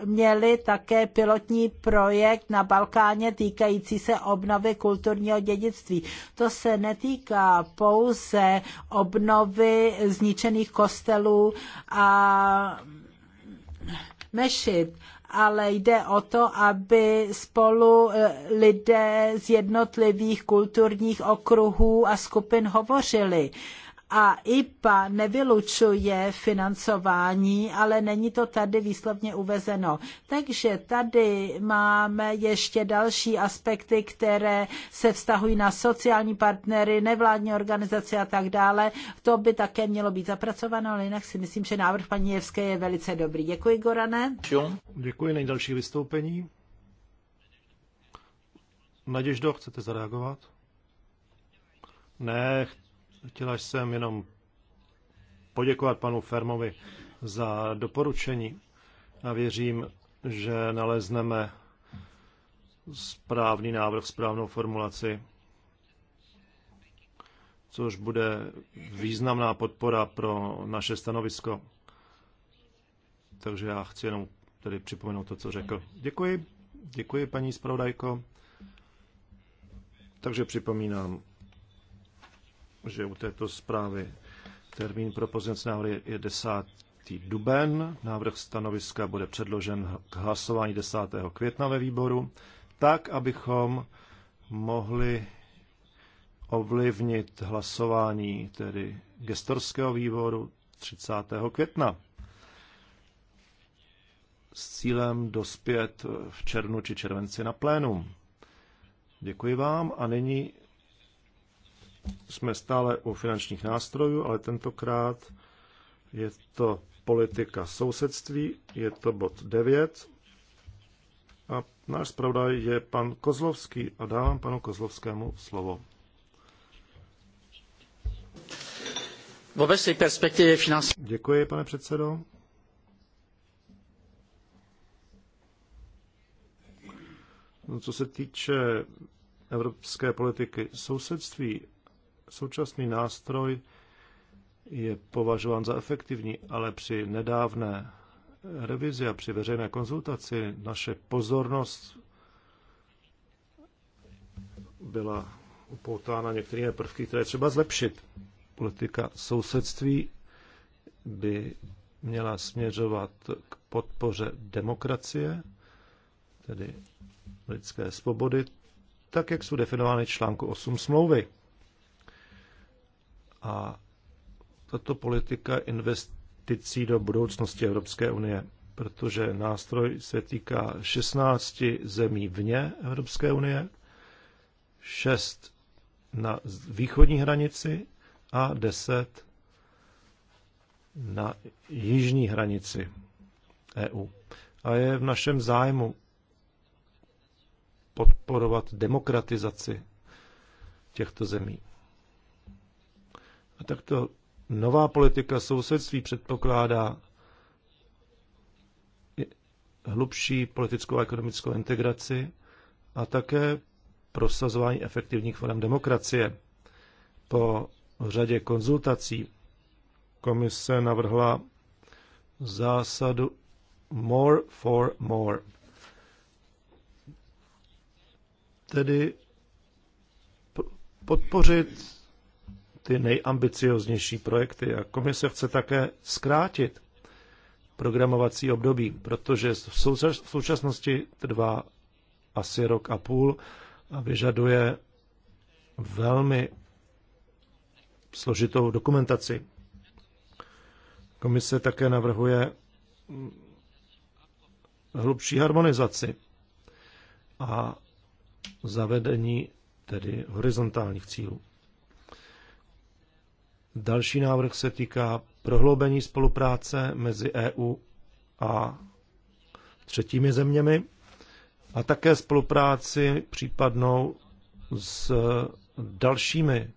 měli také pilotní projekt na Balkáně týkající se obnovy kulturního dědictví. To se netýká pouze obnovy zničených kostelů a mešit, ale jde o to, aby spolu e, lidé z jednotlivých kulturních okruhů a skupin hovořili a IPA nevylučuje financování, ale není to tady výslovně uvezeno. Takže tady máme ještě další aspekty, které se vztahují na sociální partnery, nevládní organizace a tak dále. To by také mělo být zapracováno, ale jinak si myslím, že návrh paní Jevské je velice dobrý. Děkuji, Gorane. Děkuji, nejdelší vystoupení. Naděždo, chcete zareagovat? Ne, Chtěla jsem jenom poděkovat panu Fermovi za doporučení a věřím, že nalezneme správný návrh, správnou formulaci, což bude významná podpora pro naše stanovisko. Takže já chci jenom tedy připomenout to, co řekl. Děkuji, děkuji paní zpravodajko. Takže připomínám, že u této zprávy termín pro pozměňovací návrhy je 10. duben. Návrh stanoviska bude předložen k hlasování 10. května ve výboru, tak, abychom mohli ovlivnit hlasování tedy gestorského výboru 30. května s cílem dospět v červnu či červenci na plénum. Děkuji vám a nyní jsme stále u finančních nástrojů, ale tentokrát je to politika sousedství, je to bod 9. A náš zpravodaj je pan Kozlovský a dávám panu Kozlovskému slovo. V obecné perspektivě finanční. Děkuji, pane předsedo. No, co se týče evropské politiky sousedství Současný nástroj je považován za efektivní, ale při nedávné revizi a při veřejné konzultaci naše pozornost byla upoutána některými prvky, které třeba zlepšit. Politika sousedství by měla směřovat k podpoře demokracie, tedy lidské svobody, tak jak jsou definovány článku 8 smlouvy a tato politika investicí do budoucnosti Evropské unie, protože nástroj se týká 16 zemí vně Evropské unie, 6 na východní hranici a 10 na jižní hranici EU. A je v našem zájmu podporovat demokratizaci těchto zemí. A takto nová politika sousedství předpokládá hlubší politickou a ekonomickou integraci a také prosazování efektivních forem demokracie. Po řadě konzultací komise navrhla zásadu more for more. Tedy podpořit ty nejambicioznější projekty. A komise chce také zkrátit programovací období, protože v současnosti trvá asi rok a půl a vyžaduje velmi složitou dokumentaci. Komise také navrhuje hlubší harmonizaci a zavedení tedy horizontálních cílů. Další návrh se týká prohloubení spolupráce mezi EU a třetími zeměmi a také spolupráci případnou s dalšími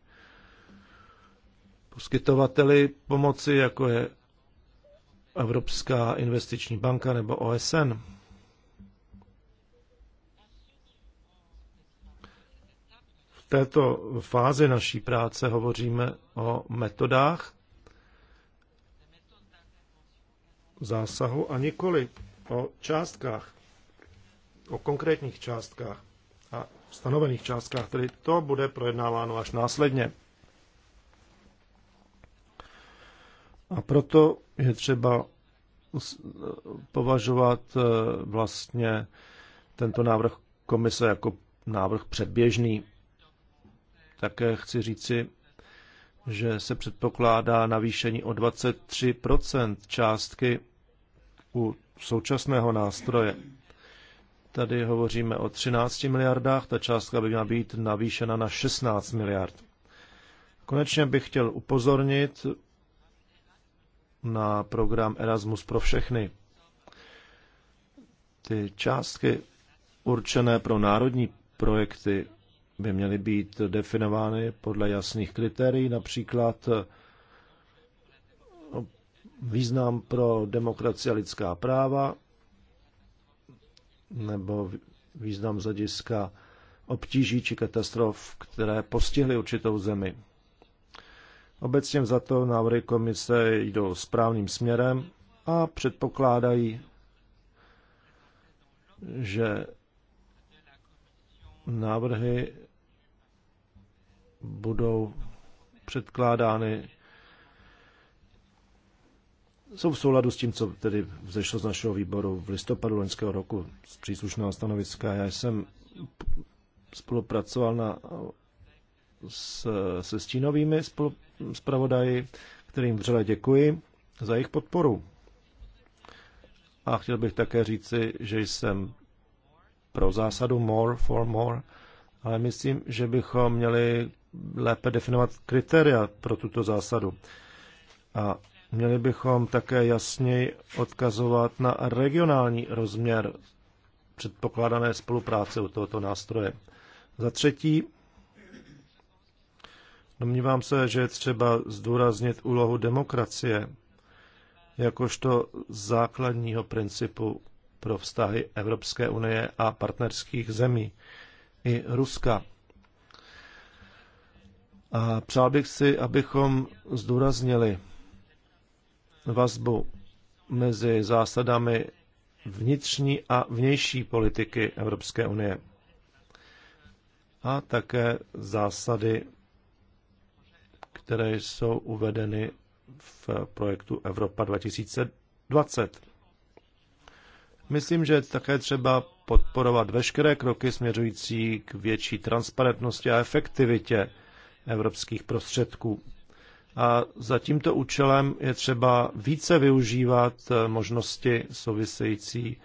poskytovateli pomoci, jako je Evropská investiční banka nebo OSN. této fázi naší práce hovoříme o metodách zásahu a nikoli o částkách, o konkrétních částkách a stanovených částkách, tedy to bude projednáváno až následně. A proto je třeba považovat eh, vlastně tento návrh komise jako návrh předběžný také chci říci, že se předpokládá navýšení o 23 částky u současného nástroje. Tady hovoříme o 13 miliardách, ta částka by měla být navýšena na 16 miliard. Konečně bych chtěl upozornit na program Erasmus pro všechny. Ty částky určené pro národní projekty by měly být definovány podle jasných kritérií, například eh, význam pro demokracie a lidská práva nebo význam z hlediska obtíží či katastrof, které postihly určitou zemi. Obecně za to návrhy komise jdou správným směrem a předpokládají, že návrhy budou předkládány, jsou v souladu s tím, co tedy vzešlo z našeho výboru v listopadu loňského roku z příslušného stanoviska. Já jsem spolupracoval na, s, se stínovými spolu, zpravodaji, kterým vřele děkuji za jejich podporu. A chtěl bych také říci, že jsem pro zásadu more for more, ale myslím, že bychom měli lépe definovat kritéria pro tuto zásadu. A měli bychom také jasněji odkazovat na regionální rozměr předpokládané spolupráce u tohoto nástroje. Za třetí, domnívám se, že je třeba zdůraznit úlohu demokracie jakožto základního principu pro vztahy Evropské unie a partnerských zemí i Ruska a přál bych si, abychom zdůraznili vazbu mezi zásadami vnitřní a vnější politiky Evropské unie a také zásady, které jsou uvedeny v projektu Evropa 2020. Myslím, že také třeba podporovat veškeré kroky směřující k větší transparentnosti a efektivitě evropských prostředků. A za tímto účelem je třeba více využívat eh, možnosti související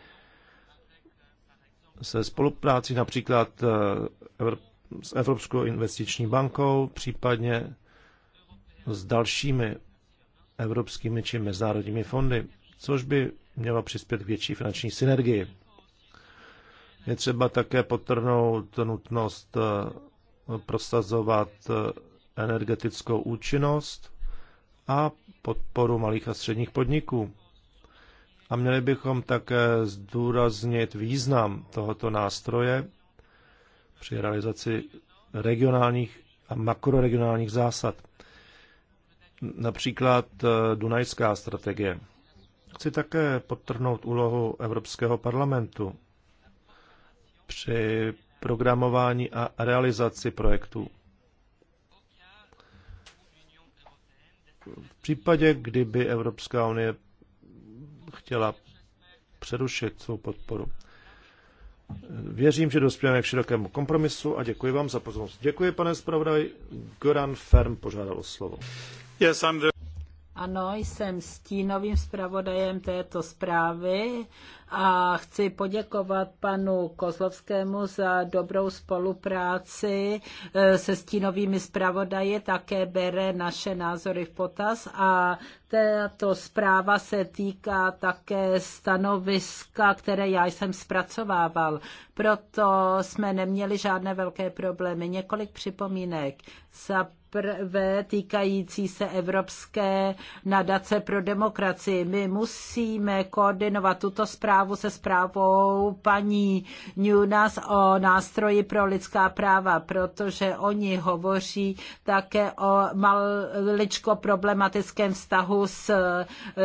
se spolupráci, například eh, s Evropskou investiční bankou, případně s dalšími evropskými či mezinárodními fondy, což by mělo přispět k větší finanční synergii. Je třeba také potrhnout nutnost eh, prosazovat eh, energetickou účinnost a podporu malých a středních podniků. A měli bychom také zdůraznit význam tohoto nástroje při realizaci regionálních a makroregionálních zásad. Například eh, Dunajská strategie. Chci také podtrhnout úlohu Evropského parlamentu při programování a realizaci projektů. V případě, kdyby Evropská unie chtěla přerušit svou podporu. Věřím, že dospějeme k širokému kompromisu a děkuji vám za pozornost. Děkuji, pane zpravodaj. Goran Ferm požádal o slovo. Yes, I'm the... Ano, jsem stínovým zpravodajem této zprávy a chci poděkovat panu Kozlovskému za dobrou spolupráci e, se stínovými zpravodaji, také bere naše názory v potaz a tato zpráva se týká také stanoviska, které já jsem zpracovával. Proto jsme neměli žádné velké problémy. Několik připomínek. Za nejprve týkající se Evropské nadace pro demokracii. My musíme koordinovat tuto zprávu se zprávou paní Nunas o nástroji pro lidská práva, protože oni hovoří také o maličko problematickém vztahu s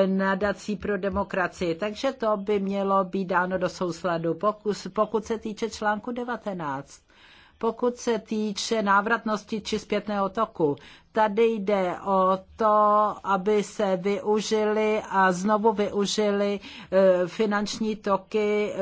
nadací pro demokracii. Takže to by mělo být dáno do souladu. pokud se týče článku 19, pokud se týče návratnosti či zpětného toku, tady jde o to, aby se využili a znovu využili eh, finanční toky eh,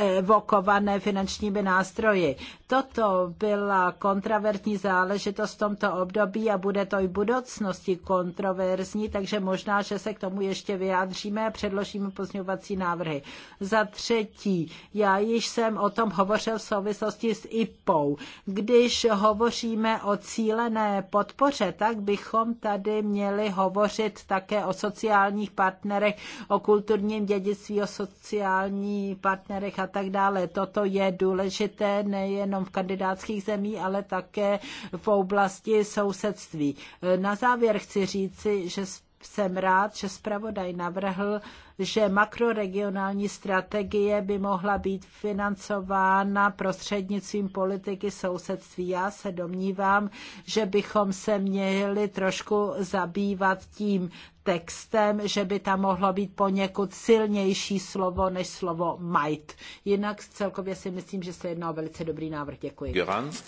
evokované finančními nástroji. Toto byla kontravertní záležitost v tomto období a bude to i v budoucnosti kontroverzní, takže možná, že se k tomu ještě vyjádříme a předložíme pozměňovací návrhy. Za třetí, já již jsem o tom hovořil v souvislosti s IPou. Když hovoříme o cílené podpoře, tak bychom tady měli hovořit také o sociálních partnerech, o kulturním dědictví, o sociální partnerech a tak dále. Toto je důležité nejenom v kandidátských zemích, ale také v oblasti sousedství. Na závěr chci říci, že jsem rád, že zpravodaj navrhl, že makroregionální strategie by mohla být financována prostřednictvím politiky sousedství. Já se domnívám, že bychom se měli trošku zabývat tím, textem, že by tam mohlo být poněkud silnější slovo než slovo might. Jinak celkově si myslím, že se jedná o velice dobrý návrh. Děkuji. Garant.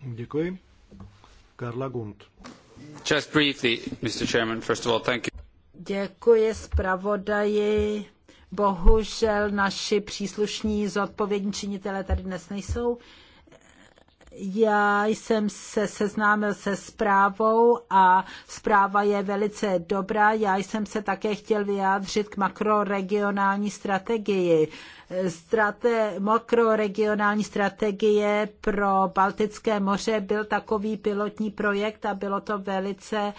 Děkuji. Karla Gund. Just briefly, Mr. Chairman, first of all, thank you. Děkuji zpravodaji. Bohužel naši příslušní zodpovědní činitelé tady dnes nejsou já jsem se seznámil se zprávou a zpráva je velice dobrá. Já jsem se také chtěl vyjádřit k makroregionální strategii strate, makroregionální strategie pro Baltické moře byl takový pilotní projekt a bylo to velice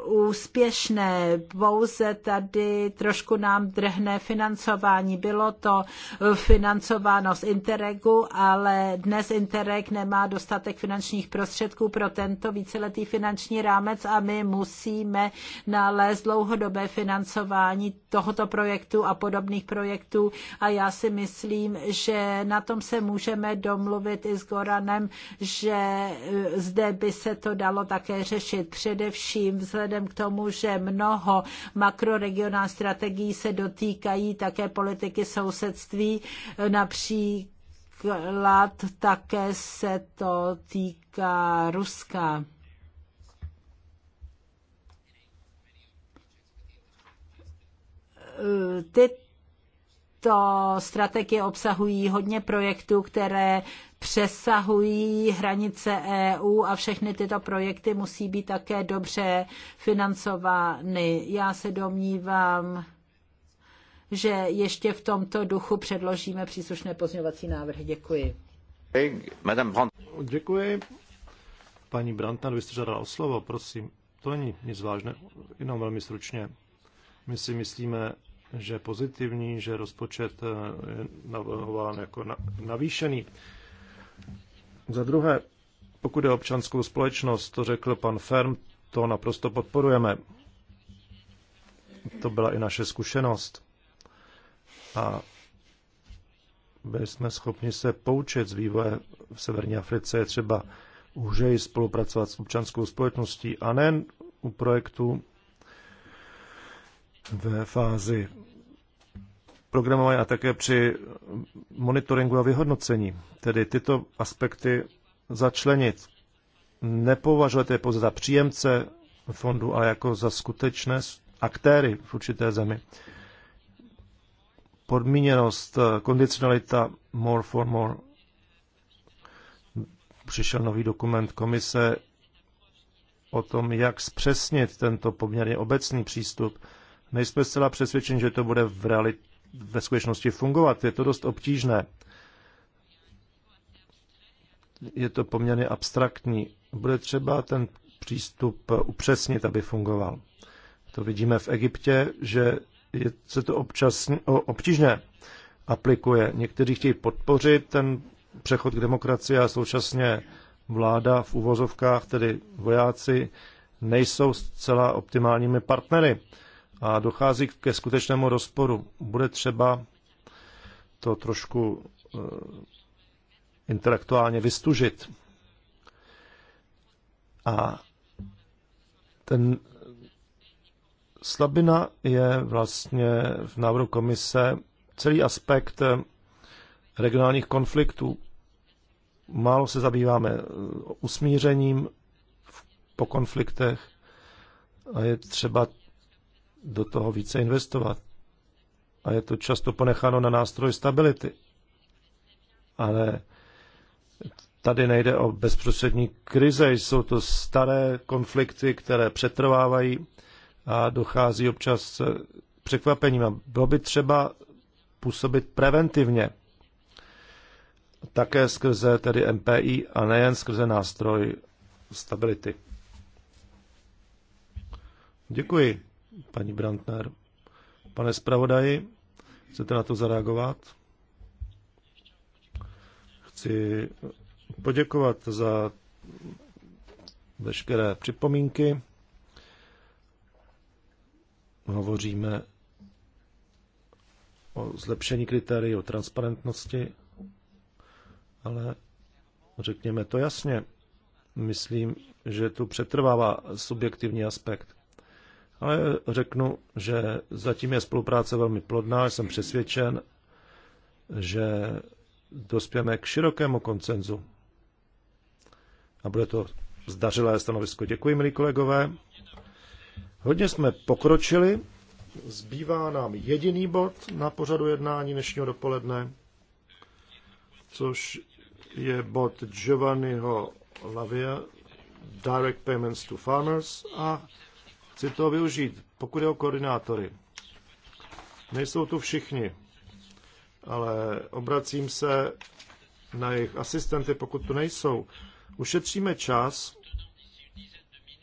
uh, úspěšné. Pouze tady trošku nám drhne financování. Bylo to uh, financováno z Interregu, ale dnes Interreg nemá dostatek finančních prostředků pro tento víceletý finanční rámec a my musíme nalézt dlouhodobé financování tohoto projektu a podobných projektů a já já si myslím, že na tom se můžeme domluvit i s Goranem, že e, zde by se to dalo také řešit. Především vzhledem k tomu, že mnoho makroregionálních strategií se dotýkají také politiky sousedství, e, například také se to týká Ruska. E, tyto tyto strategie obsahují hodně projektů, které přesahují hranice EU a všechny tyto projekty musí být také dobře financovány. Já se domnívám, že ještě v tomto duchu předložíme příslušné pozměňovací návrhy. Děkuji. Děkuji. Paní Brantner, vy jste žádala o slovo, prosím. To není nic vážné, jenom velmi stručně. My si myslíme, že pozitivní, že rozpočet eh, je navrhován jako navýšený. Za druhé, pokud je občanskou společnost, to řekl pan Ferm, to naprosto podporujeme. To byla i naše zkušenost. A byli jsme schopni se poučit z vývoje v Severní Africe, je třeba úžeji spolupracovat s občanskou společností a nejen u projektů, ve fázi programování a také při monitoringu a vyhodnocení. Tedy tyto aspekty začlenit. Nepovažujete je pouze za příjemce fondu, ale jako za skutečné aktéry v určité zemi. Podmíněnost, kondicionalita, more for more. Přišel nový dokument komise o tom, jak zpřesnit tento poměrně obecný přístup nejsme zcela přesvědčeni, že to bude v realit- ve skutečnosti fungovat. Je to dost obtížné. Je to poměrně abstraktní. Bude třeba ten přístup upřesnit, aby fungoval. To vidíme v Egyptě, že je, se to občas obtížně aplikuje. Někteří chtějí podpořit ten přechod k demokracii a současně vláda v uvozovkách, tedy vojáci, nejsou zcela optimálními partnery a dochází ke skutečnému rozporu. Bude třeba to trošku eh, intelektuálně vystužit. A ten slabina je vlastně v návrhu komise celý aspekt eh, regionálních konfliktů. Málo se zabýváme eh, usmířením po konfliktech a je třeba do toho více investovat. A je to často ponecháno na nástroj stability. Ale tady nejde o bezprostřední krize, jsou to staré konflikty, které přetrvávají a dochází občas překvapením. A bylo by třeba působit preventivně, také skrze tedy MPI a nejen skrze nástroj stability. Děkuji paní Brantner. Pane zpravodaji, chcete na to zareagovat? Chci poděkovat za veškeré připomínky. Hovoříme o zlepšení kritérií, o transparentnosti, ale řekněme to jasně. Myslím, že tu přetrvává subjektivní aspekt. Ale řeknu, že zatím je spolupráce velmi plodná, jsem přesvědčen, že dospěme k širokému koncenzu. A bude to zdařilé stanovisko. Děkuji, milí kolegové. Hodně jsme pokročili. Zbývá nám jediný bod na pořadu jednání dnešního dopoledne, což je bod Giovanniho Lavia, Direct Payments to Farmers a Chci toho využít, pokud je o koordinátory. Nejsou tu všichni, ale obracím se na jejich asistenty, pokud tu nejsou. Ušetříme čas,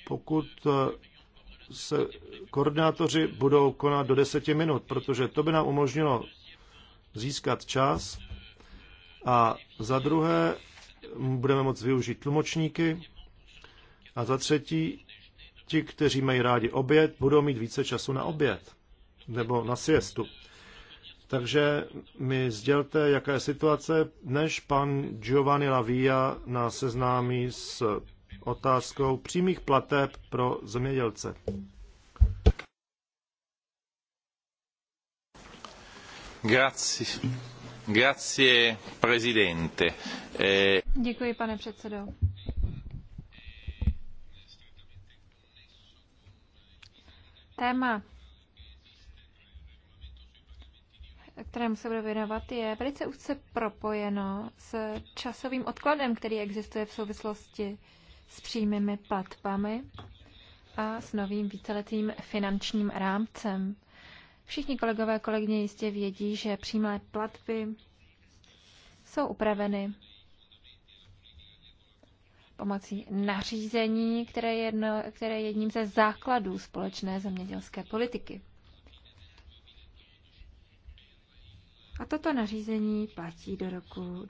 pokud eh, se koordinátoři budou konat do deseti minut, protože to by nám umožnilo získat čas a za druhé budeme moct využít tlumočníky a za třetí ti, kteří mají rádi oběd, budou mít více času na oběd nebo na siestu. Takže mi sdělte, jaká je situace, než pan Giovanni Lavia nás seznámí s otázkou přímých plateb pro zemědělce. Grazie. Grazie, presidente. Eh... Děkuji, pane předsedo. téma, kterému se bude věnovat, je velice úzce propojeno s časovým odkladem, který existuje v souvislosti s přímými platbami a s novým víceletým finančním rámcem. Všichni kolegové a kolegyně jistě vědí, že přímé platby jsou upraveny pomocí nařízení, které, jedno, které je jedním ze základů společné zemědělské politiky. A toto nařízení platí do, roku,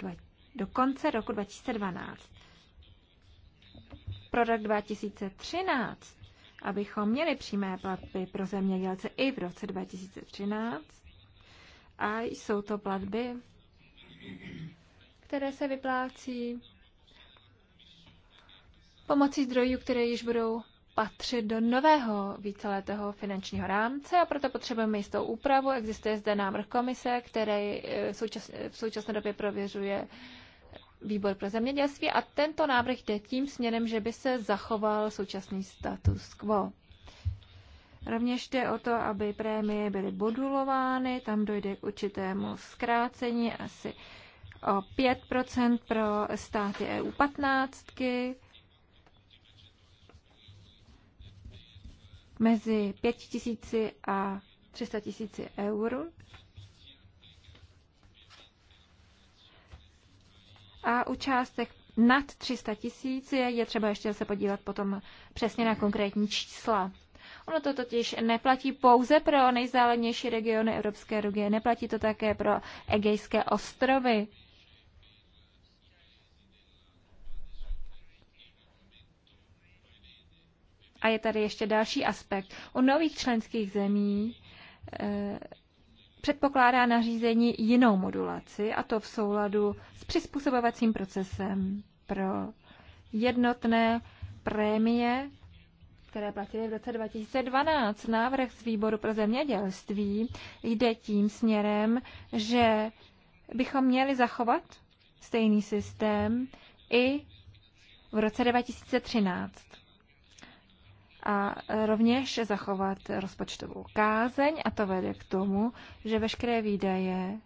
do konce roku 2012. Pro rok 2013, abychom měli přímé platby pro zemědělce i v roce 2013, a jsou to platby, které se vyplácí pomocí zdrojů, které již budou patřit do nového víceletého finančního rámce a proto potřebujeme jistou úpravu. Existuje zde návrh komise, který v, eh, součas, v současné době prověřuje výbor pro zemědělství a tento návrh jde tím směrem, že by se zachoval současný status quo. Rovněž jde o to, aby prémie byly bodulovány. tam dojde k určitému zkrácení asi o 5% pro státy EU 15, mezi 5 tisíci a 300 tisíci eur. A u částek nad 300 tisíc je třeba ještě se podívat potom přesně na konkrétní čísla. Ono to totiž neplatí pouze pro nejzálednější regiony Evropské unie, neplatí to také pro Egejské ostrovy. A je tady ještě další aspekt. U nových členských zemí e, předpokládá nařízení jinou modulaci, a to v souladu s přizpůsobovacím procesem pro jednotné prémie, které platily v roce 2012. Návrh z výboru pro zemědělství jde tím směrem, že bychom měli zachovat stejný systém i v roce 2013 a rovněž zachovat rozpočtovou kázeň a to vede k tomu, že veškeré výdaje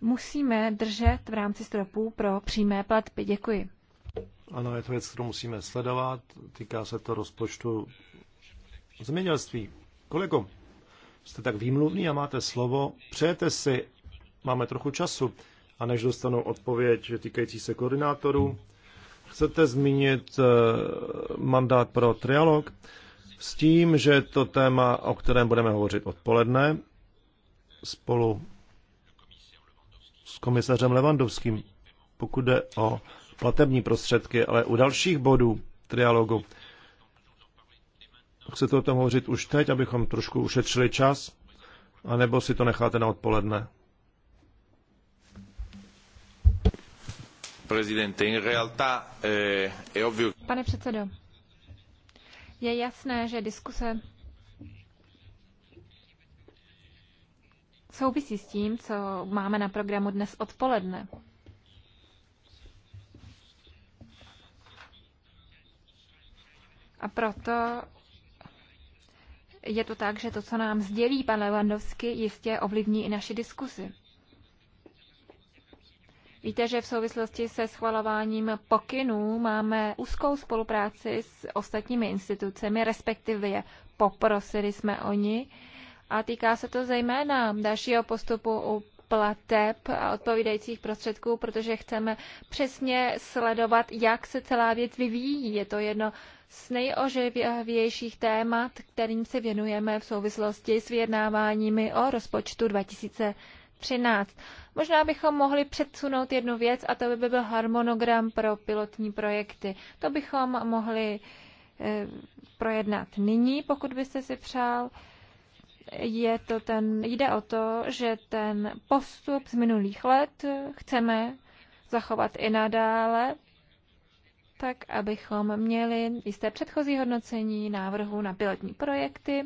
musíme držet v rámci stropů pro přímé platby. Děkuji. Ano, je to věc, kterou musíme sledovat. Týká se to rozpočtu zemědělství. Kolego, jste tak výmluvný a máte slovo. Přejete si, máme trochu času. A než dostanu odpověď týkající se koordinátorů, chcete zmínit eh, mandát pro trialog s tím, že to téma, o kterém budeme hovořit odpoledne, spolu s komisařem Levandovským, pokud jde o platební prostředky, ale u dalších bodů trialogu. Chcete o tom hovořit už teď, abychom trošku ušetřili čas? A nebo si to necháte na odpoledne? Eh, Pane předsedo, je jasné, že diskuse souvisí s tím, co máme na programu dnes odpoledne. A proto je to tak, že to, co nám sdělí pan Lewandowski, jistě ovlivní i naši diskusi. Víte, že v souvislosti se schvalováním pokynů máme úzkou spolupráci s ostatními institucemi, respektive poprosili jsme oni. A týká se to zejména dalšího postupu u plateb a odpovídajících prostředků, protože chceme přesně sledovat, jak se celá věc vyvíjí. Je to jedno z nejoživějších témat, kterým se věnujeme v souvislosti s vyjednáváními o rozpočtu 2020. 13. Možná bychom mohli předsunout jednu věc a to by byl harmonogram pro pilotní projekty. To bychom mohli eh, projednat nyní, pokud byste si přál. Je to ten, jde o to, že ten postup z minulých let chceme zachovat i nadále, tak abychom měli jisté předchozí hodnocení návrhu na pilotní projekty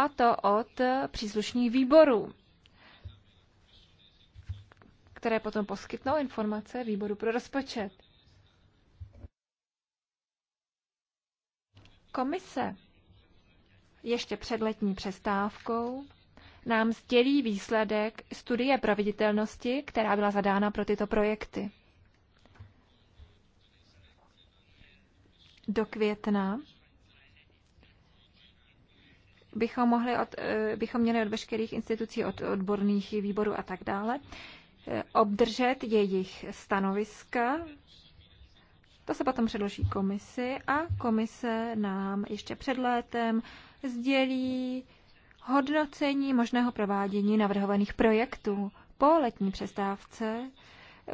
a to od příslušných výborů, které potom poskytnou informace výboru pro rozpočet. Komise ještě před letní přestávkou nám sdělí výsledek studie proveditelnosti, která byla zadána pro tyto projekty. Do května bychom, mohli od, eh, bychom měli od veškerých institucí, od odborných výborů a tak dále, eh, obdržet jejich stanoviska. To se potom předloží komisi a komise nám ještě před létem sdělí hodnocení možného provádění navrhovaných projektů. Po letní přestávce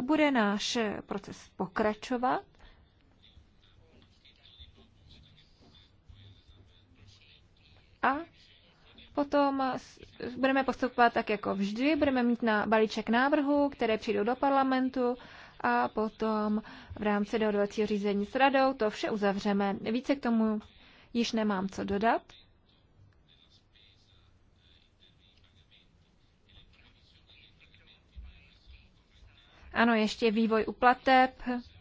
bude náš proces pokračovat a potom budeme postupovat tak jako vždy, budeme mít na balíček návrhu, které přijdou do parlamentu a potom v rámci dohodovacího řízení s radou to vše uzavřeme. Více k tomu již nemám co dodat. Ano, ještě vývoj uplateb. plateb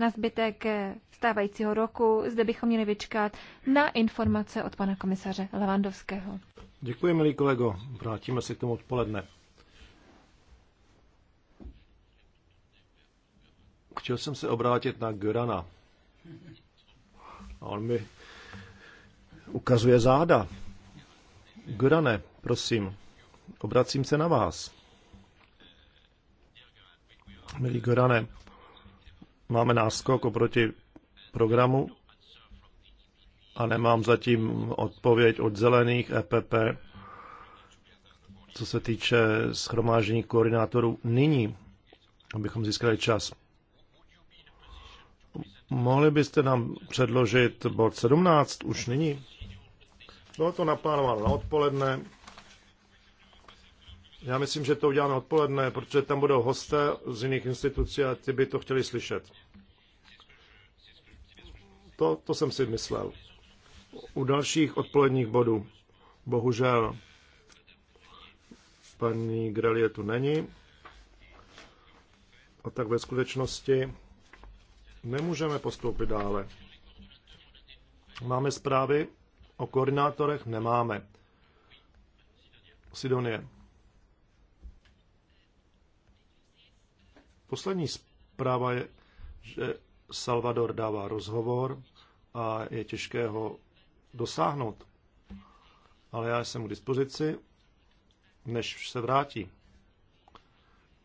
na zbytek stávajícího roku. Zde bychom měli vyčkat na informace od pana komisaře Levandovského. Děkuji, milý kolego. Vrátíme se k tomu odpoledne. Chtěl jsem se obrátit na Görana. A on mi ukazuje záda. Görane, prosím, obracím se na vás. Milí Görane, máme náskok oproti programu a nemám zatím odpověď od zelených EPP, co se týče schromáždění koordinátorů nyní, abychom získali čas. Mohli byste nám předložit bod 17 už nyní? Bylo to naplánováno na odpoledne. Já myslím, že to uděláme odpoledne, protože tam budou hosté z jiných institucí a ty by to chtěli slyšet. To, to jsem si myslel. U dalších odpoledních bodů, bohužel, paní Grelie tu není. A tak ve skutečnosti nemůžeme postoupit dále. Máme zprávy o koordinátorech? Nemáme. Sidonie. Poslední zpráva je, že Salvador dává rozhovor a je těžké ho dosáhnout. Ale já jsem k dispozici, než se vrátí.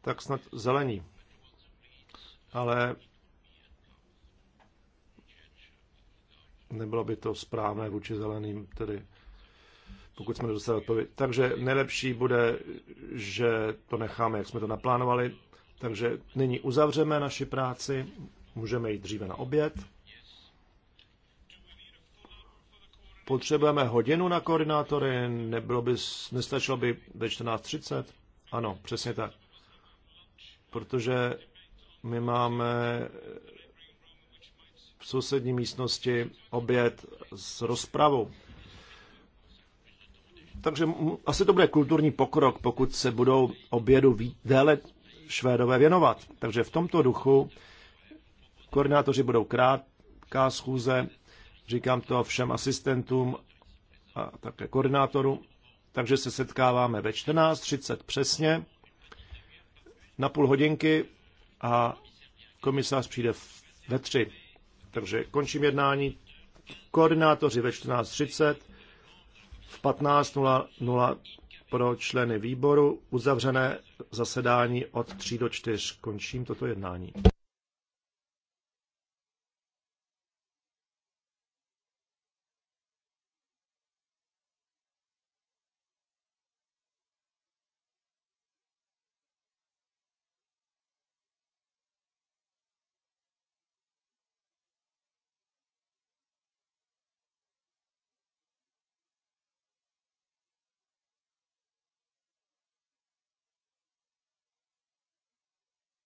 Tak snad zelení. Ale nebylo by to správné vůči zeleným, tedy pokud jsme nedostali odpověď. Takže nejlepší bude, že to necháme, jak jsme to naplánovali. Takže nyní uzavřeme naši práci, můžeme jít dříve na oběd. Potřebujeme hodinu na koordinátory, nebylo by, nestačilo by ve 14.30? Ano, přesně tak. Protože my máme v sousední místnosti oběd s rozpravou. Takže asi to bude kulturní pokrok, pokud se budou obědu déle Švédové věnovat. Takže v tomto duchu koordinátoři budou krátká schůze, říkám to všem asistentům a také koordinátoru. takže se setkáváme ve 14.30 přesně na půl hodinky a komisář přijde ve 3. Takže končím jednání. Koordinátoři ve 14.30 v 15.00 pro členy výboru. Uzavřené zasedání od 3 do 4. Končím toto jednání.